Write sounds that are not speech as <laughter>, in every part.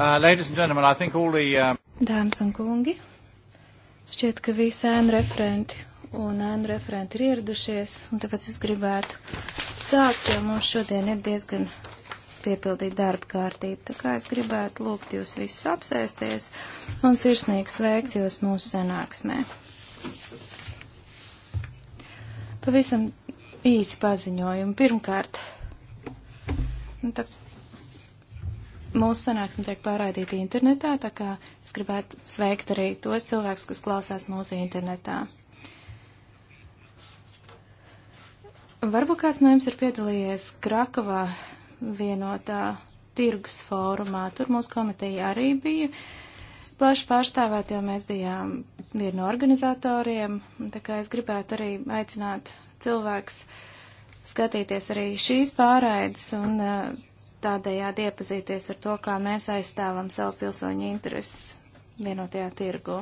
Uh, the, uh... Dāmas un kungi, šķiet, ka visi ēnu referenti un ēnu referenti ir ieradušies, un tāpēc es gribētu sākt, jo mums šodien ir diezgan piepildīta darba kārtība. Tā kā es gribētu lūgt jūs visus apsēsties un sirsnīgi sveikt jūs mūsu sanāksmē. Pavisam īsi paziņojumi. Pirmkārt, nu, tā Mūsu sanāksme tiek pārraidīta internetā, tā kā es gribētu sveikt arī tos cilvēkus, kas klausās mūsu internetā. Varbūt kāds no jums ir piedalījies Krakovā vienotā tirgus fórumā. Tur mūsu komiteja arī bija plaši pārstāvēt, jo mēs bijām vieni no organizatoriem. Tā kā es gribētu arī aicināt cilvēkus skatīties arī šīs pārraides un uh, tādējādi iepazīties ar to, kā mēs aizstāvam savu pilsoņu intereses vienotajā tirgu.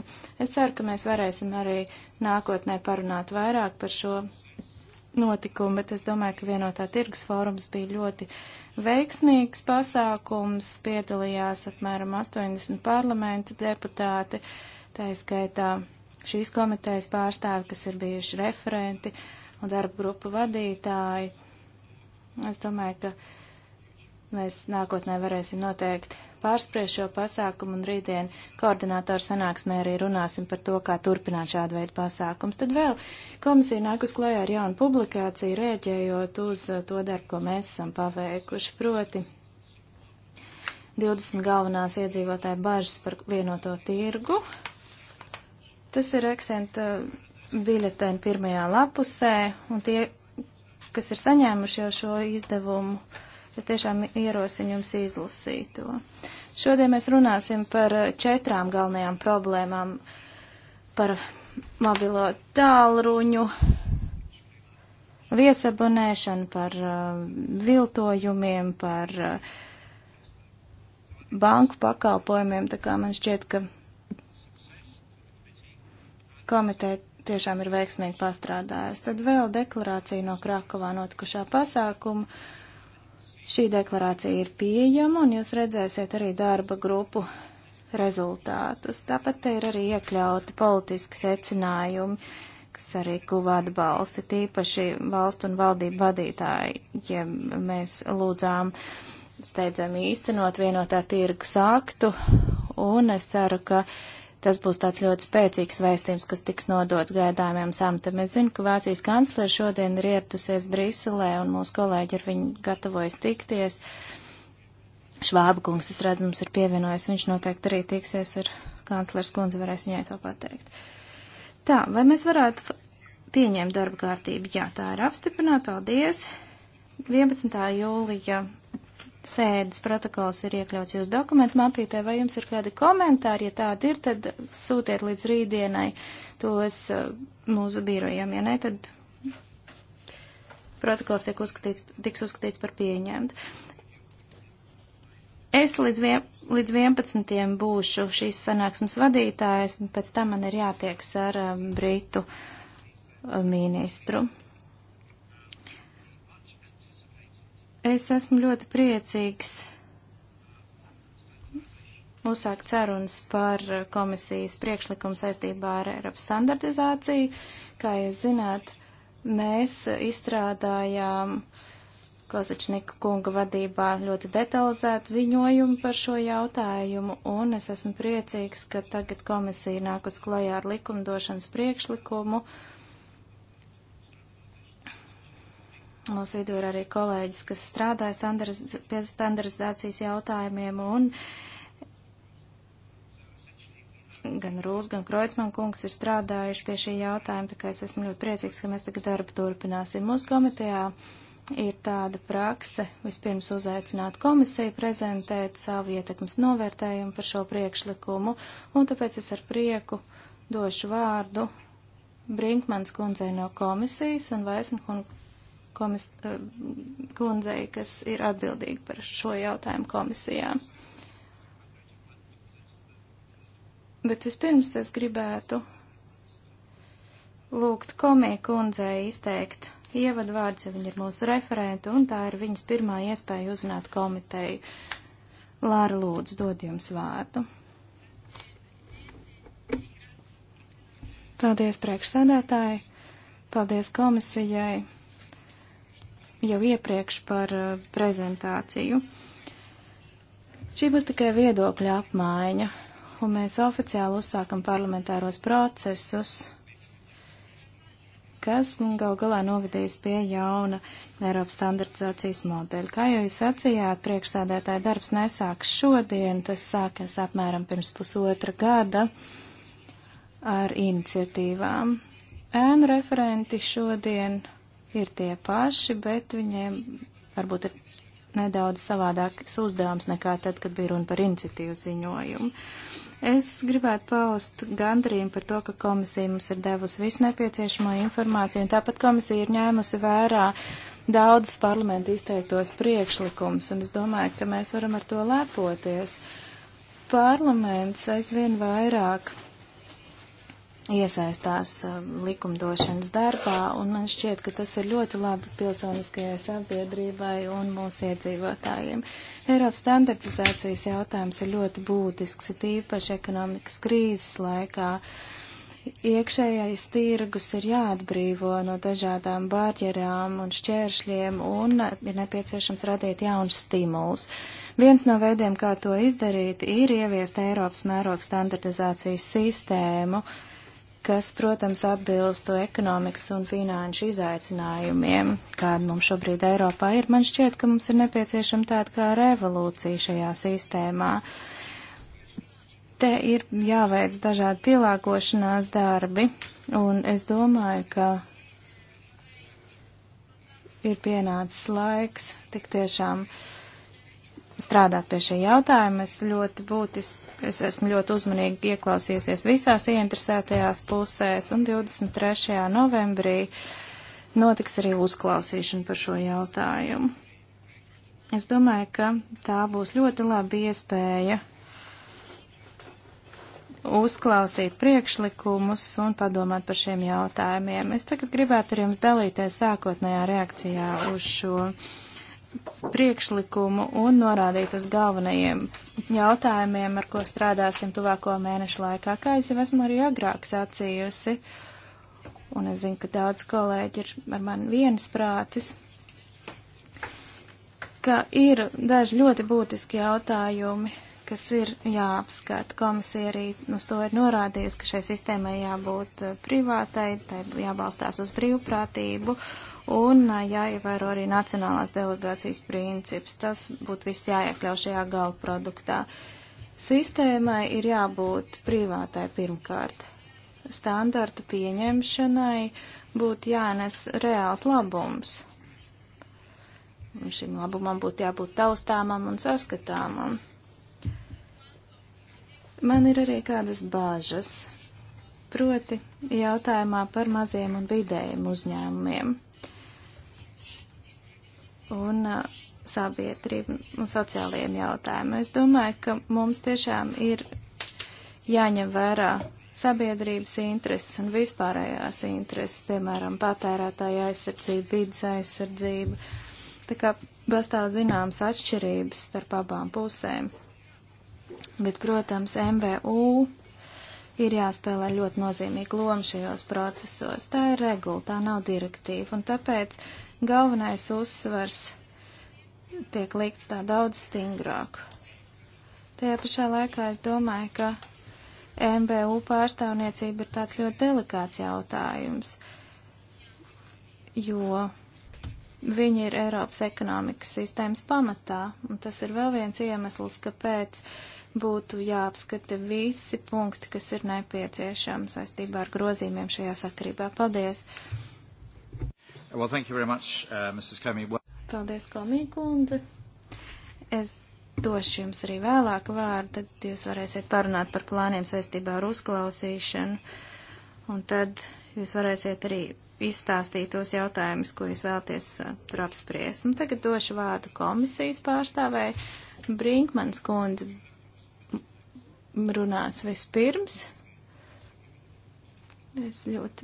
Es ceru, ka mēs varēsim arī nākotnē parunāt vairāk par šo notikumu, bet es domāju, ka vienotā tirgus fórums bija ļoti veiksmīgs pasākums, piedalījās apmēram 80 parlamenta deputāti, tā izskaitā šīs komitejas pārstāvi, kas ir bijuši referenti un darba grupu vadītāji. Es domāju, ka Mēs nākotnē varēsim noteikt pārspriest šo pasākumu un rītdien koordinātoru sanāksmē arī runāsim par to, kā turpināt šādu veidu pasākums. Tad vēl komisija nāk uz klējā ar jaunu publikāciju, rēģējot uz uh, to darbu, ko mēs esam paveikuši, proti 20 galvenās iedzīvotāju bažas par vienoto tirgu. Tas ir eksenta biļetēna pirmajā lapusē, un tie, kas ir saņēmuši jau šo izdevumu, uh, Es tiešām ierosinu jums izlasīt to. Šodien mēs runāsim par eh, četrām galvenajām problēmām - par mobilo tālruņu, viesabonēšanu, par uh, viltojumiem, par uh, banku pakalpojumiem. Tā kā man šķiet, ka komiteja tiešām ir veiksmīgi pastrādājusi. Tad vēl deklarācija no Krakovā notikušā pasākuma Šī deklarācija ir pieejama, un jūs redzēsiet arī darba grupu rezultātus. Tāpat te ir arī iekļauti politiski secinājumi, kas arī guva atbalsti, tīpaši valstu un valdību vadītāji, ja mēs lūdzām steidzam īstenot vienotā tirgus aktu, un es ceru, ka Tas būs tāds ļoti spēcīgs vēstījums, kas tiks nodots gaidāmajam samitam. Es zinu, ka Vācijas kanclere šodien ir ieradusies Briselē, un mūsu kolēģi ar viņu gatavojas tikties. Švāba kungs, es redzu, mums ir pievienojis, viņš noteikti arī tiksies ar kanclers kundzi, varēs viņai to pateikt. Tā, vai mēs varētu pieņemt darba kārtību? Jā, tā ir apstiprināta, paldies. 11. jūlija sēdes protokols ir iekļauts jūsu dokumentu mapītē, vai jums ir kādi komentāri, ja tādi ir, tad sūtiet līdz rītdienai tos uh, mūsu birojiem, ja ne, tad protokols tiek uzskatīts, tiks uzskatīts par pieņemt. Es līdz, vien, līdz 11. būšu šīs sanāksmes vadītājs, pēc tam man ir jātieks ar um, Britu uh, ministru. Es esmu ļoti priecīgs uzsākt sarunas par komisijas priekšlikumu saistībā ar Eiropas standartizāciju. Kā jūs zināt, mēs izstrādājām Kozačnika kunga vadībā ļoti detalizētu ziņojumu par šo jautājumu, un es esmu priecīgs, ka tagad komisija nāk uz klajā ar likumdošanas priekšlikumu, uh, Mūsu vidū ir arī kolēģis, kas strādāja standariz pie standarizācijas jautājumiem, un gan Rūs, gan Kreutzmann kungs ir strādājuši pie šī jautājuma, tā kā es esmu ļoti priecīgs, ka mēs tagad darbu turpināsim. Mūsu komitejā ir tāda prakse vispirms uzaicināt komisiju, prezentēt savu ietekmes novērtējumu par šo priekšlikumu, un tāpēc es ar prieku došu vārdu Brinkmans kundzei no komisijas un Vaisnkungs komis, eh, kundzei, kas ir atbildīga par šo jautājumu komisijā. Bet vispirms es gribētu lūgt komiju kundzei izteikt ievadu vārds, ja viņa ir mūsu referenta, un tā ir viņas pirmā iespēja uzzināt komiteju. Lāra lūdzu, dod jums vārdu. Paldies priekšsēdētāji, paldies komisijai jau iepriekš par eh, prezentāciju. Šī būs tikai viedokļa apmaiņa, un mēs oficiāli uzsākam parlamentāros procesus, kas gal galā novedīs pie jauna Eiropas standartizācijas modeļa. Kā jau jūs sacījāt, priekšsādētāja darbs nesāks šodien, tas sākas apmēram pirms pusotra gada ar iniciatīvām. Ēnu referenti šodien ir tie paši, bet viņiem varbūt ir nedaudz savādāks uzdevums nekā tad, kad bija runa par iniciatīvu ziņojumu. Es gribētu paust gandrību par to, ka komisija mums ir devusi visu nepieciešamo informāciju, un tāpat komisija ir ņēmusi vērā daudzus parlamentu izteiktos priekšlikumus, un es domāju, ka mēs varam ar to lepoties. Parlaments aizvien vairāk iesaistās um, likumdošanas darbā, un man šķiet, ka tas ir ļoti labi pilsoniskajai sabiedrībai un mūsu iedzīvotājiem. Eiropas standartizācijas jautājums ir ļoti būtisks, ir tīpaši ekonomikas krīzes laikā. Iekšējais tirgus ir jāatbrīvo no dažādām barjerām un šķēršļiem, un ir nepieciešams radīt jaunus stimulus. Viens no veidiem, kā to izdarīt, ir ieviest Eiropas mēroga standartizācijas sistēmu, uh, kas, protams, atbilstu ekonomikas un finanšu izaicinājumiem, kāda mums šobrīd Eiropā ir. Man šķiet, ka mums ir nepieciešama tāda kā revolūcija šajā sistēmā. Te ir jāveic dažādi pielāgošanās darbi, un es domāju, ka ir pienācis laiks tik tiešām uh, strādāt pie šī jautājuma. Es ļoti būtiski, es esmu ļoti uzmanīgi ieklausījusies visās ieinteresētajās pusēs, un 23. novembrī notiks arī uzklausīšana par šo jautājumu. Es domāju, ka tā būs ļoti laba iespēja uzklausīt priekšlikumus un padomāt par šiem jautājumiem. Es tagad gribētu ar jums dalīties sākotnējā reakcijā uz šo jautājumu priekšlikumu un norādīt uz galvenajiem jautājumiem, ar ko strādāsim tuvāko mēnešu laikā, kā es jau esmu arī agrāk sacījusi, un es zinu, ka daudz kolēģi ir ar mani vienas prātis, ka ir daži ļoti būtiski jautājumi, kas ir jāapskata. Komisija arī uz to ir norādījusi, ka šai sistēmai jābūt privātai, tai jābalstās uz brīvprātību, un jāievēro arī nacionālās delegācijas princips. Tas būtu viss jāiekļau šajā gala produktā. Sistēmai ir jābūt privātai pirmkārt. Standartu pieņemšanai būtu jānes reāls labums. Un šim labumam būtu jābūt taustāmam un saskatāmam. Man ir arī kādas bāžas, proti jautājumā par maziem un vidējiem uzņēmumiem un uh, sabiedrību un sociālajiem jautājumiem. Es domāju, ka mums tiešām ir jāņem vērā sabiedrības intereses un vispārējās intereses, piemēram, patērētāja aizsardzība, vidas aizsardzība. Tā kā pastāv zināmas atšķirības starp abām pusēm. Bet, protams, MVU ir jāspēlē ļoti nozīmīga loma šajos procesos. Tā ir regula, tā nav direktīva, un tāpēc uh, galvenais uzsvars tiek likts tā daudz stingrāk. Tajā pašā laikā es domāju, ka MBU pārstāvniecība ir tāds ļoti delikāts jautājums, jo viņi ir Eiropas ekonomikas sistēmas pamatā, un tas ir vēl viens iemesls, kāpēc būtu jāapskata visi punkti, kas ir nepieciešami saistībā ar grozījumiem šajā sakarībā. Paldies! Well, thank you very much, uh, Mrs. Comey. Well... Paldies, Komī kundze. Es došu jums arī vēlāk vārdu, tad jūs varēsiet parunāt par plāniem saistībā ar uzklausīšanu, un tad jūs varēsiet arī izstāstīt tos jautājumus, ko jūs vēlties uh, tur apspriest. Un tagad došu vārdu komisijas pārstāvē. Brinkmans kundze runās vispirms. Es ļoti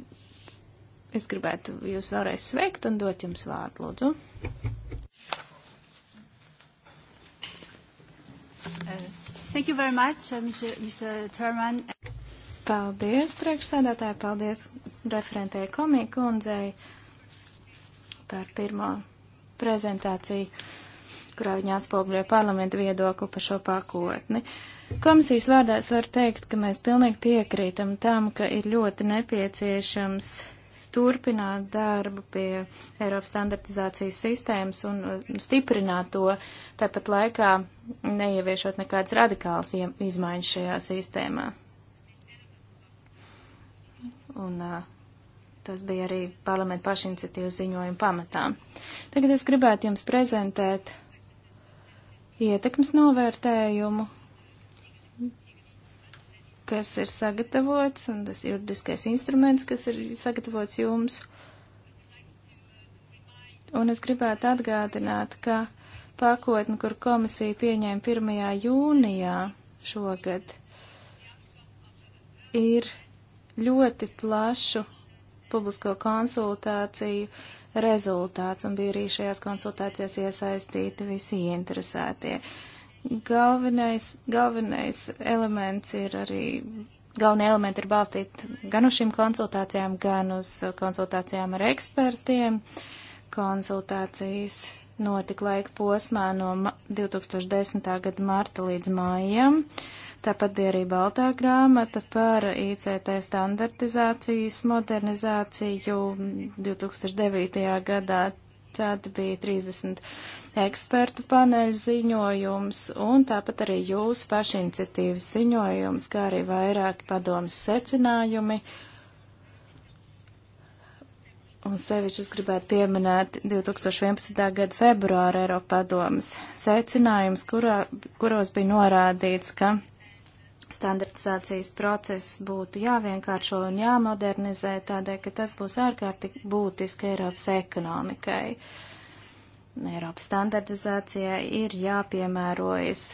Es gribētu jūs vēlreiz sveikt un dot jums vārdu, lūdzu. Thank you very much, uh, Mr. Chairman. Paldies, priekšsēdētāji, paldies referentēji komiju kundzei par pirmo prezentāciju, kurā viņa atspoguļoja parlamentu viedokli par šo pakotni. Komisijas vārdās var teikt, ka mēs pilnīgi piekrītam tam, ka ir ļoti nepieciešams turpināt darbu pie Eiropas standartizācijas sistēmas un uh, stiprināt to, tāpat laikā neieviešot nekādas radikālas izmaiņas šajā sistēmā. Un uh, tas bija arī parlamenta pašiniciatīvas ziņojuma pamatā. Tagad es gribētu jums prezentēt ietekmes novērtējumu kas ir sagatavots un tas juridiskais instruments, kas ir sagatavots jums. Un es gribētu atgādināt, ka pakotni, kur komisija pieņēma 1. jūnijā šogad, ir ļoti plašu publisko konsultāciju rezultāts, un bija arī šajās konsultācijās iesaistīti visi interesētie. Uh, Galvenais, galvenais elements ir arī, galvenie elementi ir balstīti gan uz šīm konsultācijām, gan uz konsultācijām ar ekspertiem. Konsultācijas notika laika posmā no 2010. gada marta līdz mājām. Tāpat bija arī baltā grāmata par ICT standartizācijas modernizāciju 2009. gadā. Tad bija 30 ekspertu paneļu ziņojums un tāpat arī jūsu pašiniciatīvas ziņojums, kā arī vairāki padomas secinājumi. Un sevišķi es gribētu pieminēt 2011. gada februāra Eiropa padomas secinājums, kurā, kuros bija norādīts, ka standartizācijas process būtu jāvienkāršo un jāmodernizē tādēļ, ka tas būs ārkārtīgi būtiski Eiropas ekonomikai. Eiropas standartizācijai ir jāpiemērojas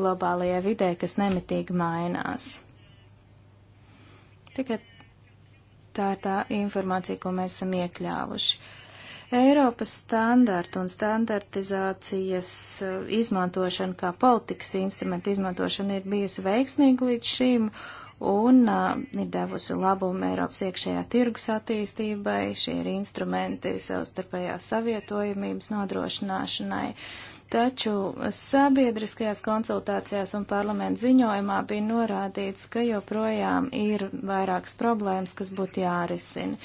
globālajai vidē, kas nemitīgi mainās. Tikai tā ir tā informācija, ko mēs esam iekļāvuši. Uh, Eiropas standartu un standartizācijas eh, izmantošana kā politikas instrumenta izmantošana ir bijusi veiksmīga līdz šim un uh, ir devusi labumu Eiropas iekšējā tirgus attīstībai. Šie ir instrumenti savstarpējās savietojamības nodrošināšanai. Uh, Taču sabiedriskajās konsultācijās un parlamenta ziņojumā bija norādīts, ka joprojām ir vairākas problēmas, kas būtu jārisina.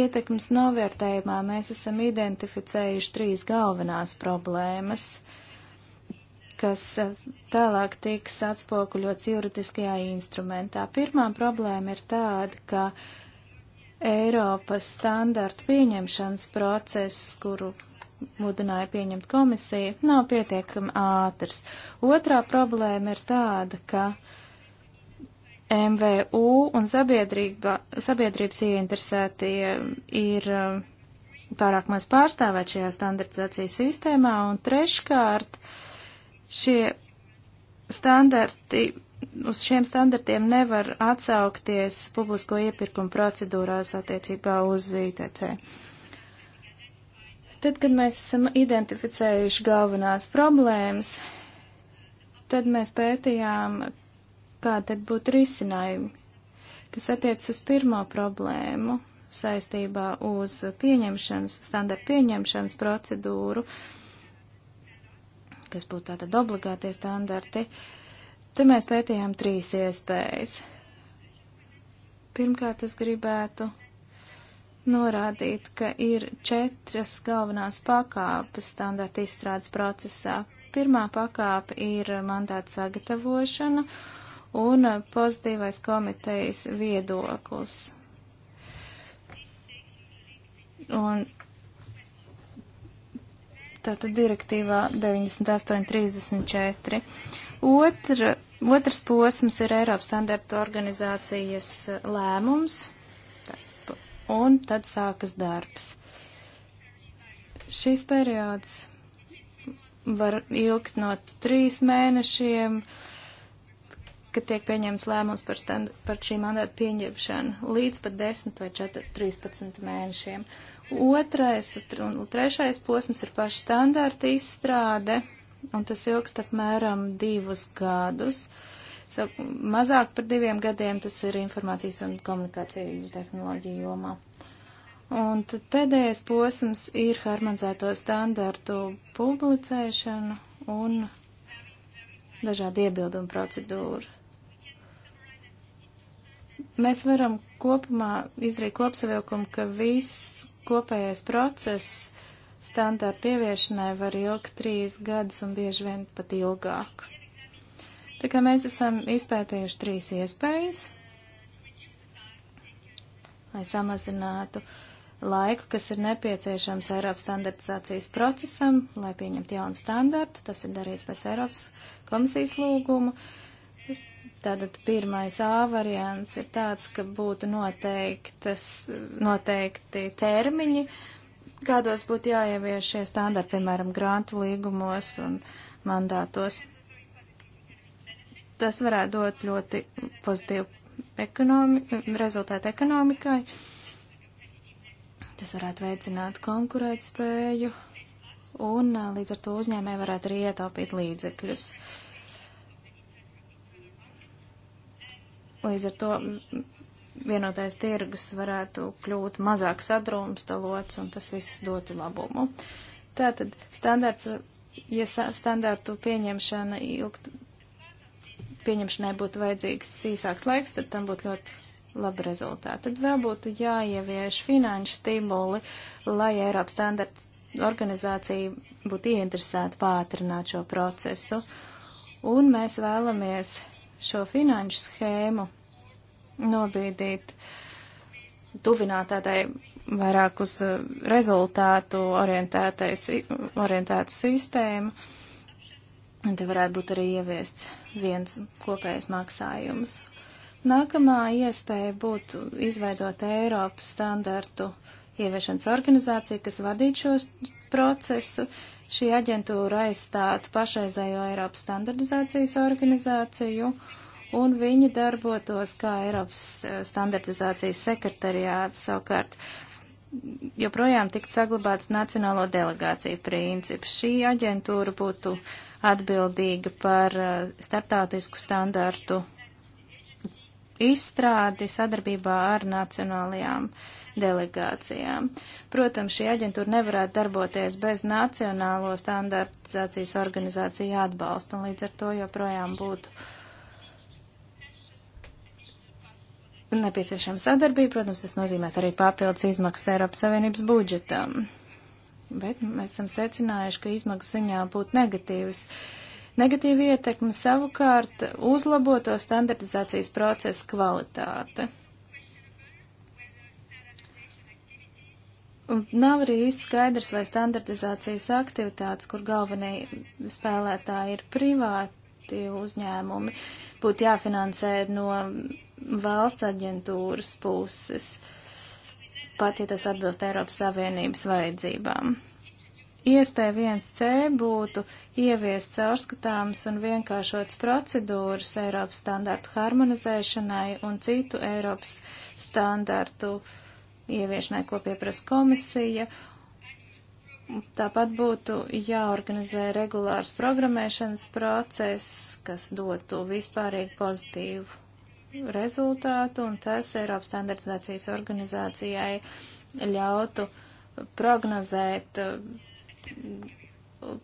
Ietekmes novērtējumā mēs esam identificējuši trīs galvenās problēmas, kas tālāk tiks atspoguļots juridiskajā instrumentā. Pirmā problēma ir tāda, ka Eiropas standartu pieņemšanas process, kuru mudināja pieņemt komisija, nav pietiekami ātrs. Otrā problēma ir tāda, ka MVU un sabiedrība, sabiedrības ieinteresētie ir um, pārāk maz pārstāvēt šajā standartizācijas sistēmā, un treškārt šie standarti uz šiem standartiem nevar atsaukties publisko iepirkumu procedūrās attiecībā uz ITC. Tad, kad mēs esam identificējuši galvenās problēmas, tad mēs pētījām, kā tad būtu risinājumi, kas attiec uz pirmo problēmu saistībā uz pieņemšanas, standarta pieņemšanas procedūru, kas būtu tātad obligātie standarti. Te mēs pētījām trīs iespējas. Pirmkārt, es gribētu norādīt, ka ir četras galvenās pakāpes standarta izstrādes procesā. Pirmā pakāpe ir mandāta sagatavošana un pozitīvais komitejas viedoklis. Un tātad direktīvā 98.34. Otra, otrs posms ir Eiropas standarta organizācijas lēmums, un tad sākas darbs. Šis periods var ilgt no trīs mēnešiem, kad tiek pieņemts lēmums par, stand, par šī mandāta pieņemšanu, līdz pat 10 vai 4, 13 mēnešiem. Otrais un trešais posms ir paši standārta izstrāde, un tas ilgst apmēram divus gadus. Uh, so, mazāk par diviem gadiem, tas ir informācijas un komunikāciju tehnoloģiju jomā. Un tad pēdējais posms ir harmonizēto standartu publicēšana un dažādi iebildumi procedūra. Mēs varam kopumā izdarīt kopsavilkumu, ka viss kopējais process standarta ieviešanai var ilgt trīs gadus un bieži vien pat ilgāk. Tā kā mēs esam izpētējuši trīs iespējas, lai samazinātu laiku, kas ir nepieciešams Eiropas standartizācijas procesam, lai pieņemtu jaunu standartu. Tas ir darīts pēc Eiropas komisijas lūguma. Tātad pirmais A variants ir tāds, ka būtu noteiktas, noteikti termiņi, kādos būtu jāievieš šie standarti, piemēram, grantu līgumos un mandātos tas varētu dot ļoti pozitīvu ekonomi, rezultātu ekonomikai. Tas varētu veicināt konkurētspēju un līdz ar to uzņēmēji varētu arī ietaupīt līdzekļus. Līdz ar to vienotais tirgus varētu kļūt mazāk sadrumstalots un tas viss dotu labumu. Tātad standarts, ja standartu pieņemšana ilgt pieņemšanai būtu vajadzīgs īsāks laiks, tad tam būtu ļoti labi rezultāti. Tad vēl būtu jāievieš finanšu stimuli, lai Eiropas standarta organizācija būtu ieinteresēta pātrināt šo procesu. Un mēs vēlamies šo finanšu schēmu nobīdīt, tuvināt tādai vairāk uz eh, rezultātu orientētai, orientētu sistēmu Un te varētu būt arī ieviests viens kopējs maksājums. Nākamā iespēja būtu izveidot Eiropas standartu ieviešanas organizāciju, kas vadītu šo procesu. Šī aģentūra aizstātu pašreizējo Eiropas standartizācijas organizāciju, un viņi darbotos kā Eiropas eh, standartizācijas sekretariāts. Savukārt joprojām tiktu saglabāts nacionālo delegāciju princips. Šī aģentūra būtu uh, atbildīga par uh, startautisku standartu izstrādi sadarbībā ar nacionālajām delegācijām. Protams, šī aģentūra nevarētu darboties bez nacionālo standartizācijas organizāciju atbalsta, un līdz ar to joprojām būtu nepieciešama sadarbība. Protams, tas nozīmē arī papildus izmaksas Eiropas Savienības budžetam bet mēs esam secinājuši, ka izmaksas ziņā būtu negatīvas. Negatīva ietekme savukārt uzlaboto standartizācijas procesa kvalitāte. Un nav arī īsti skaidrs, vai standartizācijas aktivitātes, kur galvenie spēlētāji ir privāti uzņēmumi, būtu jāfinansē no valsts aģentūras puses. Uh, pat ja tas atbilst Eiropas Savienības vajadzībām. Iespēja 1C būtu ieviest caurskatāmas un vienkāršotas procedūras Eiropas standartu harmonizēšanai un citu Eiropas standartu ieviešanai, ko pieprasa komisija, Tāpat būtu jāorganizē regulārs programmēšanas process, kas dotu vispārīgi pozitīvu rezultātu, un tas Eiropas standartizācijas organizācijai ļautu prognozēt uh,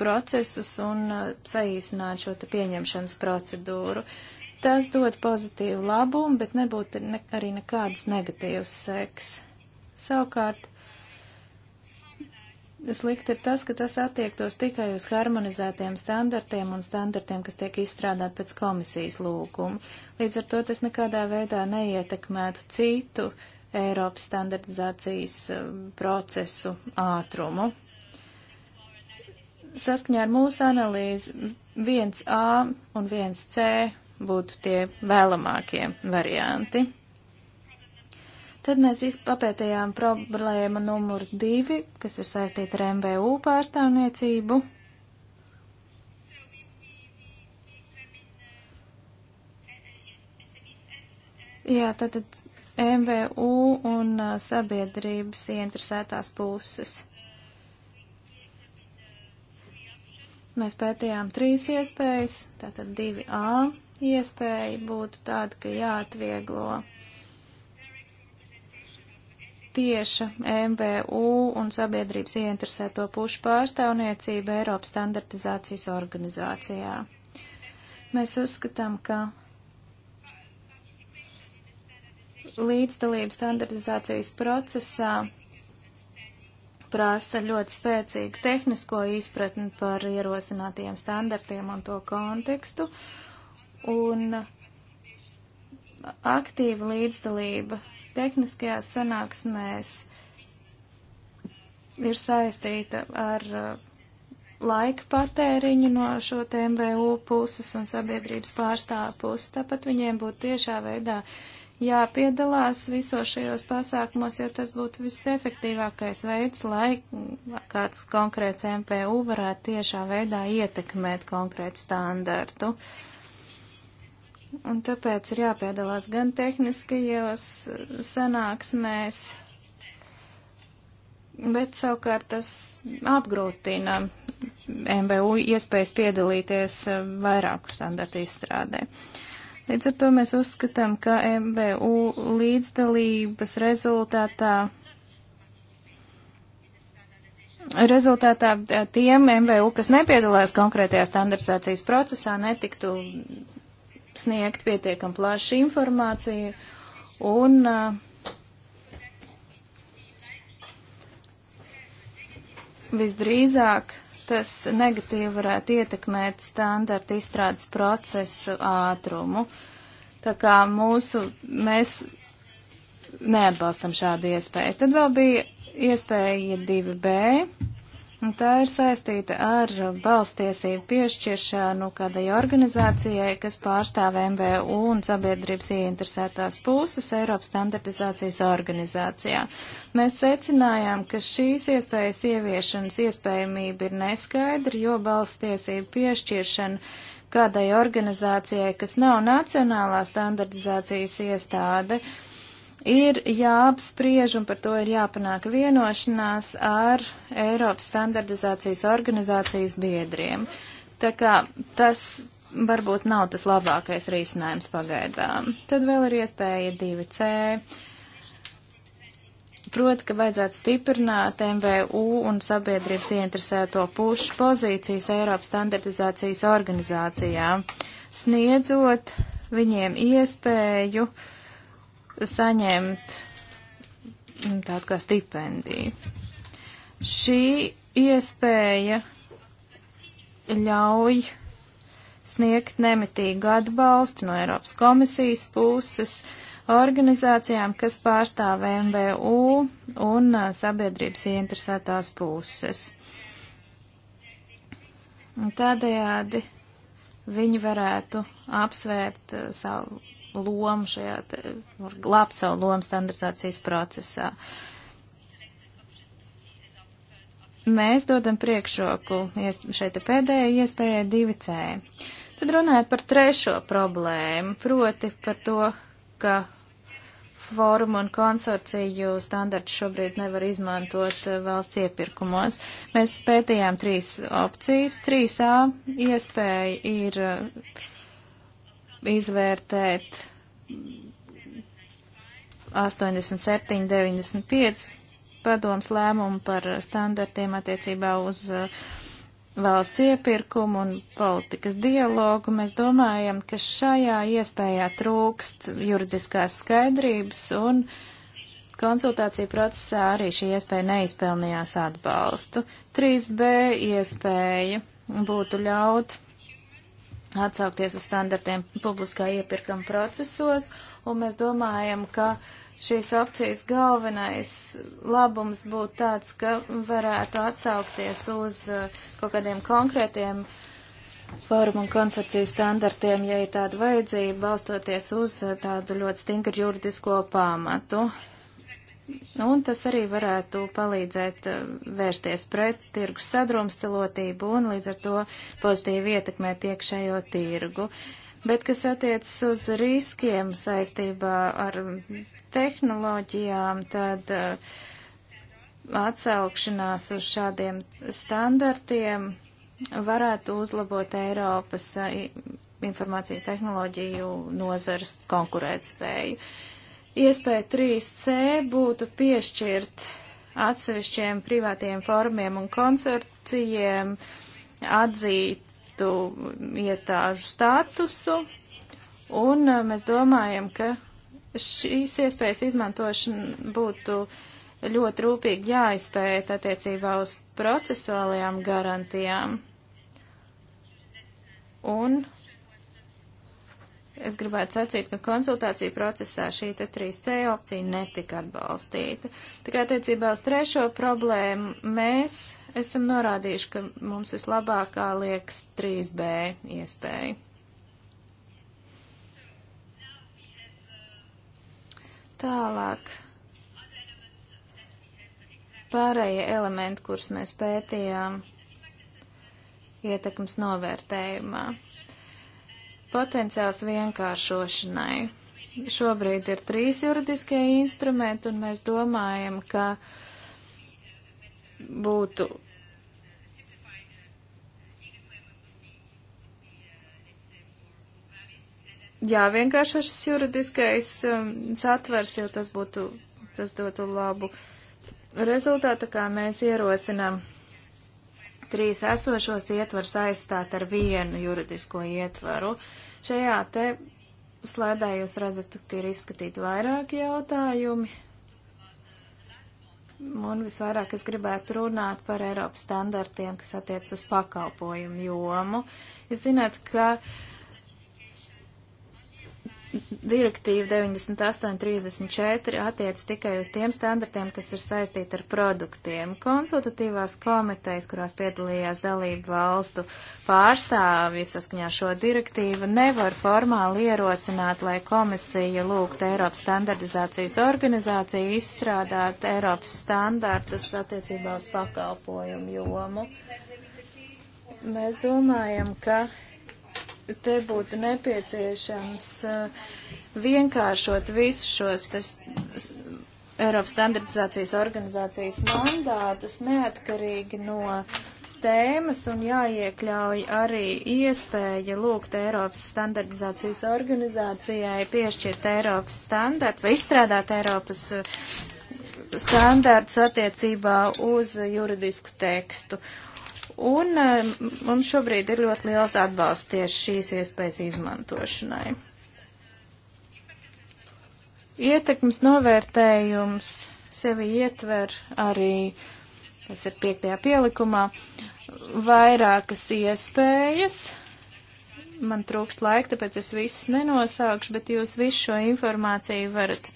procesus un uh, saīsināt šo te pieņemšanas procedūru. Tas dod pozitīvu labumu, bet nebūtu ne, arī nekādas negatīvas seks. Savukārt, slikti ir tas, ka tas attiektos tikai uz harmonizētiem standartiem un standartiem, kas tiek izstrādāt pēc komisijas lūguma. Līdz ar to tas nekādā veidā neietekmētu citu Eiropas standartizācijas um, procesu ātrumu. Saskaņā ar mūsu analīzi 1A un 1C būtu tie vēlamākie varianti. Tad mēs papētījām problēmu numuru divi, kas ir saistīta ar MVU pārstāvniecību. Jā, tad MVU un uh, sabiedrības ieinteresētās puses. Mēs pētījām trīs iespējas, tātad 2A iespēja būtu tāda, ka jāatvieglo tieša MVU un sabiedrības ieinteresēto pušu pārstāvniecība Eiropas standartizācijas organizācijā. Mēs uzskatām, ka līdzdalība standartizācijas procesā prasa ļoti spēcīgu tehnisko izpratni par ierosinātajiem standartiem un to kontekstu, un aktīva līdzdalība tehniskajās sanāksmēs ir saistīta ar uh, laika patēriņu no šo te MVU puses un sabiedrības pārstāvu puses. Tāpat viņiem būtu tiešā veidā jāpiedalās visos šajos pasākumos, jo tas būtu visefektīvākais veids, lai kāds konkrēts MPU varētu tiešā veidā ietekmēt konkrētu standartu. Uh, un tāpēc ir jāpiedalās gan tehniskajos sanāksmēs, bet savukārt tas apgrūtina MBU iespējas piedalīties eh, vairāku standartu izstrādē. Līdz ar to mēs uzskatām, ka MBU līdzdalības rezultātā Rezultātā eh, tiem MVU, kas nepiedalās konkrētajā standartizācijas procesā, netiktu sniegt pietiekam plašu informāciju un uh, visdrīzāk tas negatīvi varētu ietekmēt standarta izstrādes procesu ātrumu. Tā kā mūsu, mēs neatbalstam šādu iespēju. Tad vēl bija iespēja 2B, Un tā ir saistīta ar balstiesību piešķiršanu kādai organizācijai, kas pārstāv MVU un sabiedrības ieinteresētās puses Eiropas standartizācijas organizācijā. Mēs secinājām, ka šīs iespējas ieviešanas iespējamība ir neskaidra, jo balstiesību piešķiršana kādai organizācijai, kas nav nacionālā standartizācijas iestāde, uh, ir jāapspriež un par to ir jāpanāk vienošanās ar Eiropas standardizācijas organizācijas biedriem. Tā kā tas varbūt nav tas labākais risinājums pagaidām. Tad vēl ir iespēja 2C. Proti, ka vajadzētu stiprināt MVU un sabiedrības ieinteresēto pušu pozīcijas Eiropas standartizācijas organizācijā, sniedzot viņiem iespēju uh, saņemt mm, tādu kā stipendiju. Šī iespēja ļauj sniegt nemitīgu atbalstu no Eiropas komisijas puses organizācijām, kas pārstāv MVU un uh, sabiedrības ieinteresētās puses. Un tādējādi viņi varētu apsvērt uh, savu lomu šajā, glābt savu lomu standartizācijas procesā. Mēs dodam priekšroku šeit pēdējai iespējai divi C. Tad runājot par trešo problēmu, proti par to, ka fórumu un konsorciju standarts šobrīd nevar izmantot eh, valsts iepirkumos. Mēs pētījām trīs opcijas. 3A iespēja ir eh, izvērtēt 87, 95 padoms lēmumu par standartiem attiecībā uz uh, valsts iepirkumu un politikas dialogu. Mēs domājam, ka šajā iespējā trūkst juridiskās skaidrības un konsultāciju procesā arī šī iespēja neizpelnījās atbalstu. 3B iespēja būtu ļaut atsaukties uz standartiem publiskā iepirkuma procesos, un mēs domājam, ka šīs opcijas galvenais labums būtu tāds, ka varētu atsaukties uz uh, kaut kādiem konkrētiem fórumu un koncepciju standartiem, ja ir tāda vajadzība, balstoties uz uh, tādu ļoti stingru juridisko pamatu. Un tas arī varētu palīdzēt eh, vērsties pret tirgus sadrumstalotību un līdz ar to pozitīvi ietekmēt iekšējo tirgu. Bet kas attiecas uz riskiem saistībā ar tehnoloģijām, tad eh, atsaukšanās uz šādiem standartiem varētu uzlabot Eiropas eh, informāciju tehnoloģiju nozars konkurētspēju. spēju. Iespēja 3C būtu piešķirt atsevišķiem privātiem formiem un konsorcijiem atzītu iestāžu statusu, un eh, mēs domājam, ka šīs iespējas izmantošana būtu ļoti rūpīgi jāizpēta attiecībā uz procesuālajām garantijām. Un Es gribētu sacīt, ka konsultāciju procesā šī te 3C opcija netika atbalstīta. Tikai attiecībā uz trešo problēmu mēs esam norādījuši, ka mums vislabākā liekas 3B iespēja. Tālāk. Pārējie elementi, kurus mēs pētījām ietekmes novērtējumā potenciāls vienkāršošanai. Šobrīd ir trīs juridiskie instrumenti, un mēs domājam, ka būtu jāvienkāršo šis juridiskais um, satvers, jo tas būtu, tas dotu labu rezultātu, kā mēs ierosinām trīs esošos ietvarus aizstāt ar vienu juridisko ietvaru. Šajā te slēdē jūs redzat, ka ir izskatīti vairāki jautājumi. Un visvairāk es gribētu runāt par Eiropas standartiem, kas attiec uz pakalpojumu jomu. Jūs zināt, ka uh, direktīva 9834 attiec tikai uz tiem standartiem, kas ir saistīti ar produktiem. Konsultatīvās komitejas, kurās piedalījās dalību valstu pārstāvji saskaņā šo direktīvu, nevar formāli ierosināt, lai komisija lūgtu Eiropas standartizācijas organizāciju izstrādāt Eiropas standartus attiecībā uz pakalpojumu jomu. Mēs domājam, ka te būtu nepieciešams uh, vienkāršot visus šos tas, Eiropas standartizācijas organizācijas mandātus neatkarīgi no tēmas un jāiekļauj arī iespēja lūgt Eiropas standartizācijas organizācijai piešķirt Eiropas standarts vai izstrādāt Eiropas uh, standarts attiecībā uz juridisku tekstu. Uh, Un eh, mums šobrīd ir ļoti liels atbalsts tieši šīs iespējas izmantošanai. Ietekmes novērtējums sevi ietver arī, tas ir piektajā pielikumā, vairākas iespējas. Man trūkst laika, tāpēc es visus nenosākšu, bet jūs visu šo informāciju varat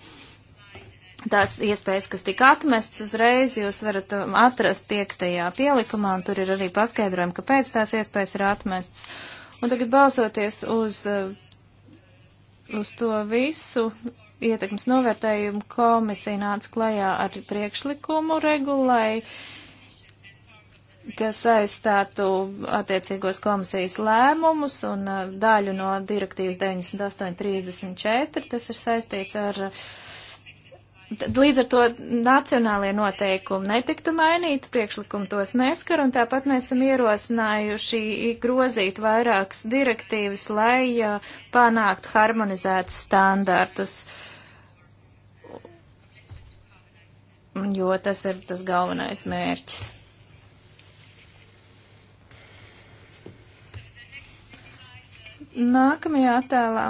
tās iespējas, kas tika atmestas uzreiz, jūs varat um, atrast piektajā pielikumā, un tur ir arī paskaidrojumi, kāpēc tās iespējas ir atmestas. Un tagad balsoties uz, uh, uz to visu, ietekmes novērtējumu komisija nāca klajā ar priekšlikumu regulai, kas aizstātu attiecīgos komisijas lēmumus un uh, daļu no direktīvas 9834, tas ir saistīts ar uh, līdz ar to nacionālie noteikumi netiktu mainīti, priekšlikumi tos neskar, un tāpat mēs esam ierosinājuši grozīt vairākas direktīvas, lai panāktu harmonizētus standartus. Jo tas ir tas galvenais mērķis. Nākamajā attēlā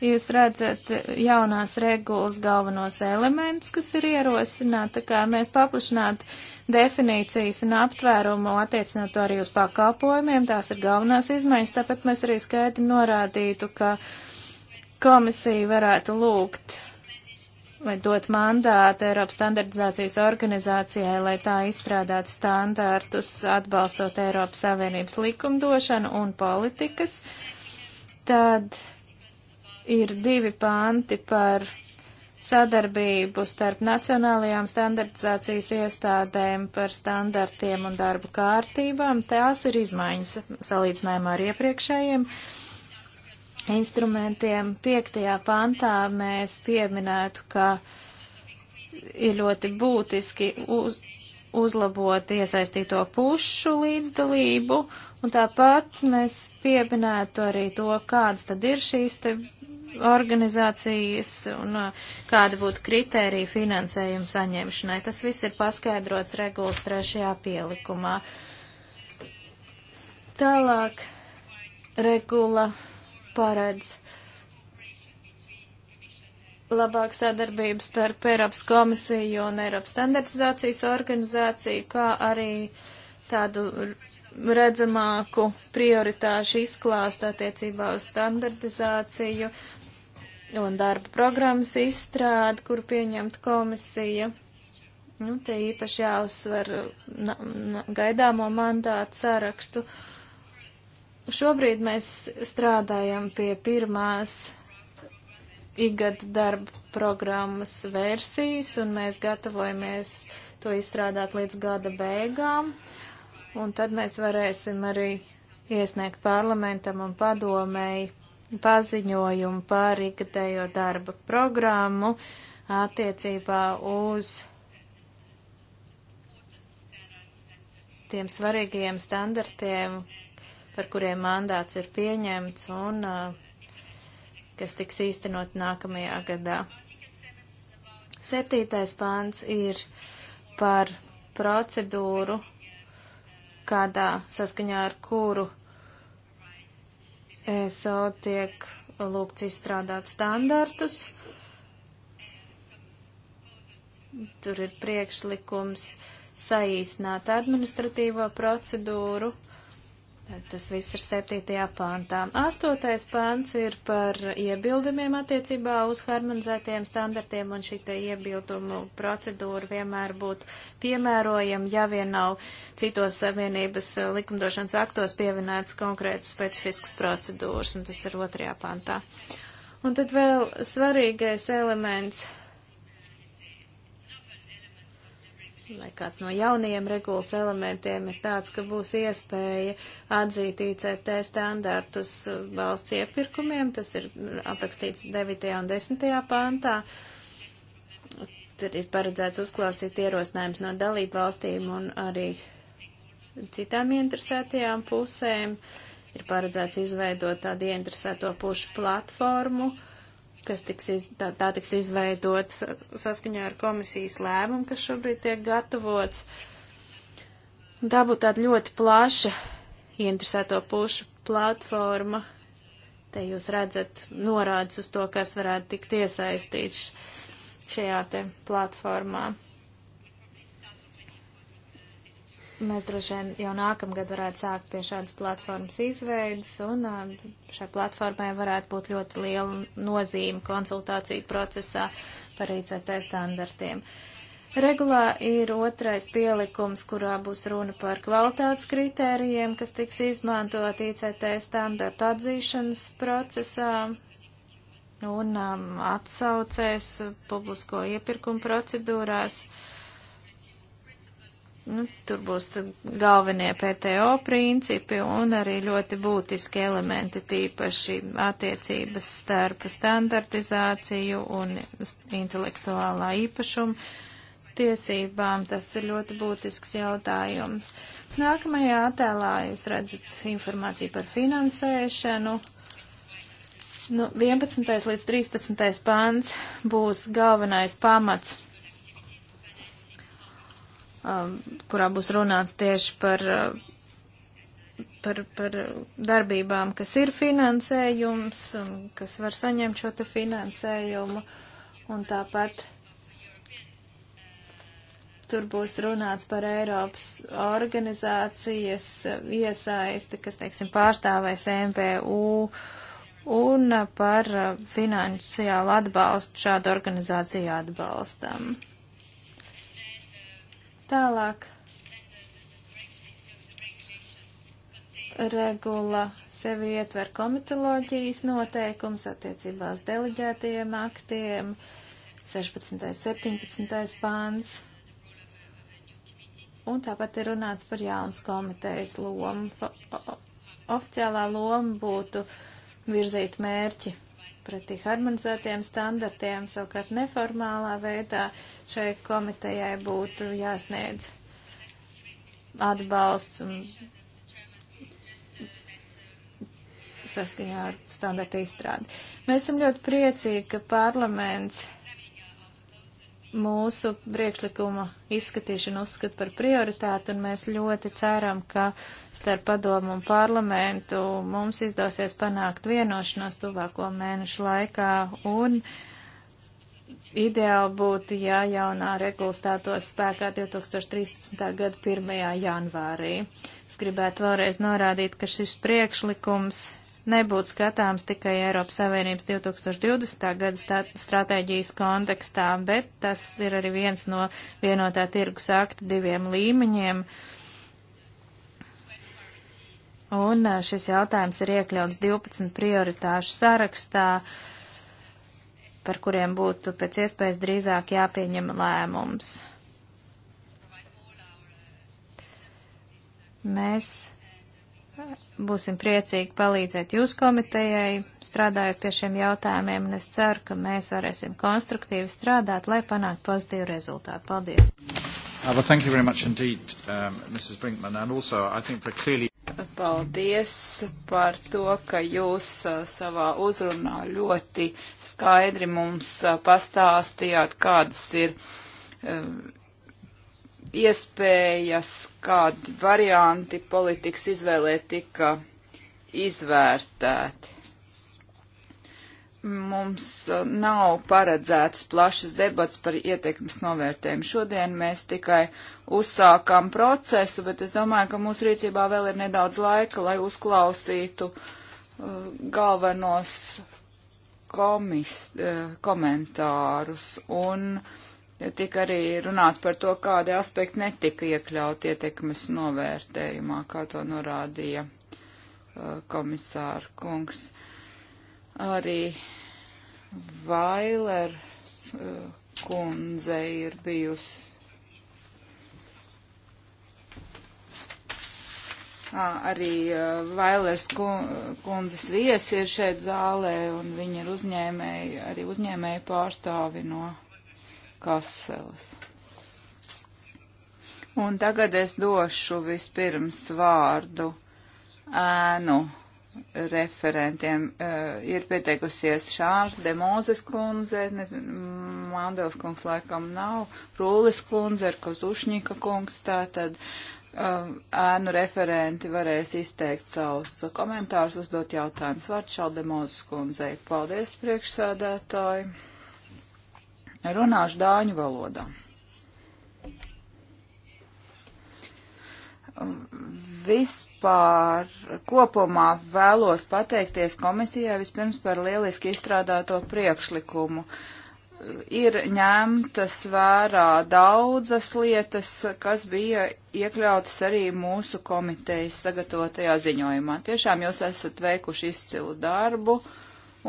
Jūs redzat jaunās regulas galvenos elementus, kas ir ierosināti, tā kā mēs paplašināt definīcijas un aptvērumu attiecinot to arī uz pakalpojumiem, tās ir galvenās izmaiņas, tāpat mēs arī skaidri norādītu, ka komisija varētu lūgt vai dot mandātu Eiropas standartizācijas organizācijai, lai tā izstrādātu standārtus atbalstot Eiropas Savienības likumdošanu un politikas, tad ir divi panti par sadarbību starp nacionālajām standartizācijas iestādēm par standartiem un darbu kārtībām. Tās ir izmaiņas salīdzinājumā ar iepriekšējiem instrumentiem. Piektajā pantā mēs pieminētu, ka ir ļoti būtiski uz, uzlabot iesaistīto pušu līdzdalību, un tāpat mēs pieminētu arī to, kāds tad ir šīs te organizācijas un uh, kāda būtu kritērija finansējuma saņemšanai. Tas viss ir paskaidrots regulas trešajā pielikumā. Tālāk regula paredz labāk sadarbību starp Eiropas komisiju un Eiropas standartizācijas organizāciju, kā arī tādu redzamāku prioritāšu izklāstu attiecībā uz standartizāciju, un darba programmas izstrādi, kur pieņemt komisija. Nu, te īpaši jāuzsver gaidāmo mandātu sarakstu. Šobrīd mēs strādājam pie pirmās igada darba programmas versijas, un mēs gatavojamies to izstrādāt līdz gada beigām, un tad mēs varēsim arī iesniegt parlamentam un padomēji paziņojumu par ikgadējo darba programmu attiecībā uz tiem svarīgajiem standartiem, par kuriem mandāts ir pieņemts un uh, kas tiks īstenot nākamajā gadā. Septītais pāns ir par procedūru, kādā saskaņā ar kuru ESO tiek lūgts izstrādāt standartus. Tur ir priekšlikums saīsināt administratīvo procedūru Tas viss ir 7. pāntā. 8. pāns ir par iebildumiem attiecībā uz harmonizētiem standartiem, un šī te iebildumu procedūra vienmēr būtu piemērojama, ja vien nav citos savienības likumdošanas aktos pievienāts konkrēts specifisks procedūras, un tas ir 2. pāntā. Un tad vēl svarīgais elements vai kāds no jaunajiem regulas elementiem ir tāds, ka būs iespēja atzīt ICT standartus uh, valsts iepirkumiem, tas ir aprakstīts 9. un 10. pāntā. Tur ir paredzēts uzklausīt ierosinājums no dalību valstīm un arī citām interesētajām pusēm. Ir paredzēts izveidot tādu interesēto pušu platformu. Uh, kas tiks, iz, tā, tā tiks izveidot saskaņā ar komisijas lēmumu, kas šobrīd tiek gatavots. Tā būtu tāda ļoti plaša ieinteresēto pušu platforma. Te jūs redzat norādes uz to, kas varētu tikt iesaistīts šajā te platformā. Mēs droši vien jau nākamgad varētu sākt pie šādas platformas izveidas, un šai platformai varētu būt ļoti liela nozīme konsultāciju procesā par ICT standartiem. Regulā ir otrais pielikums, kurā būs runa par kvalitātes kritērijiem, kas tiks izmantot ICT standartu atzīšanas procesā un um, atsaucēs publisko iepirkumu procedūrās. Uh, Nu, tur būs galvenie PTO principi un arī ļoti būtiski elementi, tīpaši attiecības starp standartizāciju un intelektuālā īpašuma tiesībām. Tas ir ļoti būtisks jautājums. Nākamajā attēlā jūs redzat informāciju par finansēšanu. Nu, 11. līdz 13. pāns būs galvenais pamats Um, kurā būs runāts tieši par, uh, par, par darbībām, kas ir finansējums un kas var saņemt šo te finansējumu. Un tāpat tur būs runāts par Eiropas organizācijas iesaisti, kas, teiksim, pārstāvēs MVU un par uh, finansiālu atbalstu šādu organizāciju atbalstam. Tālāk regula sevi ietver komitoloģijas noteikums attiecībā uz deleģētajiem aktiem, 16. 17. pāns. Un tāpat ir runāts par jaunas komitejas lomu. Oficiālā loma būtu virzīt mērķi pretī harmonizētiem standartiem, savukārt neformālā veidā šai komitejai būtu jāsniedz atbalsts un saskaņā ar standarta izstrādi. Mēs esam ļoti priecīgi, ka parlaments mūsu priekšlikuma izskatīšanu uzskata par prioritātu, un mēs ļoti ceram, ka starp padomu un parlamentu mums izdosies panākt vienošanos tuvāko mēnešu laikā, un ideāli būtu, ja jaunā regula stātos spēkā 2013. gada 1. janvārī. Es gribētu vēlreiz norādīt, ka šis priekšlikums nebūtu skatāms tikai Eiropas Savienības 2020. gada stratēģijas kontekstā, bet tas ir arī viens no vienotā tirgus akta diviem līmeņiem. Un šis jautājums ir iekļauts 12 prioritāšu sarakstā, par kuriem būtu pēc iespējas drīzāk jāpieņem lēmums. Mēs būsim priecīgi palīdzēt jūs komitejai, strādājot pie šiem jautājumiem, un es ceru, ka mēs varēsim konstruktīvi strādāt, lai panāktu pozitīvu rezultātu. Paldies! Uh, well, thank you very much indeed, um, Mrs. Brinkman, and also I think for clearly. Paldies par to, ka jūs uh, savā uzrunā ļoti skaidri mums uh, pastāstījāt, kādas ir um, iespējas, kādi varianti politikas izvēlē tika izvērtēti. Mums uh, nav paredzētas plašas debats par ietekmes novērtējumu. Šodien mēs tikai uzsākām procesu, bet es domāju, ka mūsu rīcībā vēl ir nedaudz laika, lai uzklausītu uh, galvenos komis, uh, komentārus. Un uh, Tika arī runāts par to, kādi aspekti netika iekļauti ietekmes novērtējumā, kā to norādīja uh, komisāra kungs. Arī Vailer uh, kundze ir bijusi. Arī uh, Vailers kundzes viesi ir šeit zālē, un viņa ir uzņēmēja, arī uzņēmēja pārstāvi no Kasels. Un tagad es došu vispirms vārdu ēnu referentiem. Uh, ir pieteikusies Šārs de Mozes kundze, nezinu, Mandels kungs laikam nav, Rūlis kundze, Kozušņika kungs, tātad uh, ēnu referenti varēs izteikt savus komentārus, uzdot jautājumus. Vārds Šārs de Mozes kundzei. Paldies, priekšsēdētāji! Runāšu dāņu valodā. Vispār kopumā vēlos pateikties komisijai vispirms par lieliski izstrādāto priekšlikumu. Ir ņemtas vērā daudzas lietas, kas bija iekļautas arī mūsu komitejas sagatavotajā ziņojumā. Tiešām jūs esat veikuši izcilu darbu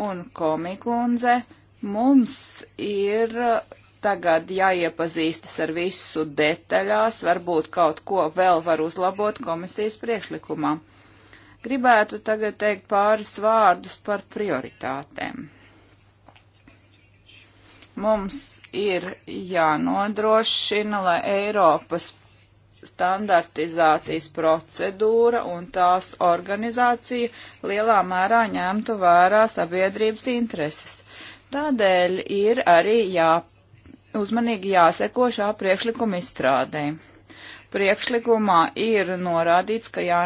un komikundze. kundze Mums ir eh, tagad jāiepazīstas ar visu detaļās, varbūt kaut ko vēl var uzlabot komisijas priekšlikumā. Gribētu tagad teikt pāris vārdus par prioritātēm. Mums ir jānodrošina, lai Eiropas standartizācijas procedūra un tās organizācija lielā mērā ņemtu vērā sabiedrības intereses Tādēļ ir arī jā, uzmanīgi jāseko šā priekšlikuma izstrādē. Priekšlikumā ir norādīts, ka jā,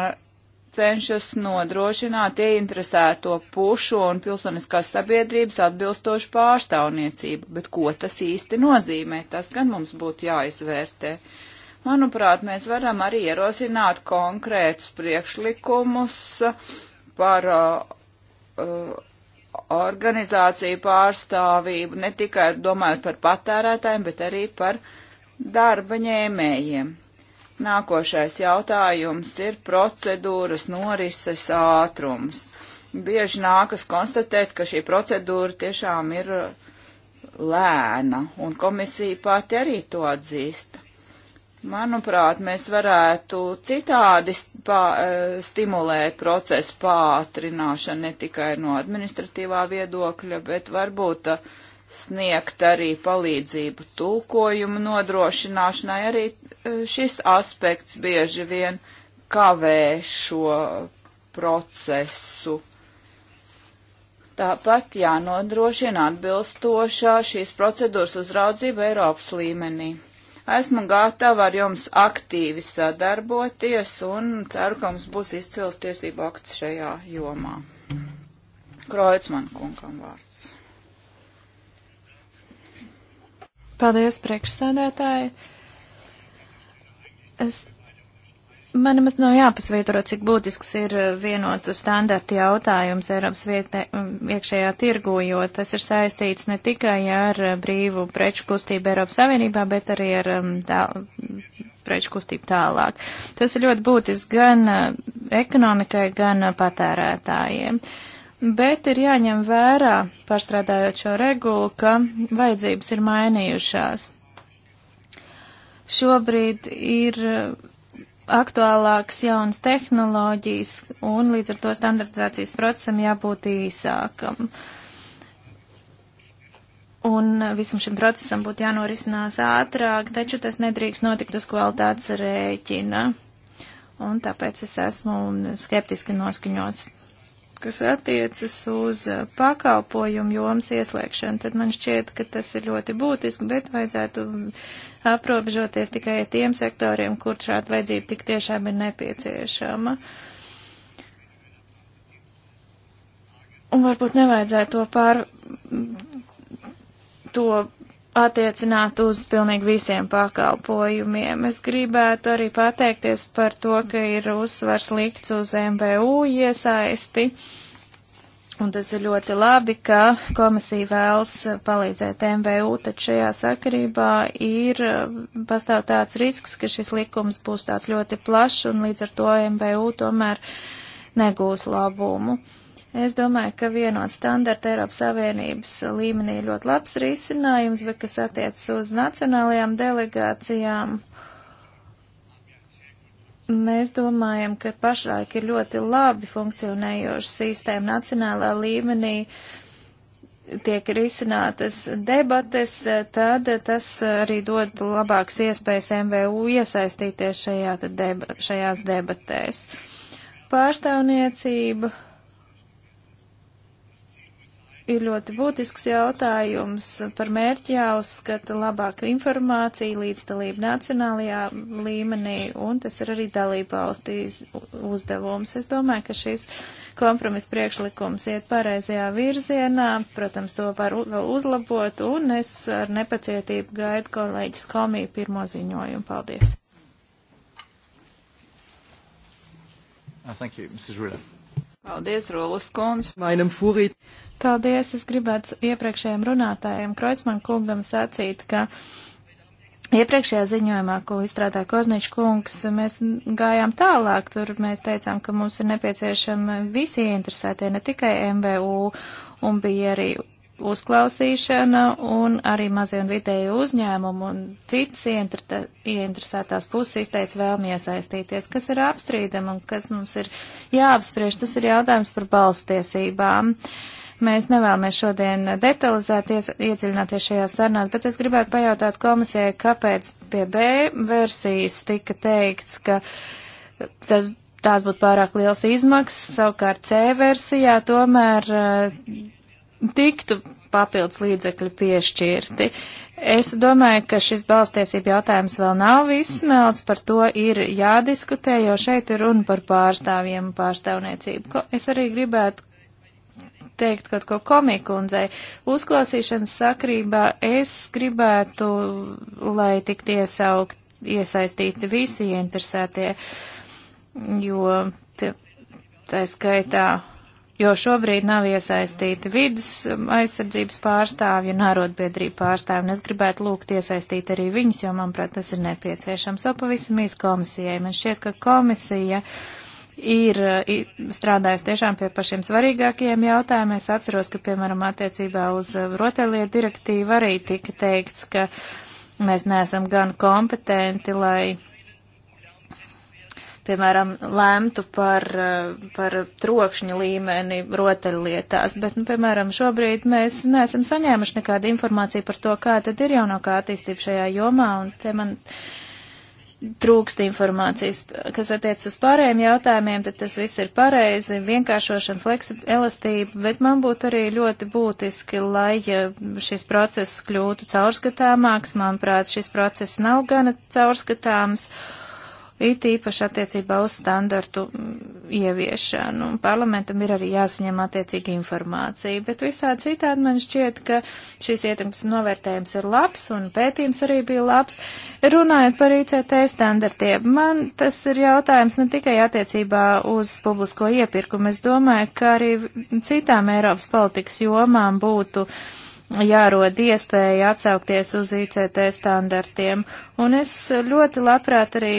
cenšas nodrošināt ieinteresēto pušu un pilsoniskās sabiedrības atbilstošu pārstāvniecību, bet ko tas īsti nozīmē, tas gan mums būtu jāizvērtē. Manuprāt, mēs varam arī ierosināt konkrētus priekšlikumus par uh, uh organizāciju pārstāvību, ne tikai domājot par patērētājiem, bet arī par darba ņēmējiem. Nākošais jautājums ir procedūras norises ātrums. Bieži nākas konstatēt, ka šī procedūra tiešām ir lēna, un komisija pati arī to atzīst. Manuprāt, mēs varētu citādi spā, e, stimulēt procesu pātrināšanu ne tikai no administratīvā viedokļa, bet varbūt e, sniegt arī palīdzību tulkojumu nodrošināšanai. Arī e, šis aspekts bieži vien kavē šo procesu. Tāpat jānodrošina atbilstošā šīs procedūras uzraudzība Eiropas līmenī. Esmu gatava ar jums aktīvi sadarboties un ceru, ka mums būs izcils tiesību akts šajā jomā. Kroicman kungam vārds. Paldies, priekšsēdētāji. Es Man nemaz nav jāpasvītro, cik būtisks ir eh, vienotu standartu jautājums Eiropas vietē, mm, iekšējā tirgu, jo tas ir saistīts ne tikai ar eh, brīvu preču kustību Eiropas Savienībā, bet arī ar mm, tā, preču kustību tālāk. Tas ir ļoti būtisks gan eh, ekonomikai, gan patērētājiem. Bet ir jāņem vērā, pārstrādājot šo regulu, ka vajadzības ir mainījušās. Šobrīd ir aktuālākas jaunas tehnoloģijas, un līdz ar to standartizācijas procesam jābūt īsākam. Un visam šim procesam būtu jānorisinās ātrāk, taču tas nedrīkst notikt uz kvalitātes rēķina. Un tāpēc es esmu skeptiski noskaņots kas attiecas uz eh, pakalpojumu jomas ieslēgšanu, tad man šķiet, ka tas ir ļoti būtiski, bet vajadzētu mm, aprobežoties tikai tiem sektoriem, kur šāda vajadzība tik tiešām ir nepieciešama. Un varbūt nevajadzētu to pār, mm, to attiecināt uz pilnīgi visiem pakalpojumiem. Es gribētu arī pateikties par to, ka ir uzsvars likts uz MBU iesaisti. Un tas ir ļoti labi, ka komisija vēlas palīdzēt MVU, taču šajā sakarībā ir pastāv tāds risks, ka šis likums būs tāds ļoti plašs un līdz ar to MVU tomēr negūs labumu. Uh, Es domāju, ka vienot standarta Eiropas Savienības līmenī ir ļoti labs risinājums, bet kas attiecas uz nacionālajām delegācijām, mēs domājam, ka pašlaik ir ļoti labi funkcionējoša sistēma nacionālā līmenī, tiek risinātas debates, tad tas arī dod labāks iespējas MVU iesaistīties šajā deba šajās debatēs. Pārstāvniecība ir ļoti būtisks jautājums. Par mērķi jāuzskata labāka informācija, līdzdalība nacionālajā līmenī, un tas ir arī dalība valstīs uzdevums. Es domāju, ka šis kompromis priekšlikums iet pareizajā virzienā, protams, to var vēl uzlabot, un es ar nepacietību gaidu kolēģis Komiju pirmo ziņojumu. Paldies! Ah, thank you, Mrs. Rula. Paldies, Rolas kundze. Mainam furīt. Paldies, es gribētu iepriekšējiem runātājiem Kreutzmann kungam sacīt, ka iepriekšējā ziņojumā, ko izstrādā Kozniņš kungs, mēs gājām tālāk, tur mēs teicām, ka mums ir nepieciešami visi interesētie, ne tikai MVU, un bija arī uzklausīšana un arī mazie un vidēji uzņēmumi un citas ieinteresētās puses izteica vēlmi iesaistīties, kas ir apstrīdam un kas mums ir jāapspriež. Tas ir jautājums par balstiesībām. Uh, Mēs nevēlamies šodien detalizēties, iedziļināties šajās sarunās, bet es gribētu pajautāt komisijai, kāpēc pie B versijas tika teikts, ka tas, tās būtu pārāk liels izmaksas, savukārt C versijā tomēr eh, tiktu papildus līdzekļi piešķirti. Es domāju, ka šis balstiesība jautājums vēl nav izsmelts, par to ir jādiskutē, jo šeit ir runa par pārstāvjiem un pārstāvniecību. Ko es arī gribētu teikt kaut ko komikundzei. Uzklausīšanas sakrībā es gribētu, lai tik iesaukt, iesaistīti visi interesētie, jo tā skaitā, jo šobrīd nav iesaistīti vidas aizsardzības pārstāvji un ārotbiedrību pārstāvji, un es gribētu lūgt iesaistīt arī viņus, jo, manuprāt, tas ir nepieciešams. O pavisam īsti komisijai. Man šķiet, ka komisija. Uh, ir strādājis tiešām pie pašiem svarīgākajiem jautājumiem. Es atceros, ka, piemēram, attiecībā uz uh, rotaļlietu direktīvu arī tika teikts, ka mēs neesam gan kompetenti, lai, piemēram, lemtu par, uh, par trokšņa līmeni rotaļlietās, bet, nu, piemēram, šobrīd mēs neesam saņēmuši nekādu informāciju par to, kā tad ir jaunākā attīstība šajā jomā, un te man trūkst informācijas, kas attiec uz pārējiem jautājumiem, tad tas viss ir pareizi, vienkāršošana, fleksibilitāte, elastība, bet man būtu arī ļoti būtiski, lai šis process kļūtu caurskatāmāks. Manuprāt, šis process nav gana caurskatāms. Uh, it īpaši attiecībā uz standartu mm, ieviešanu. Parlamentam ir arī jāsaņem attiecīga informācija, bet visā citādi man šķiet, ka šīs ietekmes novērtējums ir labs un pētījums arī bija labs. Runājot par ICT standartiem, man tas ir jautājums ne tikai attiecībā uz publisko iepirkumu. Es domāju, ka arī citām Eiropas politikas jomām būtu jārod iespēja atsaukties uz ICT standartiem. Un es ļoti labprāt arī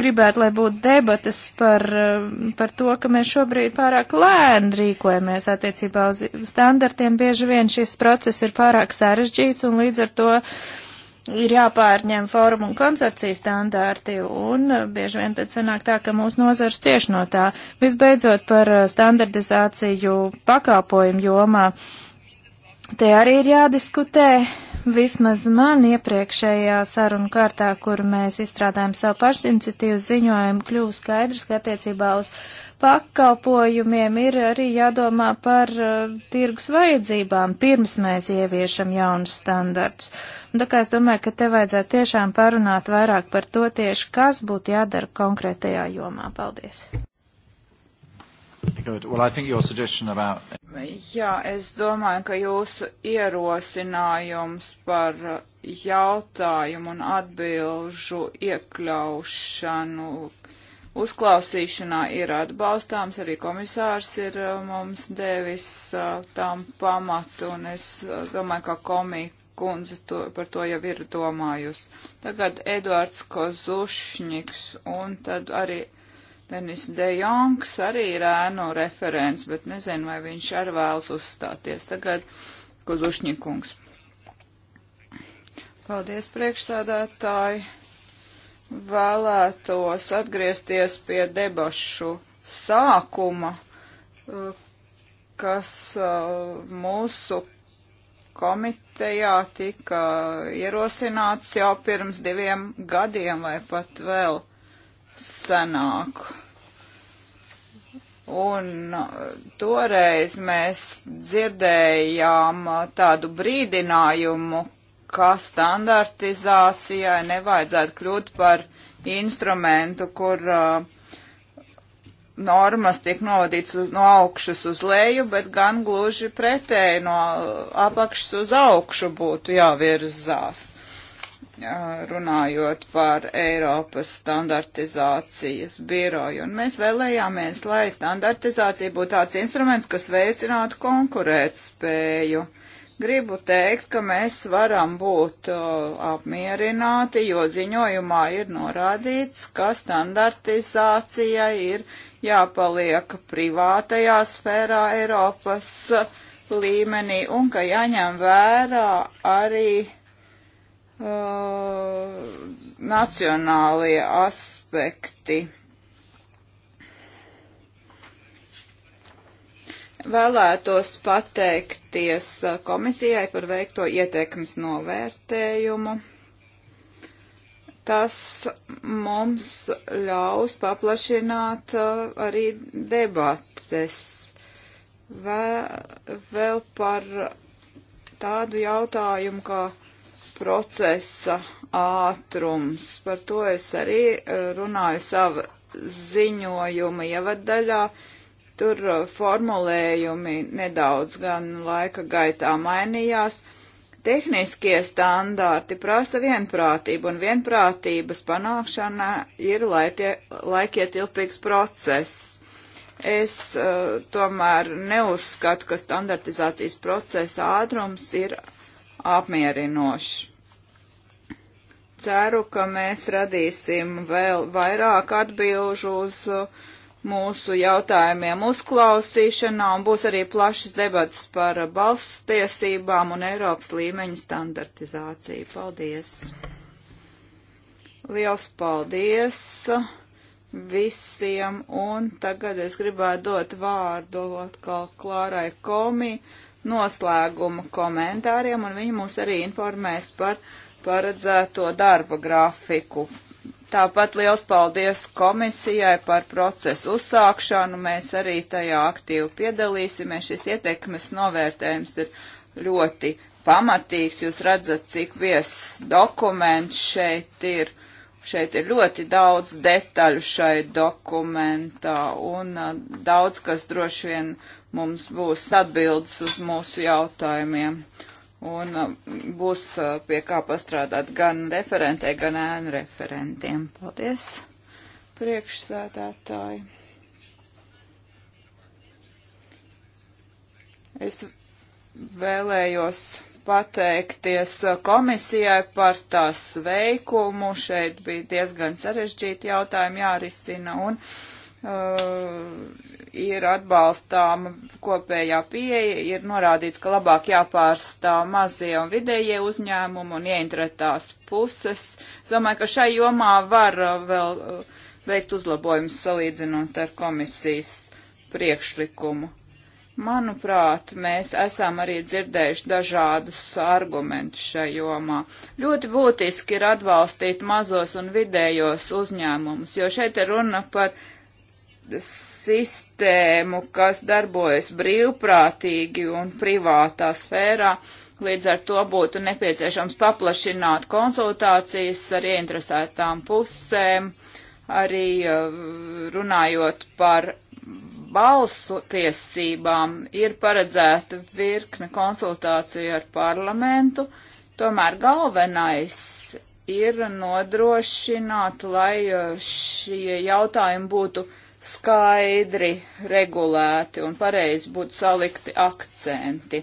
gribētu, lai būtu debatas par, eh, par to, ka mēs šobrīd pārāk lēni rīkojamies attiecībā uz standartiem. Bieži vien šis process ir pārāk sarežģīts un līdz ar to ir jāpārņem formu un koncepciju standārti un eh, bieži vien tad sanāk tā, ka mūsu nozars cieš no tā. Visbeidzot par eh, standartizāciju pakāpojumu jomā. Te arī ir jādiskutē vismaz man iepriekšējā sarunu kārtā, kur mēs izstrādājam savu pašiniciatīvu ziņojumu, kļuva skaidrs, ka attiecībā uz pakalpojumiem ir arī jādomā par uh, tirgus vajadzībām, pirms mēs ieviešam jaunus standartus. Un tā kā es domāju, ka te vajadzētu tiešām parunāt vairāk par to tieši, kas būtu jādara konkrētajā jomā. Paldies! Good. Well, I think your suggestion about... Jā, es domāju, ka jūsu ierosinājums par jautājumu un atbilžu iekļaušanu uzklausīšanā ir atbalstāms, arī komisārs ir uh, mums devis uh, tam pamatu, un es uh, domāju, ka komika kundze to, par to jau ir domājusi. Tagad Eduards Kozušņiks, un tad arī Denis De Jongs arī ir ēnu referents, bet nezinu, vai viņš arī vēlas uzstāties. Tagad Kozušņikungs. Paldies, priekšsādātāji. Vēlētos atgriezties pie debašu sākuma, kas uh, mūsu komitejā tika ierosināts jau pirms diviem gadiem vai pat vēl senāk. Un uh, toreiz mēs dzirdējām uh, tādu brīdinājumu, ka standartizācijai nevajadzētu kļūt par instrumentu, kur uh, normas tiek novadīts uz, no augšas uz leju, bet gan gluži pretēji no apakšas uz augšu būtu jāvirzās runājot par Eiropas standartizācijas biroju. Un mēs vēlējāmies, lai standartizācija būtu tāds instruments, kas veicinātu konkurētspēju. Gribu teikt, ka mēs varam būt uh, apmierināti, jo ziņojumā ir norādīts, ka standartizācija ir jāpaliek privātajā sfērā Eiropas līmenī un ka jāņem vērā arī Uh, nacionālie aspekti. Vēlētos pateikties uh, komisijai par veikto ietekmes novērtējumu. Tas mums ļaus paplašināt uh, arī debates. Vēl par tādu jautājumu, kā procesa ātrums. Par to es arī e, runāju sava ziņojuma ievadaļā. Tur e, formulējumi nedaudz gan laika gaitā mainījās. Tehniskie standārti prasa vienprātību, un vienprātības panākšana ir laikie, laikietilpīgs process. Es uh, tomēr neuzskatu, ka standartizācijas procesa ātrums ir apmierinošs. Ceru, ka mēs radīsim vēl vairāk atbilžu uz uh, mūsu jautājumiem uzklausīšanā un būs arī plašas debats par balss tiesībām un Eiropas līmeņa standartizāciju. Paldies! Liels paldies visiem, un tagad es gribētu dot vārdu atkal Klārai Komi, noslēguma komentāriem, un viņi mūs arī informēs par paredzēto darba grafiku. Tāpat liels paldies komisijai par procesu uzsākšanu. Mēs arī tajā aktīvi piedalīsimies. Šis ietekmes novērtējums ir ļoti pamatīgs. Jūs redzat, cik vies dokuments šeit ir. Šeit ir ļoti daudz detaļu šai dokumentā un daudz, kas droši vien uh, mums būs atbildes uz mūsu jautājumiem. Un um, būs uh, pie kā pastrādāt gan referentē, gan ēnu referentiem. Paldies, priekšsēdētāji. Es vēlējos pateikties uh, komisijai par tās veikumu. Šeit bija diezgan sarežģīti jautājumi jārisina, un Uh, ir atbalstāma kopējā pieeja, ir norādīts, ka labāk jāpārstāv mazie un vidējie uzņēmumi un ieinteresētās puses. Es domāju, ka šai jomā var uh, vēl uh, veikt uzlabojumus salīdzinot ar komisijas priekšlikumu. Manuprāt, mēs esam arī dzirdējuši dažādus argumentus šajā jomā. Ļoti būtiski ir atbalstīt mazos un vidējos uzņēmumus, jo šeit ir runa par uh, sistēmu, kas darbojas brīvprātīgi un privātā sfērā. Līdz ar to būtu nepieciešams paplašināt konsultācijas ar ieinteresētām pusēm, arī eh, runājot par balsu tiesībām, ir paredzēta virkne konsultāciju ar parlamentu, tomēr galvenais ir nodrošināt, lai eh, šie jautājumi būtu skaidri regulēti un pareizi būtu salikti akcenti.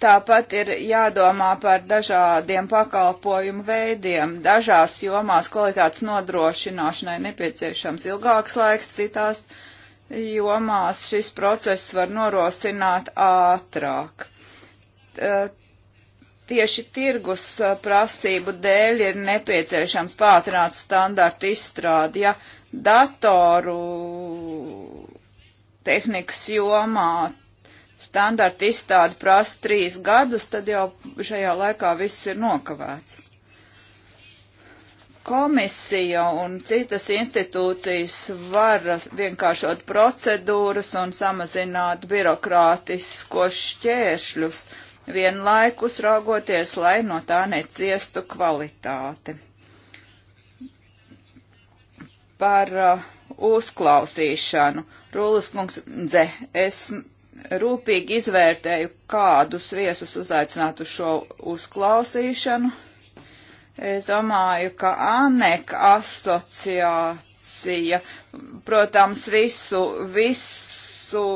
Tāpat ir jādomā par dažādiem pakalpojumu veidiem. Dažās jomās kvalitātes nodrošināšanai nepieciešams ilgāks laiks, citās jomās šis process var norosināt ātrāk. T Tieši tirgus uh, prasību dēļ ir nepieciešams pātrināt standartu izstrādi, ja datoru tehnikas jomā standarta izstāde prasa trīs gadus, tad jau šajā laikā viss ir nokavēts. Komisija un citas institūcijas var vienkāršot procedūras un samazināt birokrātiskos šķēršļus. Uh, vienlaikus raugoties, lai no tā neciestu kvalitāte. Par uh, uzklausīšanu. Rūlis kungs, dze, es rūpīgi izvērtēju, kādus viesus uzaicināt uz šo uzklausīšanu. Es domāju, ka Aneka asociācija, protams, visu, visu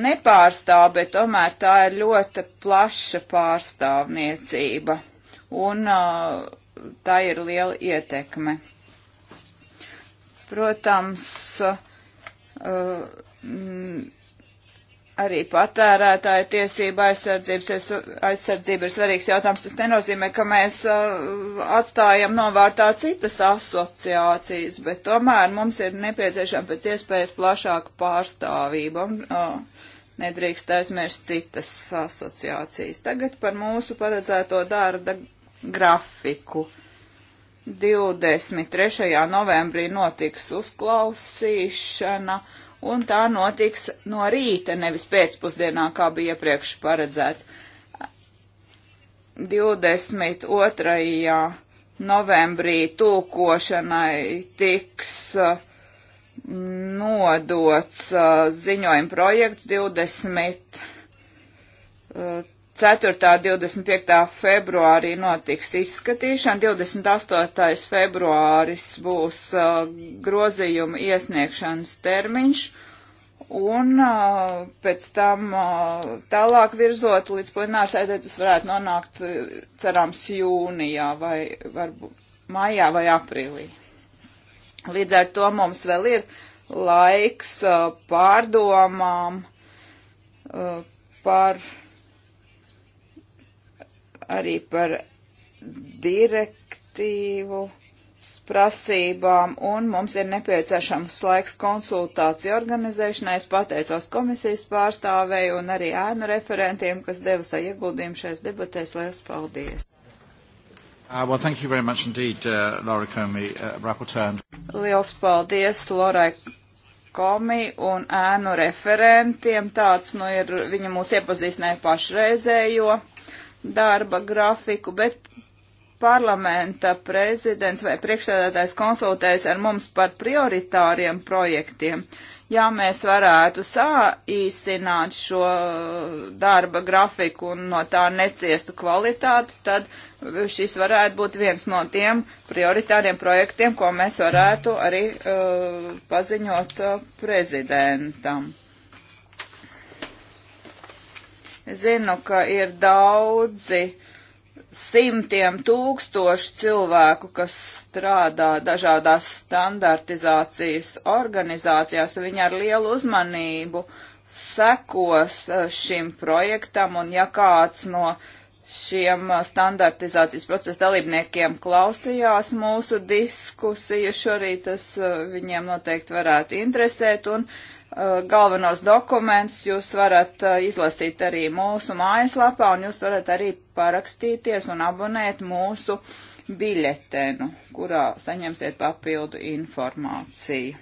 nepārstāv, bet tomēr tā ir ļoti plaša pārstāvniecība un uh, tā ir liela ietekme. Protams, uh, m, mm, arī patērētāja tiesība aizsardzības, aizsardzība ir svarīgs jautājums. Tas nenozīmē, ka mēs uh, atstājam novārtā citas asociācijas, bet tomēr mums ir nepieciešama pēc iespējas plašāka pārstāvība. Un, uh, nedrīkst aizmirst citas asociācijas. Tagad par mūsu paredzēto darba grafiku. 23. novembrī notiks uzklausīšana, un tā notiks no rīta, nevis pēcpusdienā, kā bija iepriekš paredzēts. 22. novembrī tūkošanai tiks uh, nodots uh, ziņojuma projekts 20. 4. 25. februārī notiks izskatīšana, 28. februāris būs uh, grozījuma iesniegšanas termiņš, un uh, pēc tam uh, tālāk virzot līdz plenārsēdē tas varētu nonākt, uh, cerams, jūnijā vai varbūt maijā vai aprīlī. Līdz ar to mums vēl ir laiks uh, pārdomām uh, par arī par direktīvu prasībām, un mums ir nepieciešams laiks konsultāciju organizēšanai. Es pateicos komisijas pārstāvēju un arī ēnu referentiem, kas deva savu ieguldījumu šajās debatēs. Lielas paldies! Uh, well, thank you very much indeed, uh, Laura Comey, uh, rapporteur. Liels paldies, Lorai Komi un ēnu referentiem. Tāds, nu, ir, viņa mūs iepazīstināja pašreizējo darba grafiku, bet parlamenta prezidents vai priekšstādātājs konsultējas ar mums par prioritāriem projektiem. Uh, ja mēs varētu sāīsināt šo darba grafiku un no tā neciestu kvalitāti, tad šis varētu būt viens no tiem prioritāriem projektiem, ko mēs varētu arī uh, paziņot uh, prezidentam. Zinu, ka ir daudzi uh, simtiem tūkstošu cilvēku, kas strādā dažādās standartizācijas organizācijās, viņi ar lielu uzmanību sekos e, šim projektam, un ja kāds no šiem e, standartizācijas procesa dalībniekiem klausījās mūsu diskusiju šorīt, tas e, viņiem noteikti varētu interesēt, un uh, Eh, galvenos dokumentus jūs varat eh, izlasīt arī mūsu mājaslapā, un jūs varat arī parakstīties un abonēt mūsu biļetenu, kurā saņemsiet papildu informāciju.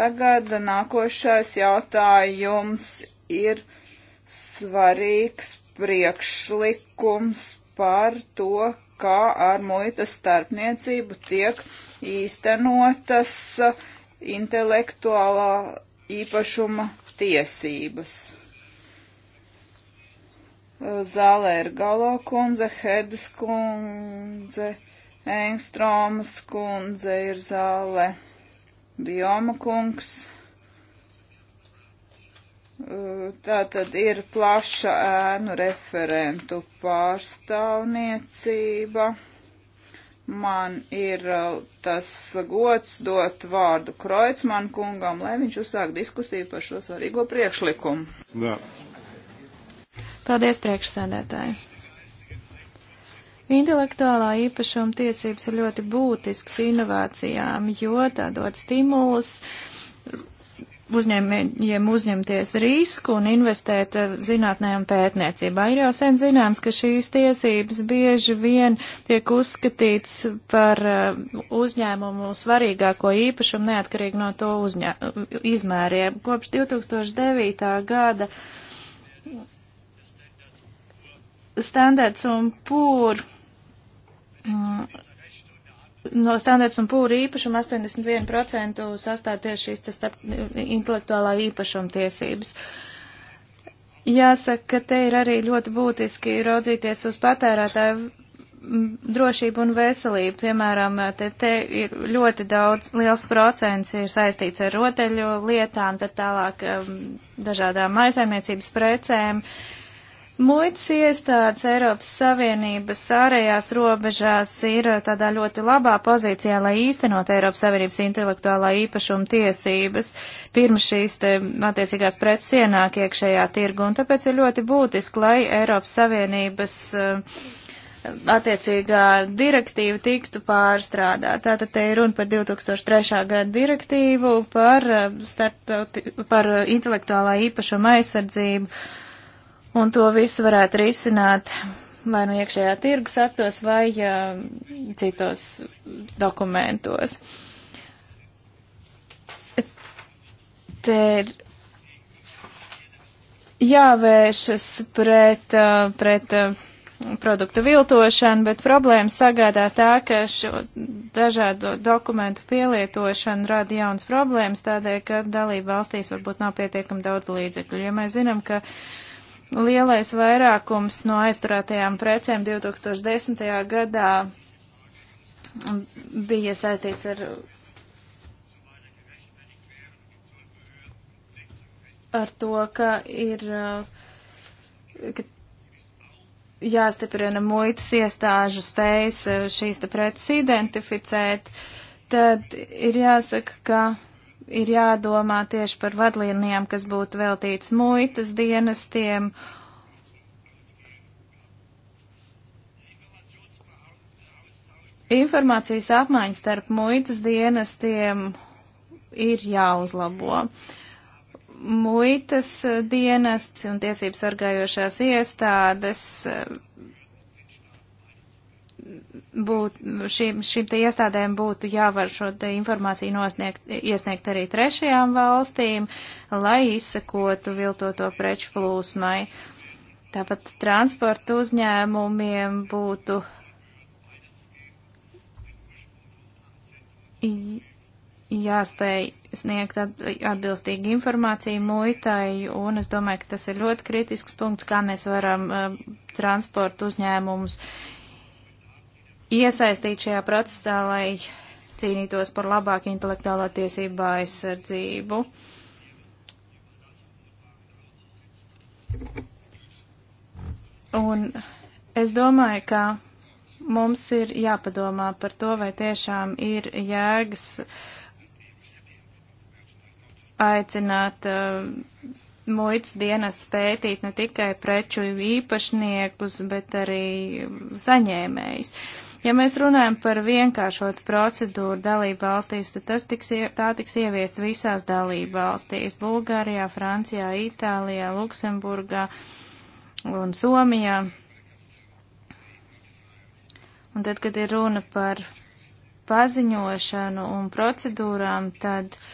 Tagad nākošais jautājums ir svarīgs priekšlikums par to, kā ar muitas starpniecību tiek īstenotas intelektuālā īpašuma tiesības. Zālē ir Galo kundze, Hedas kundze, Engstromas kundze ir zālē, Bioma kungs. Tā tad ir plaša ēnu referentu pārstāvniecība. Man ir uh, tas gods dot vārdu Kreutzmann kungam, lai viņš uzsāk diskusiju par šo svarīgo priekšlikumu. Jā. Paldies, priekšsēdētāji! Intelektuālā īpašuma tiesības ir ļoti būtisks inovācijām, jo tā dod stimulus uh, uzņēmējiem uzņemties risku un investēt eh, zinātnē un pētniecībā. Ir jau sen zināms, ka šīs tiesības bieži vien tiek uzskatīts par eh, uzņēmumu svarīgāko īpašumu neatkarīgi no to uzņē, izmēriem. Kopš 2009. gada standarts un pūr. Mm, no standarts un pūra īpašuma 81% sastāv tieši šīs tas intelektuālā īpašuma tiesības. Jāsaka, ka te ir arī ļoti būtiski raudzīties uz patērētāju drošību un veselību. Piemēram, te, te ir ļoti daudz, liels procents ir saistīts ar rotaļu lietām, tad tālāk um, dažādām maisaimniecības precēm. Uh, Muitas iestādes Eiropas Savienības ārējās robežās ir tādā ļoti labā pozīcijā, lai īstenot Eiropas Savienības intelektuālā īpašuma tiesības pirms šīs te attiecīgās preces ienāk iekšējā tirgu, un tāpēc ir ļoti būtiski, lai Eiropas Savienības eh, attiecīgā direktīva tiktu pārstrādāta. Tātad te ir runa par 2003. gada direktīvu par, eh, starptauti, par eh, intelektuālā īpašuma aizsardzību Un to visu varētu risināt vai nu no iekšējā tirgus aktos vai uh, citos dokumentos. Te ir jāvēršas pret, uh, pret uh, produktu viltošanu, bet problēma sagādā tā, ka šo dažādo dokumentu pielietošana rada jaunas problēmas tādēļ, ka dalība valstīs varbūt nav pietiekami daudz līdzekļu. Ja mēs zinām, ka uh, Lielais vairākums no aizturētajām precēm 2010. gadā bija saistīts ar, ar to, ka ir ka jāstiprina muitas iestāžu spējas šīs te preces identificēt, tad ir jāsaka, ka ir jādomā tieši par vadlīnijām, kas būtu veltīts muitas dienestiem. Informācijas apmaiņas starp muitas dienestiem ir jāuzlabo. Muitas dienesti un tiesības sargājošās iestādes būt, šīm, šīm te iestādēm būtu jāvar šo te informāciju nosniegt, iesniegt arī trešajām valstīm, lai izsekotu viltoto preču plūsmai. Tāpat transporta uzņēmumiem būtu jāspēj sniegt atbilstīgu informāciju muitai, un es domāju, ka tas ir ļoti kritisks punkts, kā mēs varam uh, transporta uzņēmumus uh, iesaistīt šajā procesā, lai cīnītos par labāku intelektuālā tiesībā aizsardzību. Un es domāju, ka mums ir jāpadomā par to, vai tiešām ir jēgas aicināt uh, muitas dienas pētīt ne tikai preču īpašniekus, bet arī saņēmējus. Uh, Ja mēs runājam par vienkāršotu procedūru dalību valstīs, tad tas tiks, tā tiks ieviest visās dalību valstīs - Bulgārijā, Francijā, Itālijā, Luksemburgā un Somijā. Un tad, kad ir runa par paziņošanu un procedūrām, tad uh,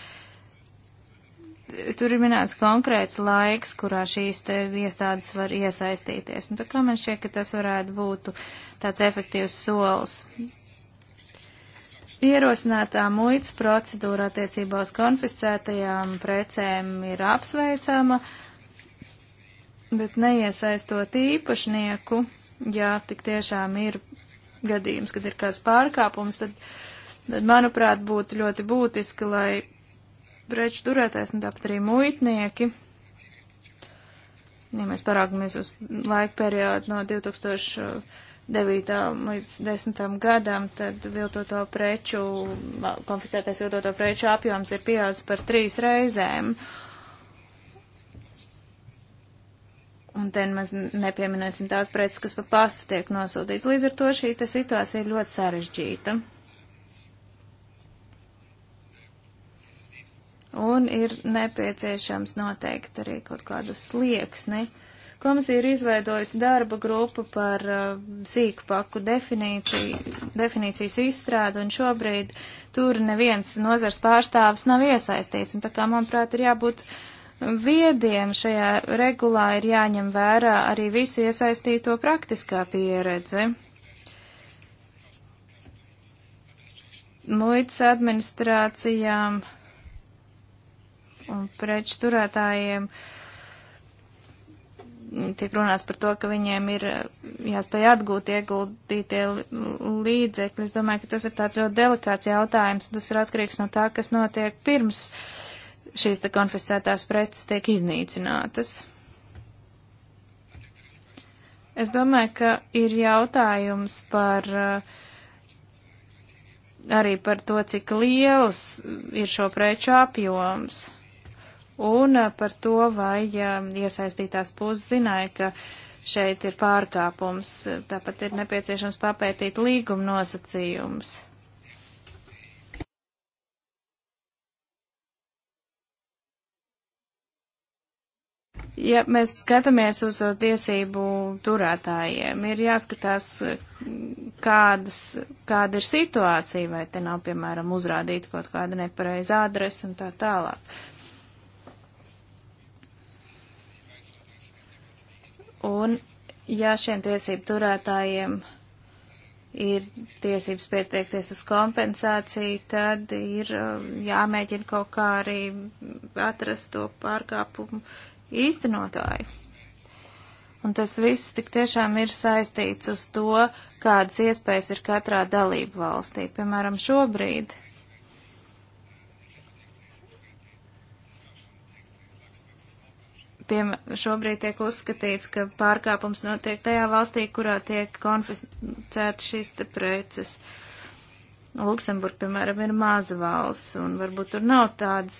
tur ir minēts konkrēts laiks, kurā šīs te iestādes var iesaistīties. Un tā kā man šķiet, ka tas varētu būt tāds efektīvs solis. Ierosinātā muitas procedūra attiecībā uz konfiscētajām precēm ir apsveicama, bet neiesaistot īpašnieku, ja tik tiešām ir gadījums, kad ir kāds pārkāpums, tad, tad manuprāt, būtu ļoti būtiski, lai preču turētājs un tāpat arī muitnieki. Ja mēs parākamies uz laika periodu no 2009. līdz 10. gadam, tad viltoto preču, konfiscētais viltoto preču apjoms ir pieaudzis par trīs reizēm. Un te mēs nepieminēsim tās preces, kas pa pastu tiek nosūtīts. Līdz ar to šī situācija ir ļoti sarežģīta. un ir nepieciešams noteikti arī kaut kādu slieksni. Komisija ir izveidojusi darba grupu par uh, sīkpaku definīciju, definīcijas izstrādu, un šobrīd tur neviens nozars pārstāvis nav iesaistīts, un tā kā, manuprāt, ir jābūt viediem šajā regulā, ir jāņem vērā arī visu iesaistīto praktiskā pieredze. Muitas administrācijām preču turētājiem tiek runāts par to, ka viņiem ir jāspēj atgūt ieguldītie līdzekļi. Es domāju, ka tas ir tāds ļoti delikāts jautājums. Tas ir atkarīgs no tā, kas notiek pirms šīs te konfiscētās preces tiek iznīcinātas. Es domāju, ka ir jautājums par arī par to, cik liels ir šo preču apjoms un eh, par to, vai eh, iesaistītās puses zināja, ka šeit ir pārkāpums. Tāpat ir nepieciešams papētīt līguma nosacījumus. ja mēs skatāmies uz eh, tiesību turētājiem, ir jāskatās, kādas, kāda ir situācija, vai te nav, piemēram, uzrādīta kaut kāda nepareiza adrese un tā tālāk. Un ja šiem tiesību turētājiem ir tiesības pieteikties uz kompensāciju, tad ir um, jāmēģina kaut kā arī atrast to pārkāpumu īstenotāju. Un tas viss tik tiešām ir saistīts uz to, kādas iespējas ir katrā dalību valstī. Piemēram, šobrīd piem, šobrīd tiek uzskatīts, ka pārkāpums notiek tajā valstī, kurā tiek konfiscēta šīs te preces. Luksemburg, piemēram, ir maza valsts, un varbūt tur nav tādas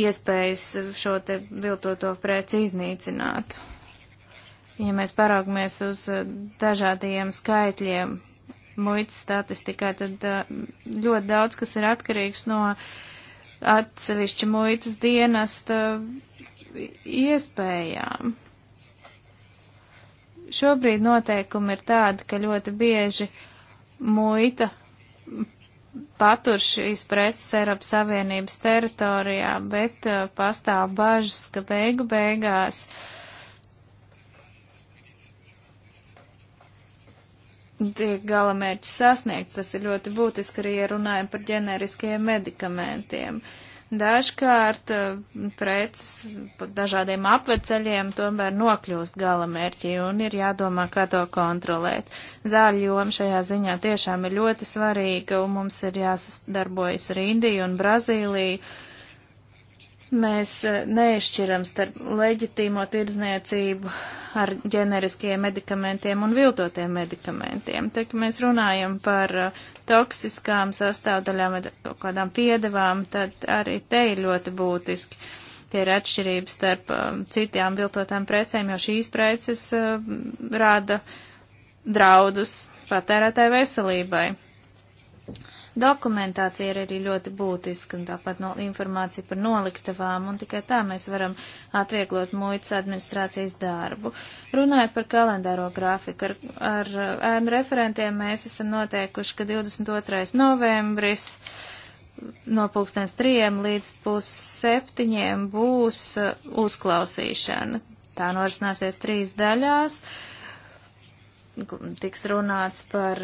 iespējas šo te viltoto preci iznīcināt. Ja mēs paraugamies uz eh, dažādiem skaitļiem muitas statistikā, tad eh, ļoti daudz, kas ir atkarīgs no atsevišķa muitas dienesta iespējām. Šobrīd noteikumi ir tādi, ka ļoti bieži muita patur šīs preces Eiropas Savienības teritorijā, bet uh, pastāv bažas, ka beigu beigās tiek galamērķis sasniegts. Tas ir ļoti būtiski arī, ja runājam par ģeneriskiem medikamentiem. Uh, Dažkārt eh, preces pa dažādiem apveceļiem tomēr nokļūst gala mērķī un ir jādomā, kā to kontrolēt. Zāļu joma šajā ziņā tiešām ir ļoti svarīga un mums ir jāsadarbojas ar Indiju un Brazīliju Mēs e, neizšķiram starp leģitīmo tirdzniecību ar ģeneriskiem medikamentiem un viltotiem medikamentiem. Te, ka mēs runājam par e, toksiskām sastāvdaļām, kaut kādām piedevām, tad arī te ir ļoti būtiski. Tie ir atšķirības starp e, citām viltotām precēm, jo šīs preces uh, rada draudus patērētāju veselībai. Dokumentācija ir arī ļoti būtiska, un tāpat no informācija par noliktavām, un tikai tā mēs varam atvieglot muitas administrācijas darbu. Runājot par kalendāro grafiku, ar, ar ēnu referentiem mēs esam noteikuši, ka 22. novembris no pulkstens trijiem līdz pusseptiņiem būs uh, uzklausīšana. Tā norisināsies trīs daļās. Tiks runāts par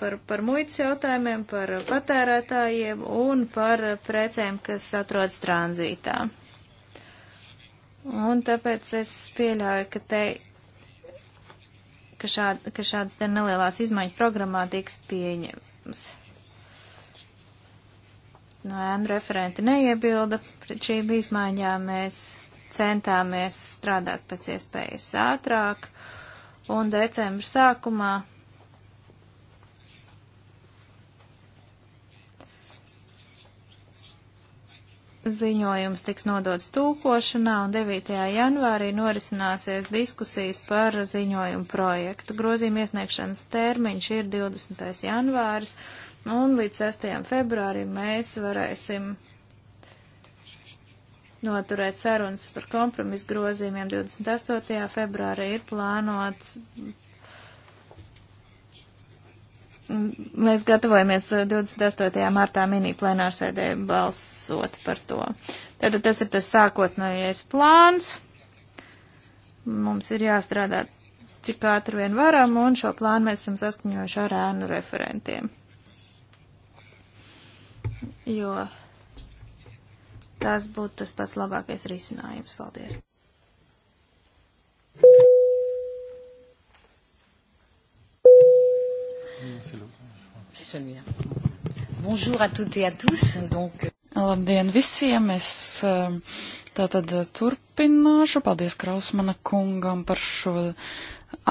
par, par muitas jautājumiem, par patērētājiem un par precēm, kas atrodas tranzītā. Un tāpēc es pieļauju, ka te, ka, šād, ka šādas te nelielās izmaiņas programmā tiks pieņems. No ēnu referenti neiebilda, pret šīm izmaiņām mēs centāmies strādāt pēc iespējas ātrāk, un decembra sākumā ziņojums tiks nodots tūkošanā un 9. janvārī norisināsies diskusijas par ziņojumu projektu. Grozījuma iesniegšanas termiņš ir 20. janvāris un līdz 6. februārim mēs varēsim noturēt sarunas par kompromisu grozījumiem. 28. februārī ir plānots Mēs gatavojamies 28. Eh, martā mini plenārsēdē balsot par to. Tātad tas ir tas sākotnējais plāns. Mums ir jāstrādā cik ātri vien varam, un šo plānu mēs esam saskaņojuši ar ēnu referentiem. Jo tas būtu tas pats labākais risinājums. Paldies! Bonjour à toutes et à tous. Donc... Labdien visiem! Es eh, tātad eh, turpināšu. Paldies Krausmana kungam par šo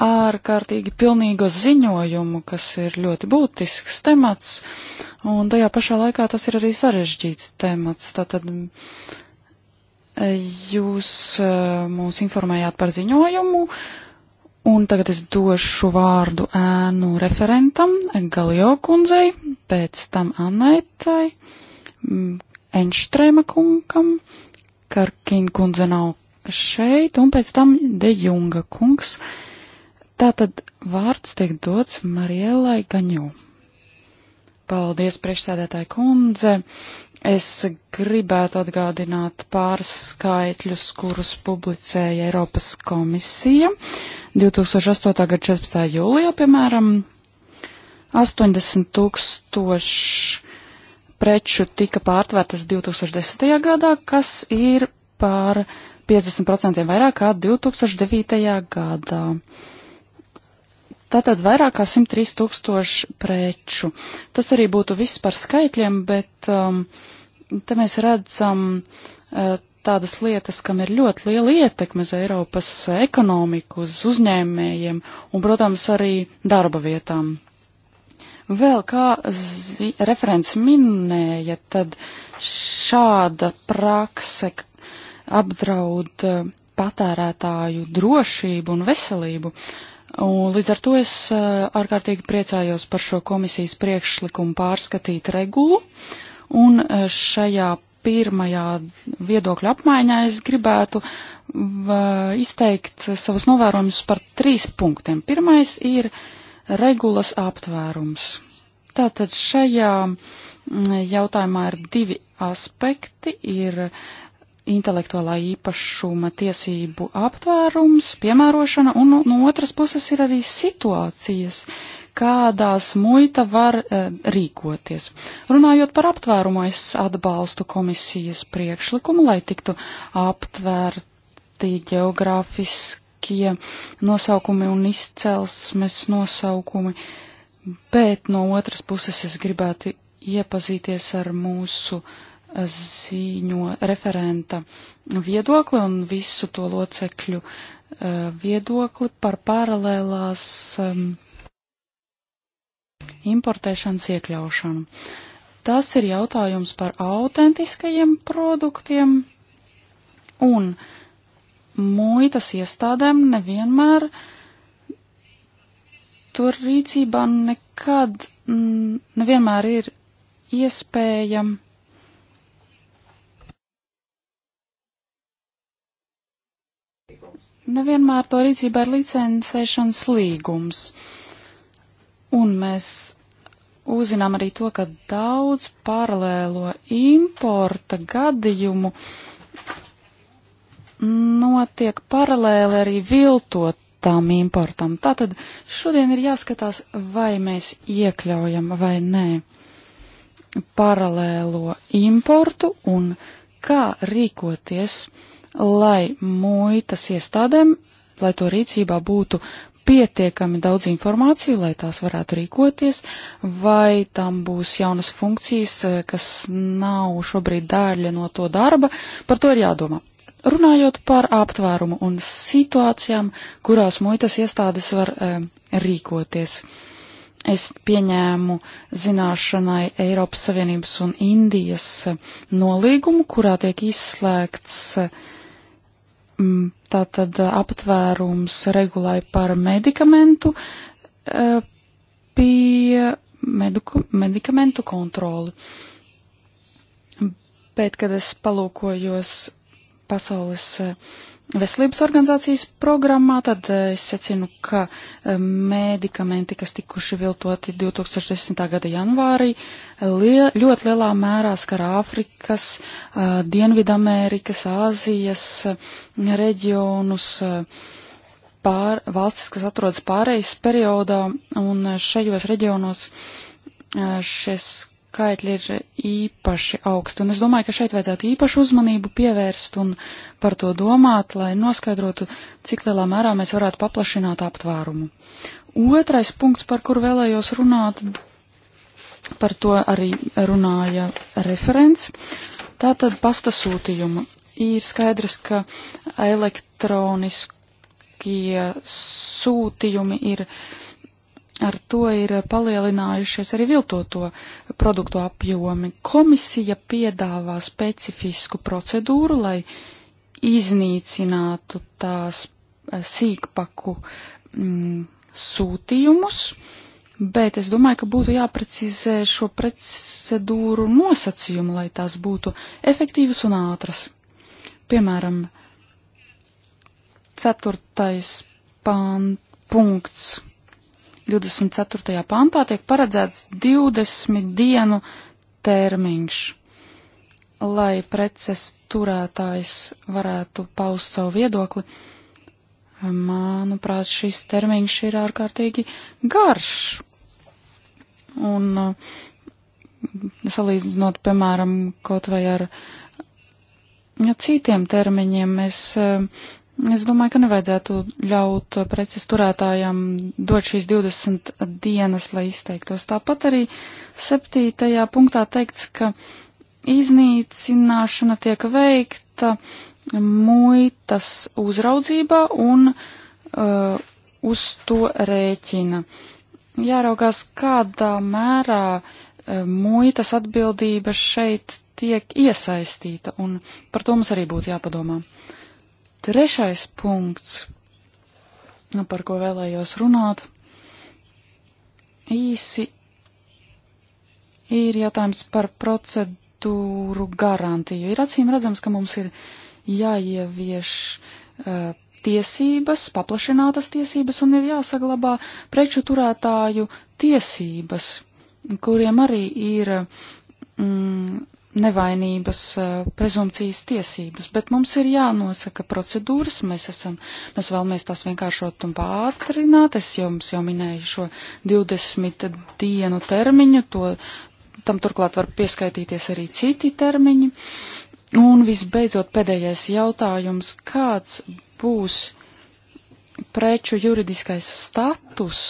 ārkārtīgi pilnīgo ziņojumu, kas ir ļoti būtisks temats, un tajā pašā laikā tas ir arī sarežģīts temats. Tātad eh, jūs mūs informējāt par ziņojumu, Un tagad es došu vārdu ēnu referentam Galio kundzei, pēc tam Annaitai, mm, Enštrēma kungam, Karkina kundze nav šeit, un pēc tam De Junga kungs. Tātad vārds tiek dots Marielai Gaņū. Paldies, priekšsēdētāja kundze. Es gribētu atgādināt pāris skaitļus, kurus publicēja Eiropas komisija. Uh, 2008. gada 14. jūlijā, piemēram, 80 tūkstoši preču tika pārtvērtas 2010. gadā, kas ir par 50% vairāk kā 2009. gadā. Tātad vairāk kā 103 tūkstoši preču. Tas arī būtu viss par skaitļiem, bet um, te mēs redzam uh, tādas lietas, kam ir ļoti liela ietekme uz Eiropas ekonomiku, uz uzņēmējiem un, protams, arī darba vietām. Vēl kā referents minēja, tad šāda prakse apdraud eh, patērētāju drošību un veselību. Un līdz ar to es eh, ārkārtīgi priecājos par šo komisijas priekšlikumu pārskatīt regulu, un eh, šajā pirmajā viedokļa apmaiņā es gribētu izteikt savus novērojumus par trīs punktiem. Pirmais ir regulas aptvērums. Tātad šajā mm, jautājumā ir divi aspekti. Ir intelektuālā īpašuma tiesību aptvērums, piemērošana, un no otras puses ir arī situācijas, kādās muita var e, rīkoties. Runājot par aptvērumu, es atbalstu komisijas priekšlikumu, lai tiktu aptvērti geogrāfiskie nosaukumi un izcelsmes nosaukumi, bet no otras puses es gribētu iepazīties ar mūsu e, ziņo referenta viedokli un visu to locekļu e, viedokli par paralēlās um, importēšanas iekļaušanu. Tas ir jautājums par autentiskajiem produktiem, un muitas iestādēm nevienmēr tur rīcībā nekad nevienmēr ir iespēja nevienmēr to rīcībā ir licencēšanas līgums. Uh, Un mēs uzzinām arī to, ka daudz paralēlo importa gadījumu notiek paralēli arī viltotām importam. Tātad šodien ir jāskatās, vai mēs iekļaujam vai nē paralēlo importu un kā rīkoties, lai muitas iestādēm, lai to rīcībā būtu pietiekami daudz informāciju, lai tās varētu rīkoties, vai tam būs jaunas funkcijas, eh, kas nav šobrīd dārļa no to darba, par to ir jādomā. Runājot par aptvērumu un situācijām, kurās muitas iestādes var e, rīkoties. Es pieņēmu zināšanai Eiropas Savienības un Indijas nolīgumu, kurā tiek izslēgts uh, Mm, tātad uh, aptvērums regulai par medikamentu uh, pie mediku, medikamentu kontroli. Bet, kad es palūkojos pasaules uh, veselības organizācijas programmā, tad eh, es secinu, ka eh, medikamenti, kas tikuši viltoti 2010. gada janvārī, lie, ļoti lielā mērā skar Āfrikas, eh, Dienvidamerikas, Āzijas reģionus, pār, valstis, kas atrodas pārejas periodā, un šajos reģionos šis skaitļi ir īpaši augsti, un es domāju, ka šeit vajadzētu īpašu uzmanību pievērst un par to domāt, lai noskaidrotu, cik lielā mērā mēs varētu paplašināt aptvērumu. Otrais punkts, par kur vēlējos runāt, par to arī runāja referents, tātad pasta sūtījuma. Ir skaidrs, ka elektroniskie sūtījumi ir uh, Ar to ir palielinājušies arī viltoto produktu apjomi. Komisija piedāvā specifisku procedūru, lai iznīcinātu tās eh, sīkpaku mm, sūtījumus, bet es domāju, ka būtu jāprecizē šo procedūru nosacījumu, lai tās būtu efektīvas un ātras. Piemēram, ceturtais pāns punkts 24. pantā tiek paredzēts 20 dienu termiņš, lai preces turētājs varētu paust savu viedokli. Manuprāt, šis termiņš ir ārkārtīgi garš. Un uh, salīdzinot, piemēram, kaut vai ar citiem termiņiem, mēs uh, Es domāju, ka nevajadzētu ļaut preces turētājiem dot šīs 20 dienas, lai izteiktos. Tāpat arī septītajā punktā teikts, ka iznīcināšana tiek veikta muitas uzraudzībā un uh, uz to rēķina. Jāraugās, kādā mērā uh, muitas atbildība šeit tiek iesaistīta, un par to mums arī būtu jāpadomā. Uh, Trešais punkts, nu, par ko vēlējos runāt, īsi ir jautājums par procedūru garantiju. Ir acīm redzams, ka mums ir jāievieš uh, tiesības, paplašinātas tiesības un ir jāsaglabā preču turētāju tiesības, kuriem arī ir mm, nevainības eh, prezumcijas tiesības, bet mums ir jānosaka procedūras, mēs, esam, mēs vēlamies tās vienkāršot un pātrināt. Es jums jau minēju šo 20 dienu termiņu, to, tam turklāt var pieskaitīties arī citi termiņi. Un visbeidzot pēdējais jautājums, kāds būs preču juridiskais status,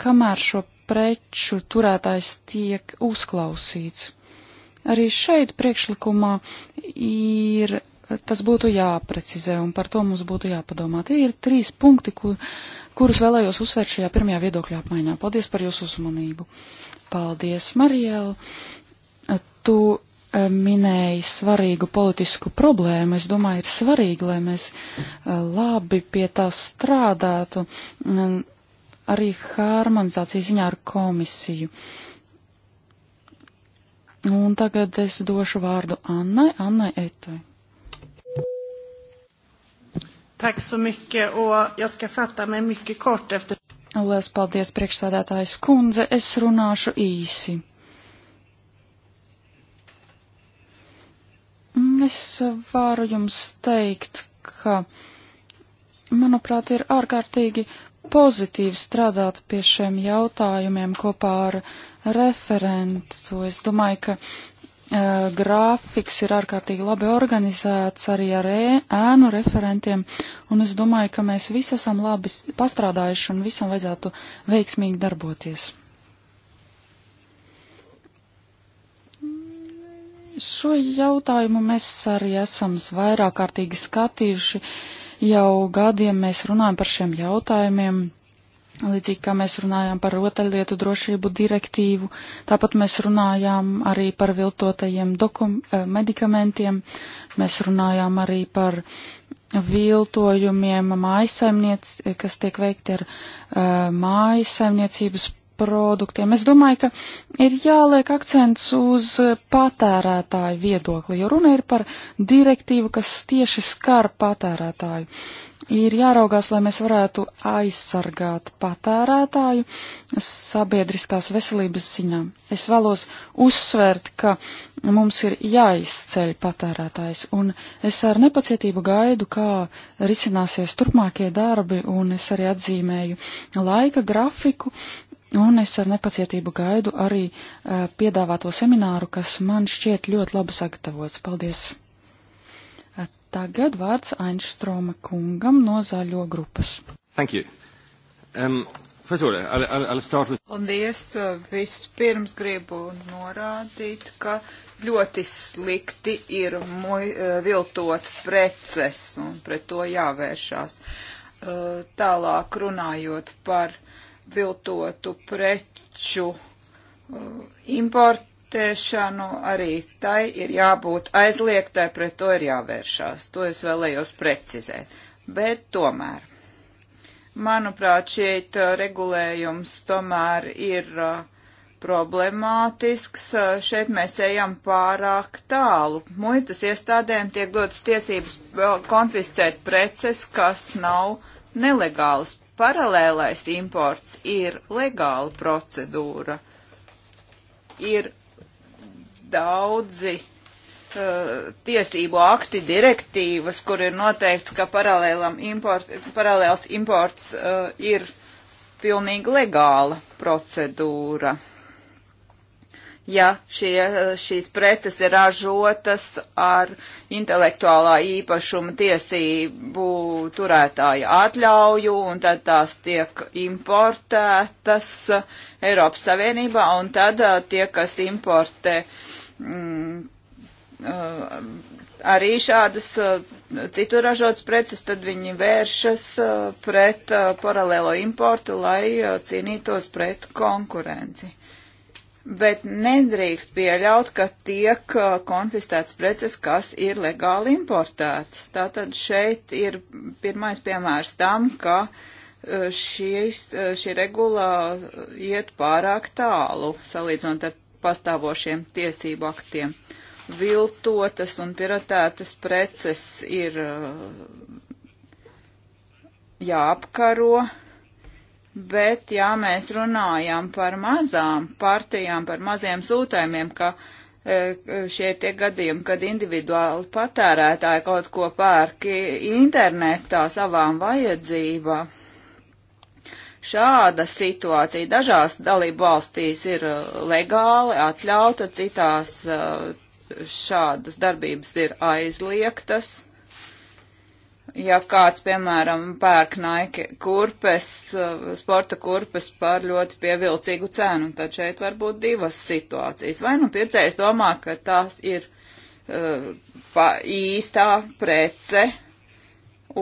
kamēr šo preču turētājs tiek uzklausīts? Arī šeit priekšlikumā ir tas būtu jāprecizē, un par to mums būtu jāpadomā. Tie ir trīs punkti, kur, kurus vēlējos uzsvērt šajā pirmajā viedokļa apmaiņā. Paldies par jūsu uzmanību. Paldies, Mariela. Tu eh, minēji svarīgu politisku problēmu. Es domāju, ir svarīgi, lai mēs eh, labi pie tā strādātu mm, arī harmonizācijas ziņā ar komisiju. Uh, Un tagad es došu vārdu Annai, Annai Eitai. Tack så mycket och jag ska fatta mig mycket kort efter. Lielas paldies, priekšsādātājs kundze, es runāšu īsi. Mm, es varu jums teikt, ka, manuprāt, ir ārkārtīgi pozitīvi strādāt pie šiem jautājumiem kopā ar referentu. Es domāju, ka uh, eh, grāfiks ir ārkārtīgi labi organizēts arī ar ēnu referentiem, un es domāju, ka mēs visi esam labi pastrādājuši un visam vajadzētu veiksmīgi darboties. Šo jautājumu mēs arī esam vairāk kārtīgi skatījuši. Uh, Jau gadiem mēs runājam par šiem jautājumiem, līdzīgi kā mēs runājām par rotaļlietu drošību direktīvu, tāpat mēs runājām arī par viltotajiem eh, medikamentiem, mēs runājām arī par viltojumiem mājasaimniec, kas tiek veikti ar uh, mājasaimniecības produktiem. Es domāju, ka ir jāliek akcents uz patērētāju viedokli, jo runa ir par direktīvu, kas tieši skar patērētāju. Ir jāraugās, lai mēs varētu aizsargāt patērētāju sabiedriskās veselības ziņā. Es vēlos uzsvērt, ka mums ir jāizceļ patērētājs, un es ar nepacietību gaidu, kā risināsies turpmākie darbi, un es arī atzīmēju laika grafiku, Un es ar nepacietību gaidu arī uh, piedāvāto semināru, kas man šķiet ļoti labi sagatavots. Paldies! Eh, tagad vārds Ainštroma kungam no zaļo grupas. Thank you. Um, first of all, I'll, I'll, I'll start with... Paldies. Vispirms gribu norādīt, ka ļoti slikti ir muj, eh, viltot preces un pret to jāvēršās. Tālāk runājot par viltotu preču uh, importēšanu, arī tai ir jābūt aizliegtai, pret to ir jāvēršās. To es vēlējos precizēt. Bet tomēr, manuprāt, šeit uh, regulējums tomēr ir uh, problemātisks. Šeit mēs ejam pārāk tālu. Muitas iestādēm tiek dotas tiesības konfiscēt preces, kas nav nelegālas paralēlais imports ir legāla procedūra. Ir daudzi uh, tiesību akti, direktīvas, kur ir noteikts, ka import, paralēls imports uh, ir pilnīgi legāla procedūra ja šie, šīs preces ir ražotas ar intelektuālā īpašuma tiesību turētāja atļauju, un tad tās tiek importētas Eiropas Savienībā, un tad uh, tie, kas importē. Mm, uh, arī šādas uh, citu ražotas preces, tad viņi vēršas pret paralēlo importu, lai cīnītos pret konkurenci bet nedrīkst pieļaut, ka tiek uh, konfiscētas preces, kas ir legāli importētas. Tātad šeit ir pirmais piemērs tam, ka uh, šīs, uh, šī regulā iet pārāk tālu salīdzinot ar pastāvošiem tiesību aktiem. Viltotas un piratētas preces ir jāapkaro. Ja bet ja mēs runājam par mazām partijām, par maziem sūtājumiem, ka e, šie tie gadījumi, kad individuāli patērētāji kaut ko pērk internetā savām vajadzībām. Šāda situācija dažās dalību valstīs ir e, legāli atļauta, citās e, šādas darbības ir aizliegtas ja kāds, piemēram, pērk naiki kurpes, eh, sporta kurpes par ļoti pievilcīgu cenu, tad šeit var būt divas situācijas. Vai nu pircējs domā, ka tās ir uh, pa, īstā prece,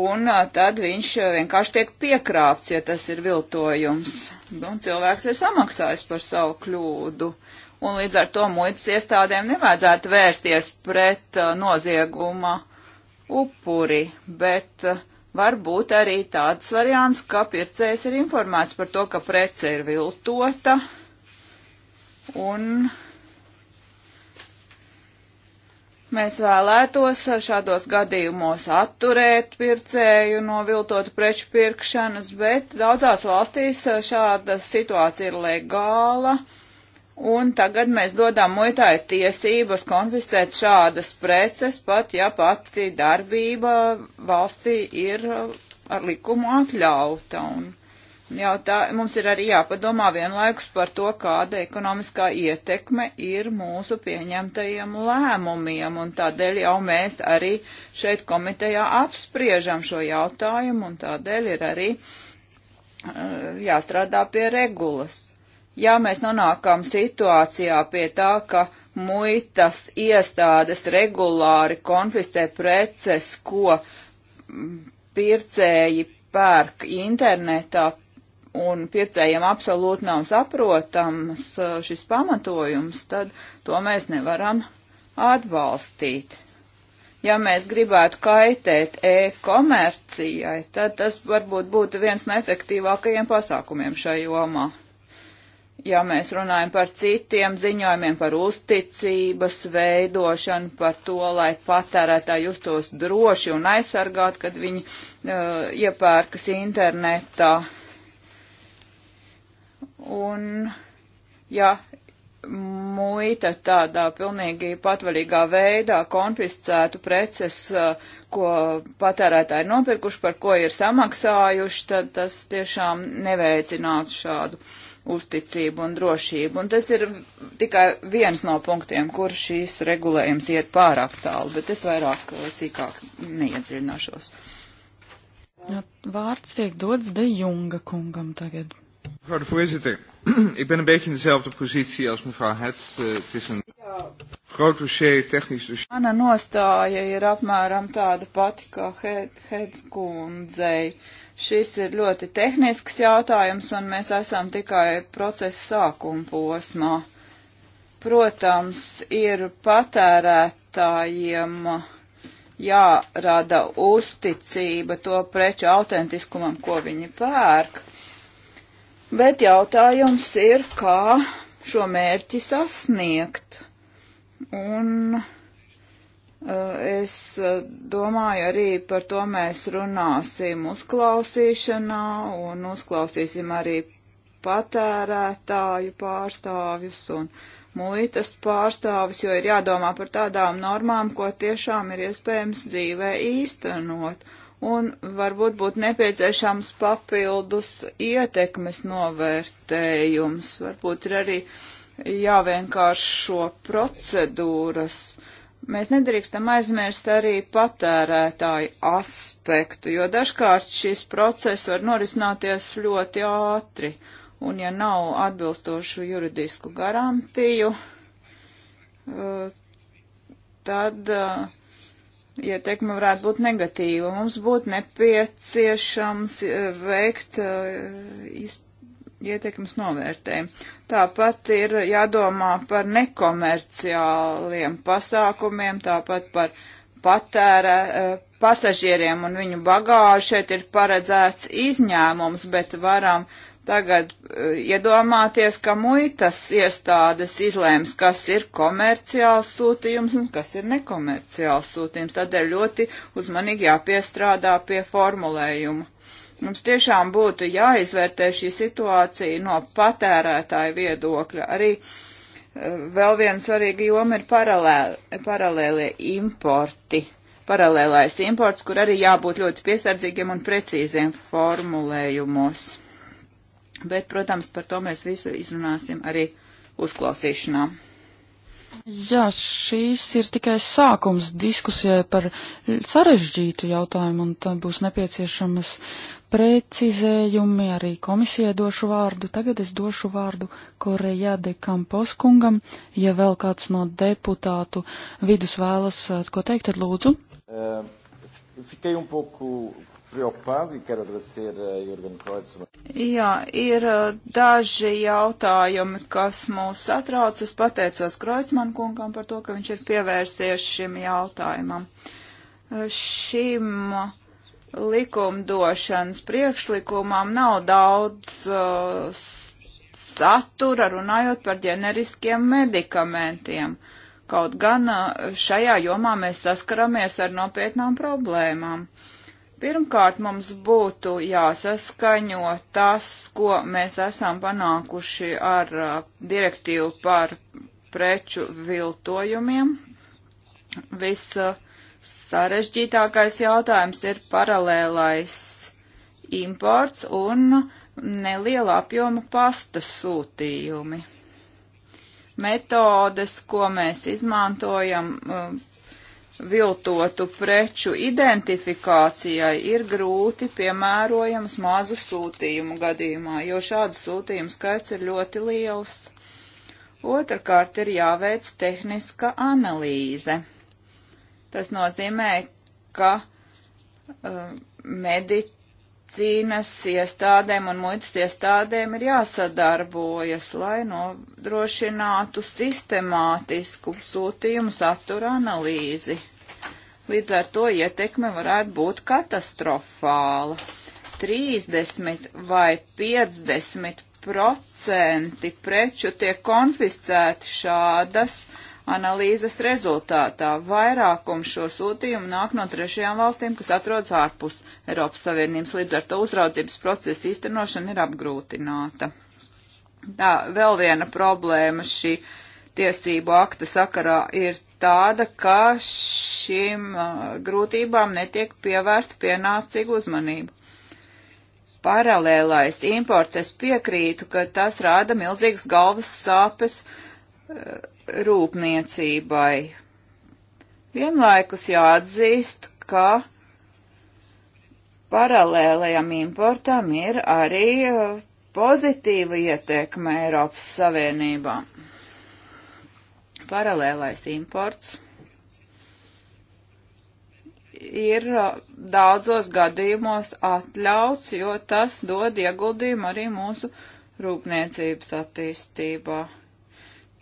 un uh, tad viņš vienkārši tiek piekrāpts, ja tas ir viltojums. Un cilvēks ir samaksājis par savu kļūdu. Un līdz ar to muitas iestādēm nevajadzētu vērsties pret uh, nozieguma uh, upuri, bet eh, var būt arī tāds variants, ka pircējs ir informēts par to, ka prece ir viltota un Mēs vēlētos šādos gadījumos atturēt pircēju no viltotu preču pirkšanas, bet daudzās valstīs eh, šāda situācija ir legāla. Uh, Un tagad mēs dodam muitāju tiesības konfiscēt šādas preces, pat ja pati darbība valstī ir uh, ar likumu atļauta. Un jau tā, mums ir arī jāpadomā vienlaikus par to, kāda ekonomiskā ietekme ir mūsu pieņemtajiem lēmumiem. Un tādēļ jau mēs arī šeit komitejā apspriežam šo jautājumu un tādēļ ir arī uh, jāstrādā pie regulas ja mēs nonākam situācijā pie tā, ka muitas iestādes regulāri konfiscē preces, ko mm, pircēji pērk internetā, un pircējiem absolūti nav saprotams e, šis pamatojums, tad to mēs nevaram atbalstīt. Ja mēs gribētu kaitēt e-komercijai, tad tas varbūt būtu viens no efektīvākajiem pasākumiem šajā jomā ja mēs runājam par citiem ziņojumiem, par uzticības veidošanu, par to, lai patērētāji justos droši un aizsargāt, kad viņi uh, iepērkas internetā. Un, ja muita tādā pilnīgi patvaļīgā veidā konfiscētu preces uh, ko patērētāji nopirkuši, par ko ir samaksājuši, tad tas tiešām neveicinātu šādu uzticību un drošību. Un tas ir tikai viens no punktiem, kur šīs regulējums iet pārāk tālu, bet es vairāk eh, sīkāk neiedziļināšos. Vārds tiek dots De Junga kungam tagad. Herr voorzitter, <clears throat> Ik ben een beetje in dezelfde positie als mevrouw Het. Uh, eh, het is een Jā. groot dossier, tehnisch dossier. Mana nostāja ir apmēram tāda pati kā Heds kundzei. Šis ir ļoti tehnisks jautājums, un mēs esam tikai procesa sākuma posmā. Protams, ir patērētājiem jārada uzticība to preču autentiskumam, ko viņi pērk Bet jautājums ir, kā šo mērķi sasniegt. Un eh, es eh, domāju, arī par to mēs runāsim uzklausīšanā un uzklausīsim arī patērētāju pārstāvjus un muitas pārstāvis, jo ir jādomā par tādām normām, ko tiešām ir iespējams dzīvē īstenot un varbūt būtu nepieciešams papildus ietekmes novērtējums. Varbūt ir arī jāvienkāršo procedūras. Mēs nedrīkstam aizmirst arī patērētāju aspektu, jo dažkārt šis process var norisināties ļoti ātri, un ja nav atbilstošu juridisku garantiju, eh, tad uh, ietekme varētu būt negatīva. Mums būtu nepieciešams eh, veikt eh, ietekmes novērtējumu. Tāpat ir jādomā par nekomerciāliem pasākumiem, tāpat par patērē eh, pasažieriem un viņu bagāžu. Šeit ir paredzēts izņēmums, bet varam uh, Tagad eh, iedomāties, ka muitas iestādes izlēms, kas ir komerciāls sūtījums un kas ir nekomerciāls sūtījums. Tādēļ ļoti uzmanīgi jāpiestrādā pie formulējuma. Mums tiešām būtu jāizvērtē šī situācija no patērētāja viedokļa. Arī eh, vēl viena svarīga joma ir paralēl, paralēlie importi. Paralēlais imports, kur arī jābūt ļoti piesardzīgiem un precīziem formulējumos. Bet, protams, par to mēs visu izrunāsim arī uzklausīšanā. Jā, šīs ir tikai sākums diskusijai par sarežģītu jautājumu, un tam būs nepieciešamas precizējumi arī komisijai došu vārdu. Tagad es došu vārdu Korejā de Kampos kungam. Ja vēl kāds no deputātu vidus vēlas eh, ko teikt, tad lūdzu. Uh, E Jā, ir uh, daži jautājumi, kas mūs satrauc. Es pateicos Kreutzmann kungam par to, ka viņš ir pievērsies šim jautājumam. Uh, šim likumdošanas priekšlikumam nav daudz uh, satura runājot par ģeneriskiem medikamentiem. Kaut gan uh, šajā jomā mēs saskaramies ar nopietnām problēmām. Uh, Pirmkārt, mums būtu jāsaskaņo tas, ko mēs esam panākuši ar uh, direktīvu par preču viltojumiem. Viss uh, sarežģītākais jautājums ir paralēlais imports un neliela apjoma pasta sūtījumi. Metodes, ko mēs izmantojam, uh, viltotu preču identifikācijai ir grūti piemērojams mazu sūtījumu gadījumā, jo šādu sūtījumu skaits ir ļoti liels. Otrakārt ir jāveic tehniska analīze. Tas nozīmē, ka uh, medit Ķīnas iestādēm un muitas iestādēm ir jāsadarbojas, lai nodrošinātu sistemātisku sūtījumu satura analīzi. Līdz ar to ietekme varētu būt katastrofāla. 30 vai 50 procenti preču tiek konfiscēti šādas uh, analīzes rezultātā. Vairākums šo sūtījumu nāk no trešajām valstīm, kas atrodas ārpus Eiropas Savienības, līdz ar to uzraudzības procesa īstenošana ir apgrūtināta. Tā vēl viena problēma šī tiesību akta sakarā ir tāda, ka šīm grūtībām netiek pievērsta pienācīga uzmanība paralēlais imports, es piekrītu, ka tas rāda milzīgas galvas sāpes rūpniecībai. Vienlaikus jāatzīst, ka paralēlajam importam ir arī uh, pozitīva ietekme Eiropas Savienībā. Paralēlais imports ir uh, daudzos gadījumos atļauts, jo tas dod ieguldījumu arī mūsu rūpniecības attīstībā.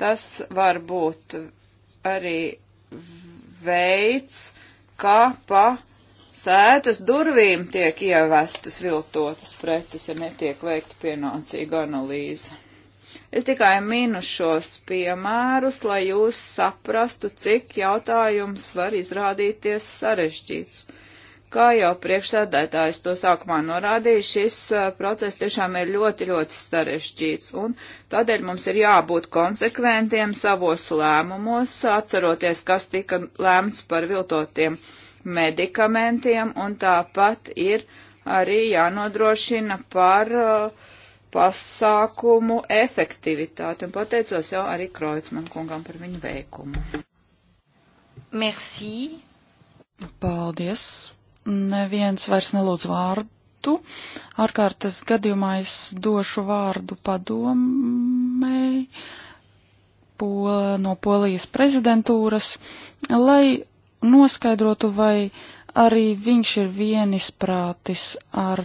Tas var būt arī veids, kā pa sētas durvīm tiek ievestas viltotas preces, ja netiek veikta pienācīga analīze. Es tikai minu šos piemērus, lai jūs saprastu, cik jautājums var izrādīties sarežģīts. Kā jau priekšsēdētājs to sākumā norādīja, šis uh, process tiešām ir ļoti, ļoti sarežģīts, un tādēļ mums ir jābūt konsekventiem savos lēmumos, atceroties, kas tika lēmts par viltotiem medikamentiem, un tāpat ir arī jānodrošina par uh, pasākumu efektivitāti, un pateicos jau arī Kreutzmann kungam par viņu veikumu. Merci. Paldies neviens vairs nelūdz vārdu. Ārkārtas gadījumā es došu vārdu padomēji po, no Polijas prezidentūras, lai noskaidrotu, vai arī viņš ir vienisprātis ar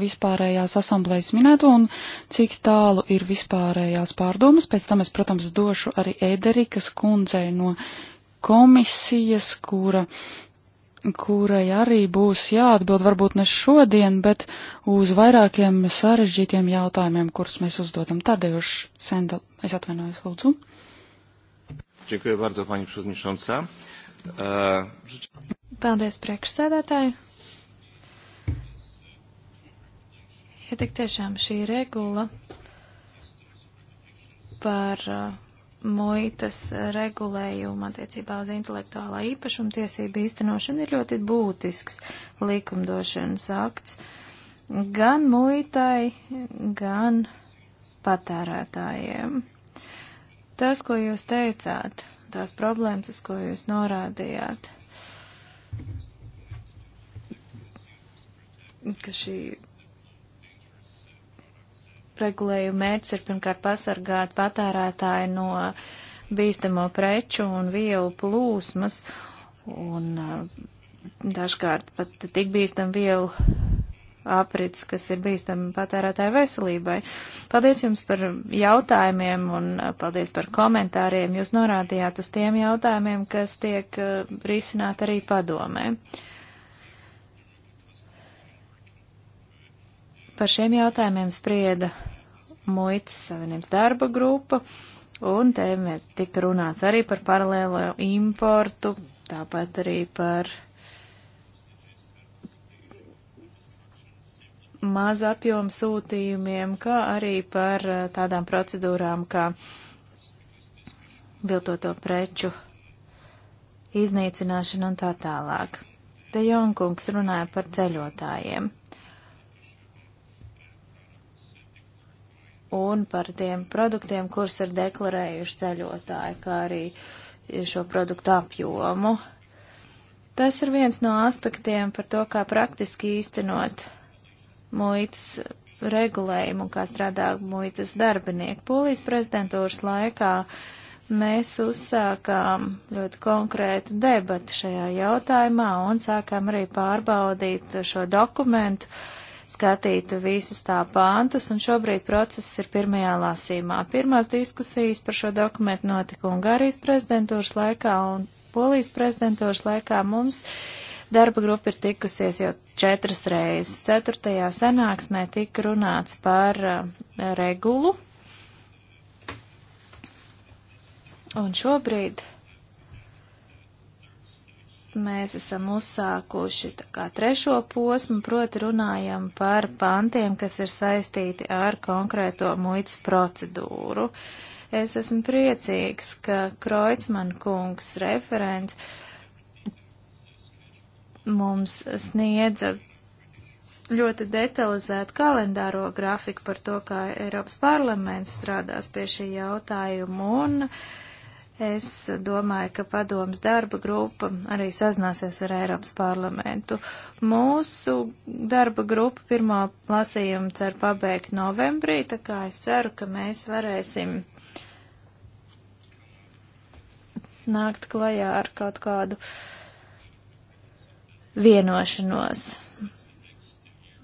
vispārējās asamblējas minēto un cik tālu ir vispārējās pārdomas. Pēc tam es, protams, došu arī Ederikas kundzei no komisijas, kura kurai arī būs jāatbild varbūt ne šodien, bet uz vairākiem sarežģītiem jautājumiem, kurus mēs uzdodam. Tadeusz Sendel, es atvainojos, lūdzu. Dziękuję bardzo, pani przewodnicząca. E, Paldies, priekšsēdētāji. Ja tik tiešām šī regula par uh, muitas regulējuma attiecībā uz intelektuālā īpašuma tiesību īstenošanu ir ļoti būtisks likumdošanas akts gan muitai, gan patērētājiem. Tas, ko jūs teicāt, tās problēmas, uz ko jūs norādījāt, ka šī regulējuma mērķis ir pirmkārt pasargāt patērētāju no bīstamo preču un vielu plūsmas un uh, dažkārt pat tik bīstam vielu aprits, kas ir bīstami patērētāju veselībai. Paldies jums par jautājumiem un uh, paldies par komentāriem. Jūs norādījāt uz tiem jautājumiem, kas tiek uh, risināt arī padomē. Uh, Par šiem jautājumiem sprieda muitas savienības darba grupa, un te tika runāts arī par paralēlo importu, tāpat arī par maza apjoma sūtījumiem, kā arī par eh, tādām procedūrām, kā viltoto preču iznīcināšana un tā tālāk. Te Jonkungs runāja par ceļotājiem. un par tiem produktiem, kurus ir deklarējuši ceļotāji, kā arī šo produktu apjomu. Tas ir viens no aspektiem par to, kā praktiski īstenot muitas regulējumu un kā strādā muitas darbinieki. Polijas prezidentūras laikā mēs uzsākām ļoti konkrētu debatu šajā jautājumā un sākām arī pārbaudīt šo dokumentu, uh, skatīt visus tā pāntus, un šobrīd process ir pirmajā lasīmā. Pirmās diskusijas par šo dokumentu notika Ungārijas prezidentūras laikā un Polijas prezidentūras laikā mums. Darba grupa ir tikusies jau četras reizes. Ceturtajā sanāksmē tika runāts par uh, regulu. Un šobrīd mēs esam uzsākuši kā, trešo posmu, proti runājam par pantiem, kas ir saistīti ar konkrēto muitas procedūru. Es esmu priecīgs, ka Kreutzmann kungs referents mums sniedza ļoti detalizētu kalendāro grafiku par to, kā Eiropas parlaments strādās pie šī jautājuma un uh, Es domāju, ka padomas darba grupa arī sazināsies ar Eiropas parlamentu. Mūsu darba grupa pirmā lasījuma cer pabeigt novembrī, tā kā es ceru, ka mēs varēsim nākt klajā ar kaut kādu vienošanos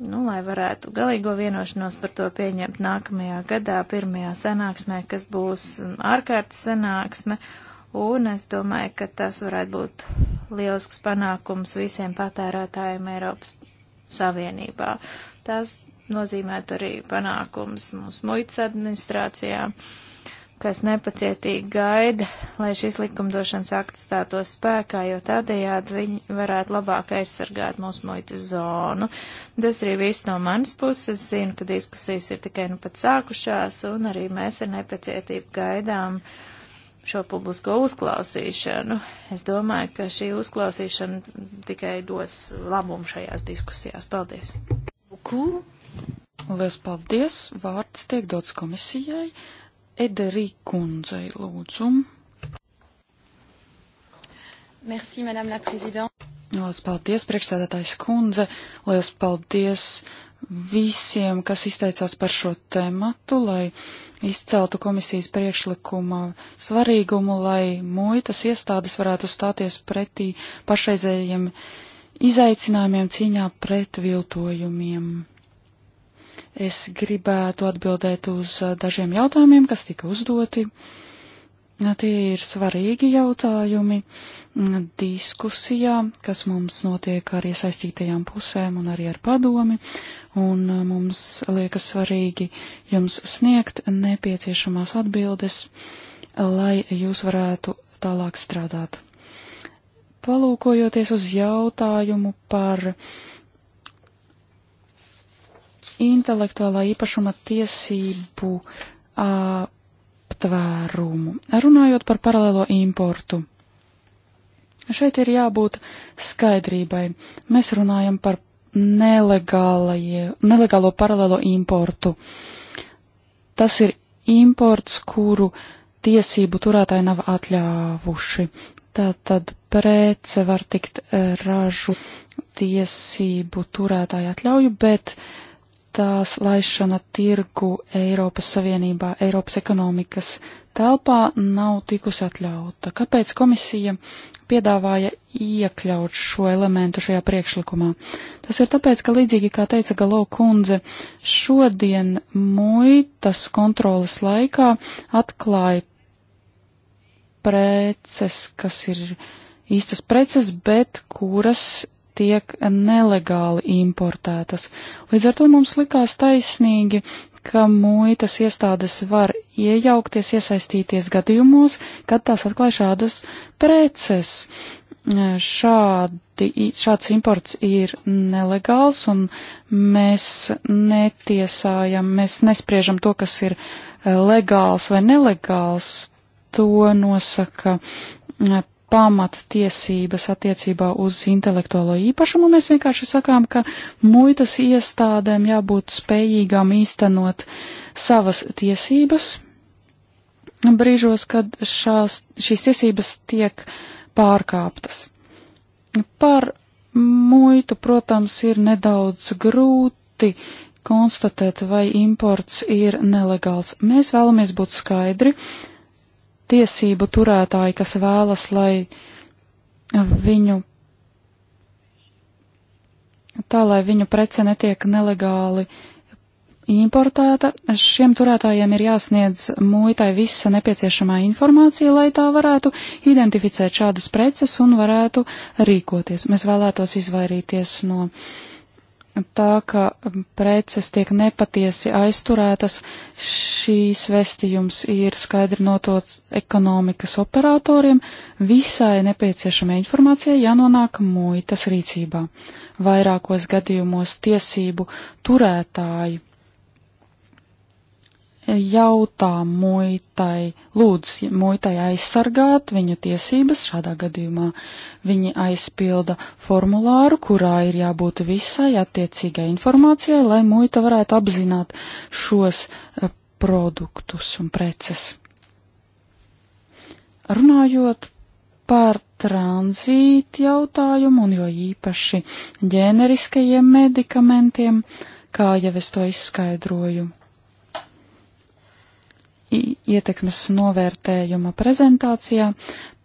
nu, lai varētu galīgo vienošanos par to pieņemt nākamajā gadā, pirmajā sanāksmē, kas būs um, ārkārtas sanāksme, un es domāju, ka tas varētu būt lielisks panākums visiem patērētājiem Eiropas Savienībā. Tas nozīmētu arī panākums mūsu muitas administrācijā. Uh, kas nepacietīgi gaida, lai šis likumdošanas akts stātos spēkā, jo tādējādi viņi varētu labāk aizsargāt mūsu muitas zonu. Tas arī viss no manas puses. Zinu, ka diskusijas ir tikai nu pat sākušās, un arī mēs ar nepacietību gaidām šo publisko uzklausīšanu. Es domāju, ka šī uzklausīšana tikai dos labumu šajās diskusijās. Paldies! Lielas paldies! Vārds tiek dots komisijai. Ederī kundzei lūdzu. Merci, madame la présidente. Lielas paldies, priekšsēdētājs kundze. Lielas paldies visiem, kas izteicās par šo tematu, lai izceltu komisijas priekšlikuma svarīgumu, lai muitas iestādes varētu stāties pretī pašreizējiem izaicinājumiem cīņā pret viltojumiem. Es gribētu atbildēt uz dažiem jautājumiem, kas tika uzdoti. Tie ir svarīgi jautājumi diskusijā, kas mums notiek ar iesaistītajām pusēm un arī ar padomi, un mums liekas svarīgi jums sniegt nepieciešamās atbildes, lai jūs varētu tālāk strādāt. Palūkojoties uz jautājumu par uh, intelektuālā īpašuma tiesību aptvērumu. Runājot par paralēlo importu. Šeit ir jābūt skaidrībai. Mēs runājam par nelegālo paralēlo importu. Tas ir imports, kuru tiesību turētāji nav atļāvuši. Tātad prece var tikt ražu tiesību turētāju atļauju, bet uh, tās laišana tirgu Eiropas Savienībā, Eiropas ekonomikas telpā nav tikusi atļauta. Kāpēc komisija piedāvāja iekļaut šo elementu šajā priekšlikumā? Tas ir tāpēc, ka līdzīgi kā teica Galo kundze, šodien muitas kontrolas laikā atklāja preces, kas ir īstas preces, bet kuras tiek nelegāli importētas. Līdz ar to mums likās taisnīgi, ka muitas iestādes var iejaukties, iesaistīties gadījumos, kad tās atklāja šādas preces. Šādi, šāds imports ir nelegāls un mēs netiesājam, mēs nespriežam to, kas ir eh, legāls vai nelegāls. To nosaka eh, pamattiesības attiecībā uz intelektuālo īpašumu. Mēs vienkārši sakām, ka muitas iestādēm jābūt spējīgām īstenot savas tiesības brīžos, kad šās, šīs tiesības tiek pārkāptas. Par muitu, protams, ir nedaudz grūti konstatēt, vai imports ir nelegāls. Mēs vēlamies būt skaidri tiesību turētāji, kas vēlas, lai viņu tā, lai viņu prece netiek nelegāli importēta, šiem turētājiem ir jāsniedz muitai visa nepieciešamā informācija, lai tā varētu identificēt šādas preces un varētu rīkoties. Mēs vēlētos izvairīties no uh, tā, ka preces tiek nepatiesi aizturētas, šīs vestījums ir skaidri notots ekonomikas operatoriem, visai nepieciešama informācija jānonāk muitas rīcībā. Vairākos gadījumos tiesību turētāji jautā muitai, lūdz muitai aizsargāt viņu tiesības, šādā gadījumā viņi aizpilda formulāru, kurā ir jābūt visai attiecīgai informācijai, lai muita varētu apzināt šos eh, produktus un preces. Runājot par tranzītu jautājumu un jo īpaši ģēneriskajiem medikamentiem, kā jau es to izskaidroju ietekmes novērtējuma prezentācijā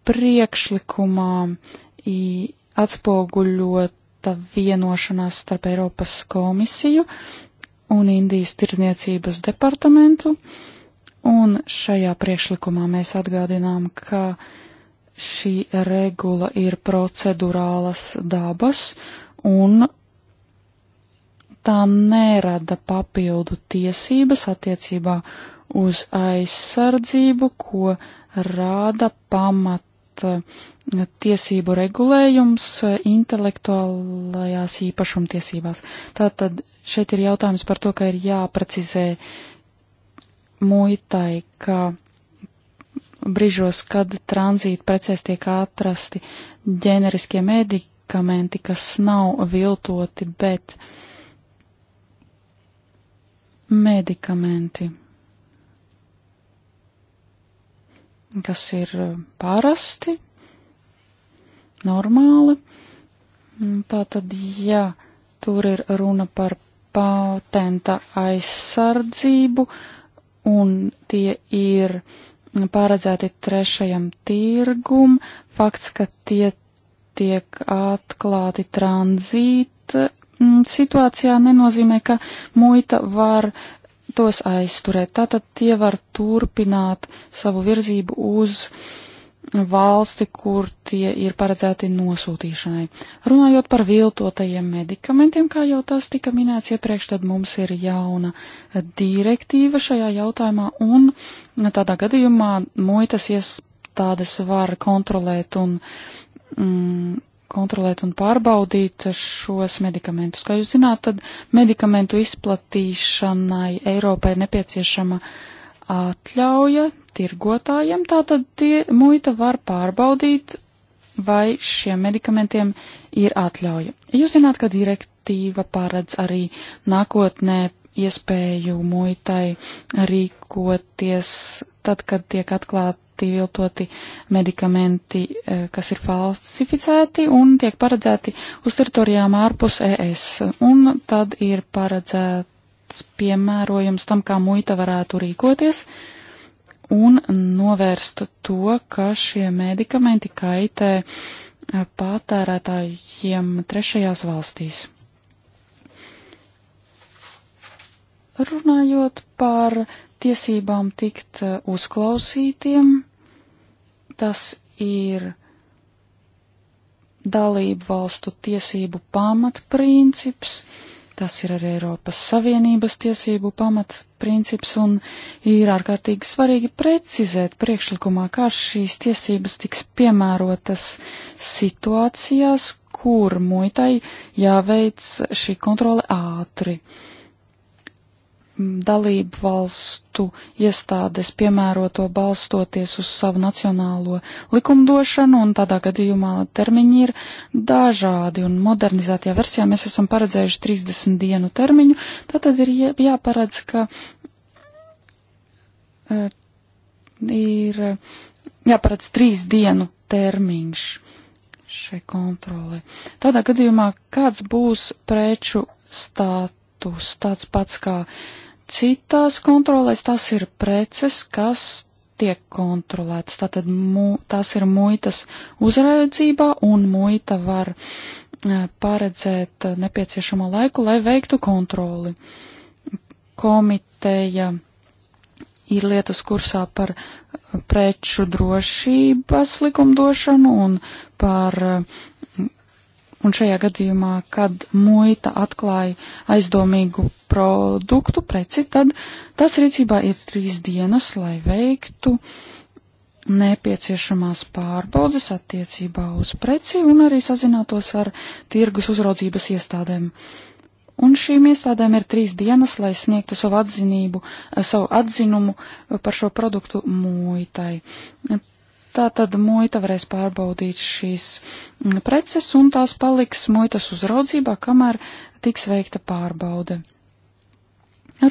priekšlikumā atspoguļota vienošanās starp Eiropas komisiju un Indijas tirzniecības departamentu. Un šajā priekšlikumā mēs atgādinām, ka šī regula ir procedurālas dabas un tā nerada papildu tiesības attiecībā uz aizsardzību, ko rāda pamata tiesību regulējums intelektuālajās īpašumtiesībās. Tātad šeit ir jautājums par to, ka ir jāprecizē muitai, ka brīžos, kad tranzīta precēs tiek atrasti ģeneriskie medikamenti, kas nav viltoti, bet medikamenti. kas ir eh, parasti, normāli. Mm, tātad, ja tur ir runa par patenta aizsardzību un tie ir paredzēti trešajam tirgum, fakts, ka tie tiek atklāti tranzīta mm, situācijā nenozīmē, ka muita var tos aizturēt. Tātad tie var turpināt savu virzību uz valsti, kur tie ir paredzēti nosūtīšanai. Runājot par viltotajiem medikamentiem, kā jau tas tika minēts iepriekš, tad mums ir jauna direktīva šajā jautājumā, un tādā gadījumā muitas iestādes var kontrolēt un mm, kontrolēt un pārbaudīt šos medikamentus. Kā jūs zināt, tad medikamentu izplatīšanai Eiropai nepieciešama atļauja tirgotājiem, tātad tie muita var pārbaudīt, vai šiem medikamentiem ir atļauja. Jūs zināt, ka direktīva paredz arī nākotnē iespēju muitai rīkoties tad, kad tiek atklāti ieviesti viltoti medikamenti, eh, kas ir falsificēti un tiek paredzēti uz teritorijām ārpus ES. Un tad ir paredzēts piemērojums tam, kā muita varētu rīkoties un novērst to, ka šie medikamenti kaitē eh, patērētājiem trešajās valstīs. Runājot par tiesībām tikt eh, uzklausītiem, Tas ir dalību valstu tiesību pamatprincips, tas ir arī Eiropas Savienības tiesību pamatprincips un ir ārkārtīgi svarīgi precizēt priekšlikumā, kā šīs tiesības tiks piemērotas situācijās, kur muitai jāveic šī kontrole ātri. Uh, dalību valstu iestādes piemēroto balstoties uz savu nacionālo likumdošanu, un tādā gadījumā termiņi ir dažādi, un modernizētajā versijā mēs esam paredzējuši 30 dienu termiņu, tātad ir jāparedz, ka e, ir jāparedz trīs dienu termiņš šai kontrolē. Tādā gadījumā kāds būs preču status tāds pats kā uh, citās kontrolēs tas ir preces, kas tiek kontrolētas. Tātad mu, tās ir muitas uzraudzībā un muita var eh, paredzēt eh, nepieciešamo laiku, lai veiktu kontroli. Komiteja ir lietas kursā par eh, preču drošības likumdošanu un par Un šajā gadījumā, kad muita atklāja aizdomīgu produktu, preci, tad tas rīcībā ir trīs dienas, lai veiktu nepieciešamās pārbaudas attiecībā uz preci un arī sazinātos ar tirgus uzraudzības iestādēm. Un šīm iestādēm ir trīs dienas, lai sniegtu savu atzinību, savu atzinumu par šo produktu muitai. Tā tad muita varēs pārbaudīt šīs mm, preces un tās paliks muitas uzraudzībā, kamēr tiks veikta pārbaude.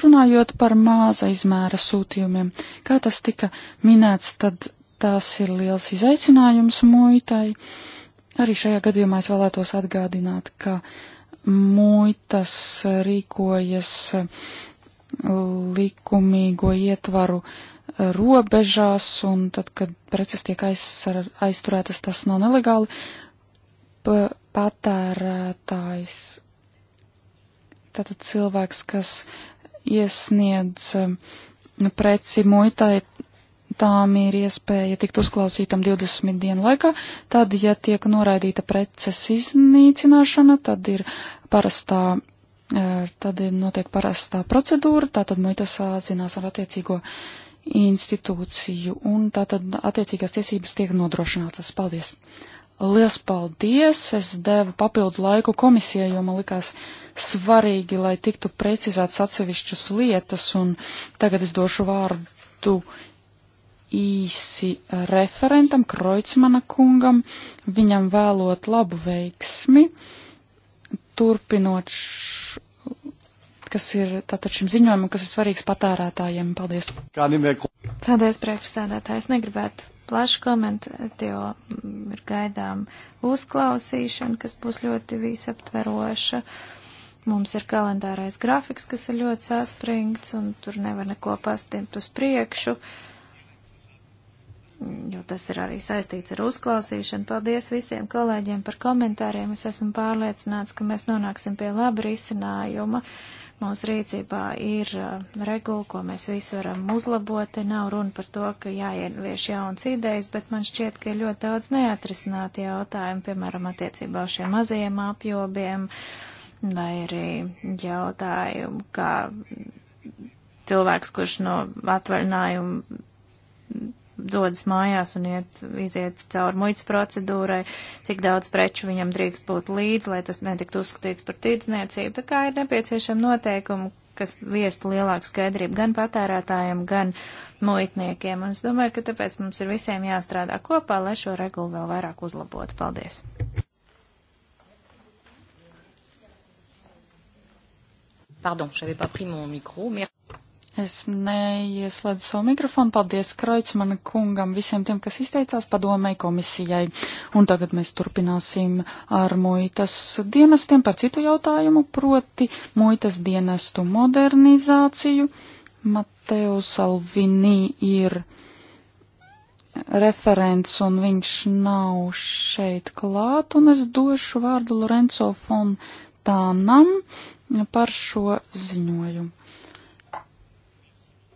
Runājot par māza izmēra sūtījumiem, kā tas tika minēts, tad tās ir liels izaicinājums muitai. Arī šajā gadījumā es vēlētos atgādināt, ka muitas rīkojas likumīgo ietvaru uh, robežās, un tad, kad preces tiek aizsar, aizturētas, tas nav nelegāli. Patērētājs, tātad cilvēks, kas iesniedz um, preci muitai, tām ir iespēja tikt uzklausītam 20 dienu laikā, tad, ja tiek noraidīta preces iznīcināšana, tad ir parastā eh, tad ir notiek parastā procedūra, tātad muitas sāzinās ar attiecīgo uh, institūciju, un tātad attiecīgās tiesības tiek nodrošinātas. Paldies! Lielas paldies! Es devu papildu laiku komisijai, jo man likās svarīgi, lai tiktu precizētas atsevišķas lietas, un tagad es došu vārdu īsi referentam, Kreutzmana kungam, viņam vēlot labu veiksmi, turpinot š kas ir tātad šim ziņojumam, kas ir svarīgs patērētājiem. Paldies. Paldies, priekšsēdētājs. Negribētu plaši komentēt, jo ir gaidām uzklausīšana, kas būs ļoti visaptveroša. Mums ir kalendārais grafiks, kas ir ļoti saspringts, un tur nevar neko pastimt uz priekšu, jo tas ir arī saistīts ar uzklausīšanu. Paldies visiem kolēģiem par komentāriem. Es esmu pārliecināts, ka mēs nonāksim pie laba risinājuma. Uh, Mūsu rīcībā ir uh, regula, ko mēs visi varam uzlabot. Te nav runa par to, ka jāievieš jauns idejas, bet man šķiet, ka ir ļoti daudz neatrisināti jautājumi, piemēram, attiecībā uz šiem mazajiem apjobiem vai arī jautājumu, kā cilvēks, kurš no atvaļinājuma dodas mājās un iet, iziet cauri muitas procedūrai, cik daudz preču viņam drīkst būt līdz, lai tas netiktu uzskatīts par tirdzniecību. Tā kā ir nepieciešama noteikuma, kas viestu lielāku skaidrību gan patērētājiem, gan muitniekiem. Un es domāju, ka tāpēc mums ir visiem jāstrādā kopā, lai šo regulu vēl vairāk uzlabotu. Paldies! Pardon, j'avais pas pris mon micro. Mais... Es neieslēdzu savu mikrofonu. Paldies Kreutzmanu kungam, visiem tiem, kas izteicās padomēji komisijai. Un tagad mēs turpināsim ar muitas dienestiem par citu jautājumu, proti muitas dienestu modernizāciju. Mateo Salvini ir referents un viņš nav šeit klāt, un es došu vārdu Lorenzo Fontānam par šo ziņojumu.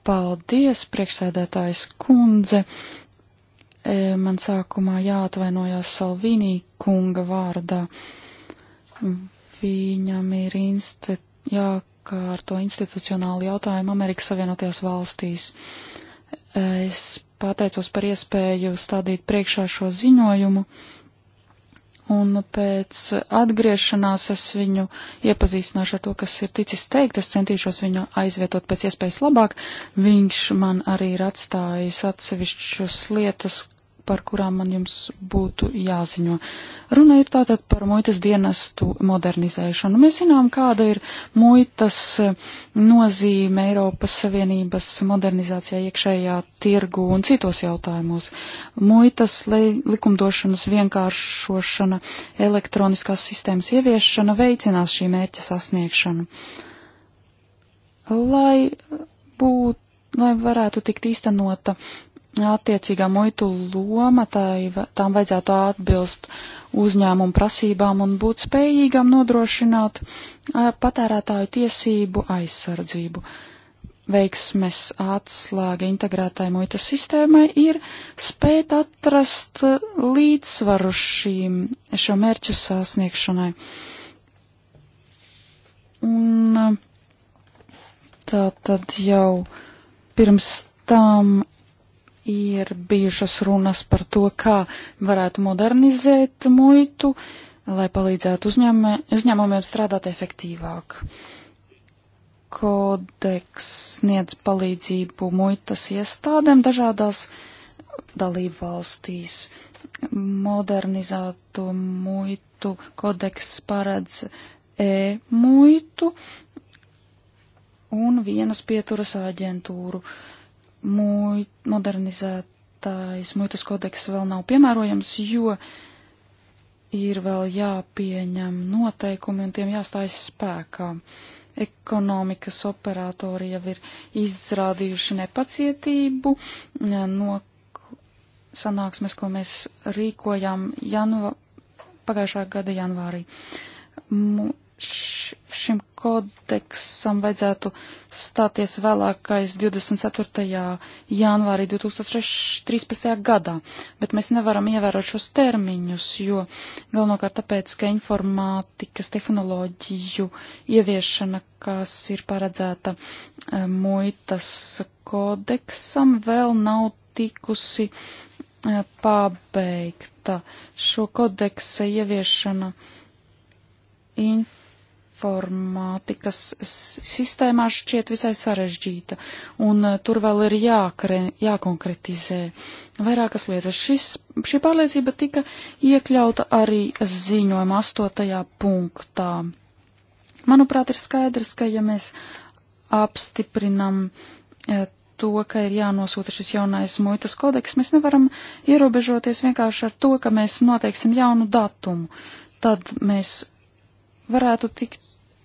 Paldies, priekšsēdētājs kundze. E, man sākumā jāatvainojās Salvīnī kunga vārdā. Viņam ir insti... jākārto institucionāli jautājumi Amerikas Savienotajās valstīs. Es pateicos par iespēju stādīt priekšā šo ziņojumu. Uh, Un pēc atgriešanās es viņu iepazīstināšu ar to, kas ir ticis teikt, es centīšos viņu aizvietot pēc iespējas labāk. Viņš man arī ir atstājis atsevišķas lietas, par kurām man jums būtu jāziņo. Runa ir tātad par muitas dienestu modernizēšanu. Mēs zinām, kāda ir muitas eh, nozīme Eiropas Savienības modernizācijā iekšējā tirgu un citos jautājumos. Muitas likumdošanas vienkāršošana, elektroniskās sistēmas ieviešana veicinās šī mērķa sasniegšanu. Lai būtu lai varētu tikt īstenota attiecīgā muitu loma, tai, tām vajadzētu atbilst uzņēmumu prasībām un būt spējīgām nodrošināt patērētāju tiesību aizsardzību. Veiksmes atslēga integrētai muitas sistēmai ir spēt atrast līdzsvaru šīm, šo mērķu sasniegšanai. Un tā tad jau pirms tam ir bijušas runas par to, kā varētu modernizēt muitu, lai palīdzētu uzņēmē, uzņēmumiem strādāt efektīvāk. Kodeks sniedz palīdzību muitas iestādēm dažādās dalību valstīs. Modernizētu muitu kodeks paredz e-muitu un vienas pieturas aģentūru. Uh, modernizētais muitas kodeks vēl nav piemērojams, jo ir vēl jāpieņem noteikumi un tiem jāstājas spēkā. Ekonomikas operatori jau ir izrādījuši nepacietību no sanāksmes, ko mēs rīkojām janva, pagājušā gada janvārī. Mu, šim kodeksam vajadzētu stāties vēlākais 24. janvārī 2013. gadā, bet mēs nevaram ievērot šos termiņus, jo galvenokārt tāpēc, ka informātikas tehnoloģiju ieviešana, kas ir paredzēta e, muitas kodeksam, vēl nav tikusi e, pabeigta. Šo kodeksa ieviešana informātikas informātikas sistēmā šķiet visai sarežģīta, un eh, tur vēl ir jākre, jākonkretizē vairākas lietas. Šis, šī pārliecība tika iekļauta arī ziņojuma astotajā punktā. Manuprāt, ir skaidrs, ka ja mēs apstiprinam eh, to, ka ir jānosūta šis jaunais muitas kodeks, mēs nevaram ierobežoties vienkārši ar to, ka mēs noteiksim jaunu datumu. Tad mēs varētu tikt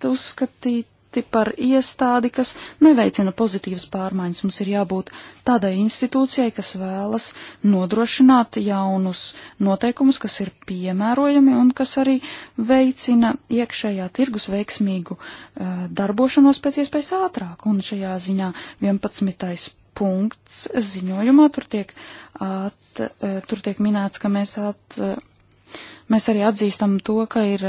uzskatīti par iestādi, kas neveicina pozitīvas pārmaiņas. Mums ir jābūt tādai institūcijai, kas vēlas nodrošināt jaunus noteikumus, kas ir piemērojami un kas arī veicina iekšējā tirgus veiksmīgu uh, darbošanos pēc iespējas ātrāk. Un šajā ziņā 11 punkts ziņojumā. Tur tiek, at, eh, tur tiek minēts, ka mēs at, Mēs arī atzīstam to, ka ir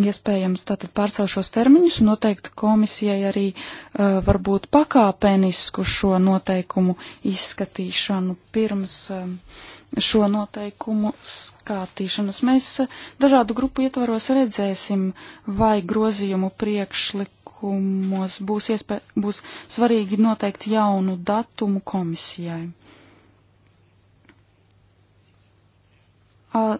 iespējams tātad pārcelt šos termiņus un noteikti komisijai arī uh, varbūt pakāpenisku šo noteikumu izskatīšanu pirms uh, šo noteikumu skatīšanas. Mēs uh, dažādu grupu ietvaros redzēsim, vai grozījumu priekšlikumos būs, iespē, būs svarīgi noteikt jaunu datumu komisijai. Uh,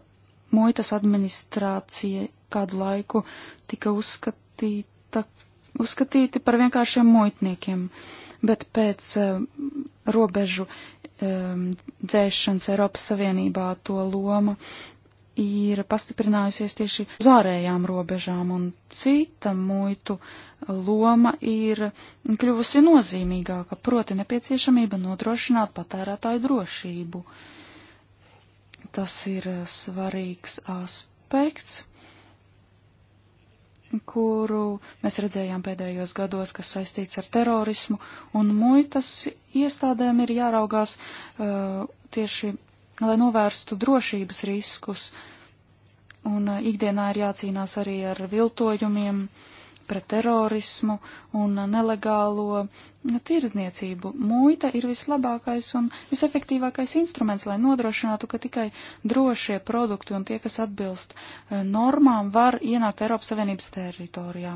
muitas administrācija kādu laiku tika uzskatīta, uzskatīti par vienkāršiem muitniekiem, bet pēc uh, robežu um, dzēšanas Eiropas Savienībā to loma ir pastiprinājusies tieši uz ārējām robežām, un cita muitu loma ir kļuvusi nozīmīgāka, proti nepieciešamība nodrošināt patērētāju drošību. Uh, Tas ir eh, svarīgs aspekts, kuru mēs redzējām pēdējos gados, kas saistīts ar terorismu, un muitas iestādēm ir jāraugās uh, tieši, lai novērstu drošības riskus, un uh, ikdienā ir jācīnās arī ar viltojumiem, uh, pret terorismu un nelegālo tirzniecību. Mūita ir vislabākais un visefektīvākais instruments, lai nodrošinātu, ka tikai drošie produkti un tie, kas atbilst eh, normām, var ienākt Eiropas Savienības teritorijā.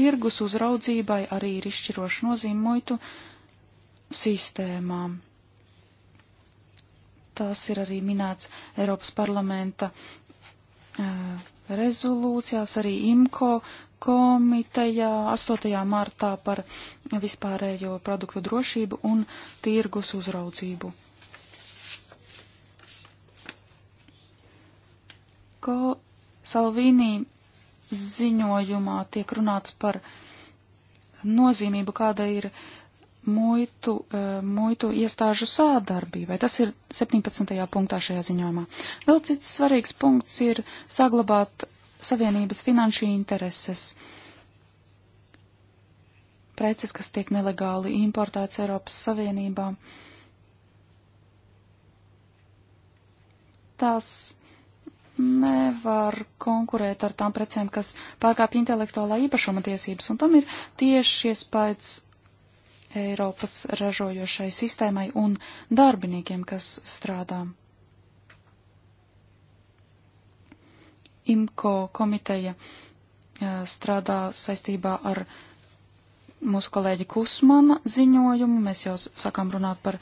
Tirgus uzraudzībai arī ir izšķiroša nozīme muitu sistēmām. Tas ir arī minēts Eiropas parlamenta eh, rezolūcijās, arī IMCO komitejā 8. martā par vispārējo produktu drošību un tirgus uzraudzību. Ko Salvīnī ziņojumā tiek runāts par nozīmību, kāda ir muitu, e, muitu iestāžu sādarbībai. Tas ir 17. punktā šajā ziņojumā. Vēl cits svarīgs punkts ir saglabāt Savienības finanšu intereses. Preces, kas tiek nelegāli importēts Eiropas Savienībā, tās nevar konkurēt ar tām precēm, kas pārkāpj intelektuālā īpašuma tiesības, un tam ir tieši iespējas Eiropas ražojošai sistēmai un darbiniekiem, kas strādā. IMCO komiteja e, strādā saistībā ar mūsu kolēģi Kusmana ziņojumu. Mēs jau sākām runāt par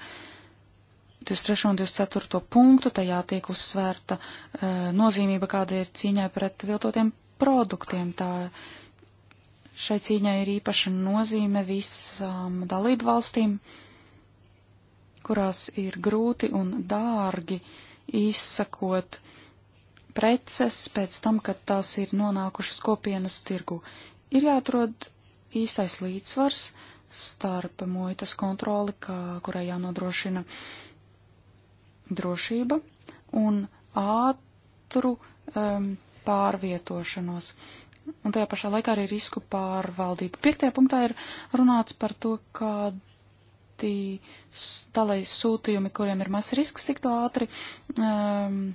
23. un 24. punktu. Tajā tiek uzsvērta e, nozīmība, kāda ir cīņai pret viltotiem produktiem. Tā šai cīņai ir īpaša nozīme visām dalību valstīm, kurās ir grūti un dārgi izsakot preces pēc tam, kad tās ir nonākušas kopienas tirgu. Ir jāatrod īstais līdzsvars starp muitas kontroli, kā, kurai jānodrošina drošība, un ātru um, pārvietošanos. Un tajā pašā laikā arī risku pārvaldība. Piektajā punktā ir runāts par to, kādi tā, lai sūtījumi, kuriem ir mazs risks, tiktu ātri um,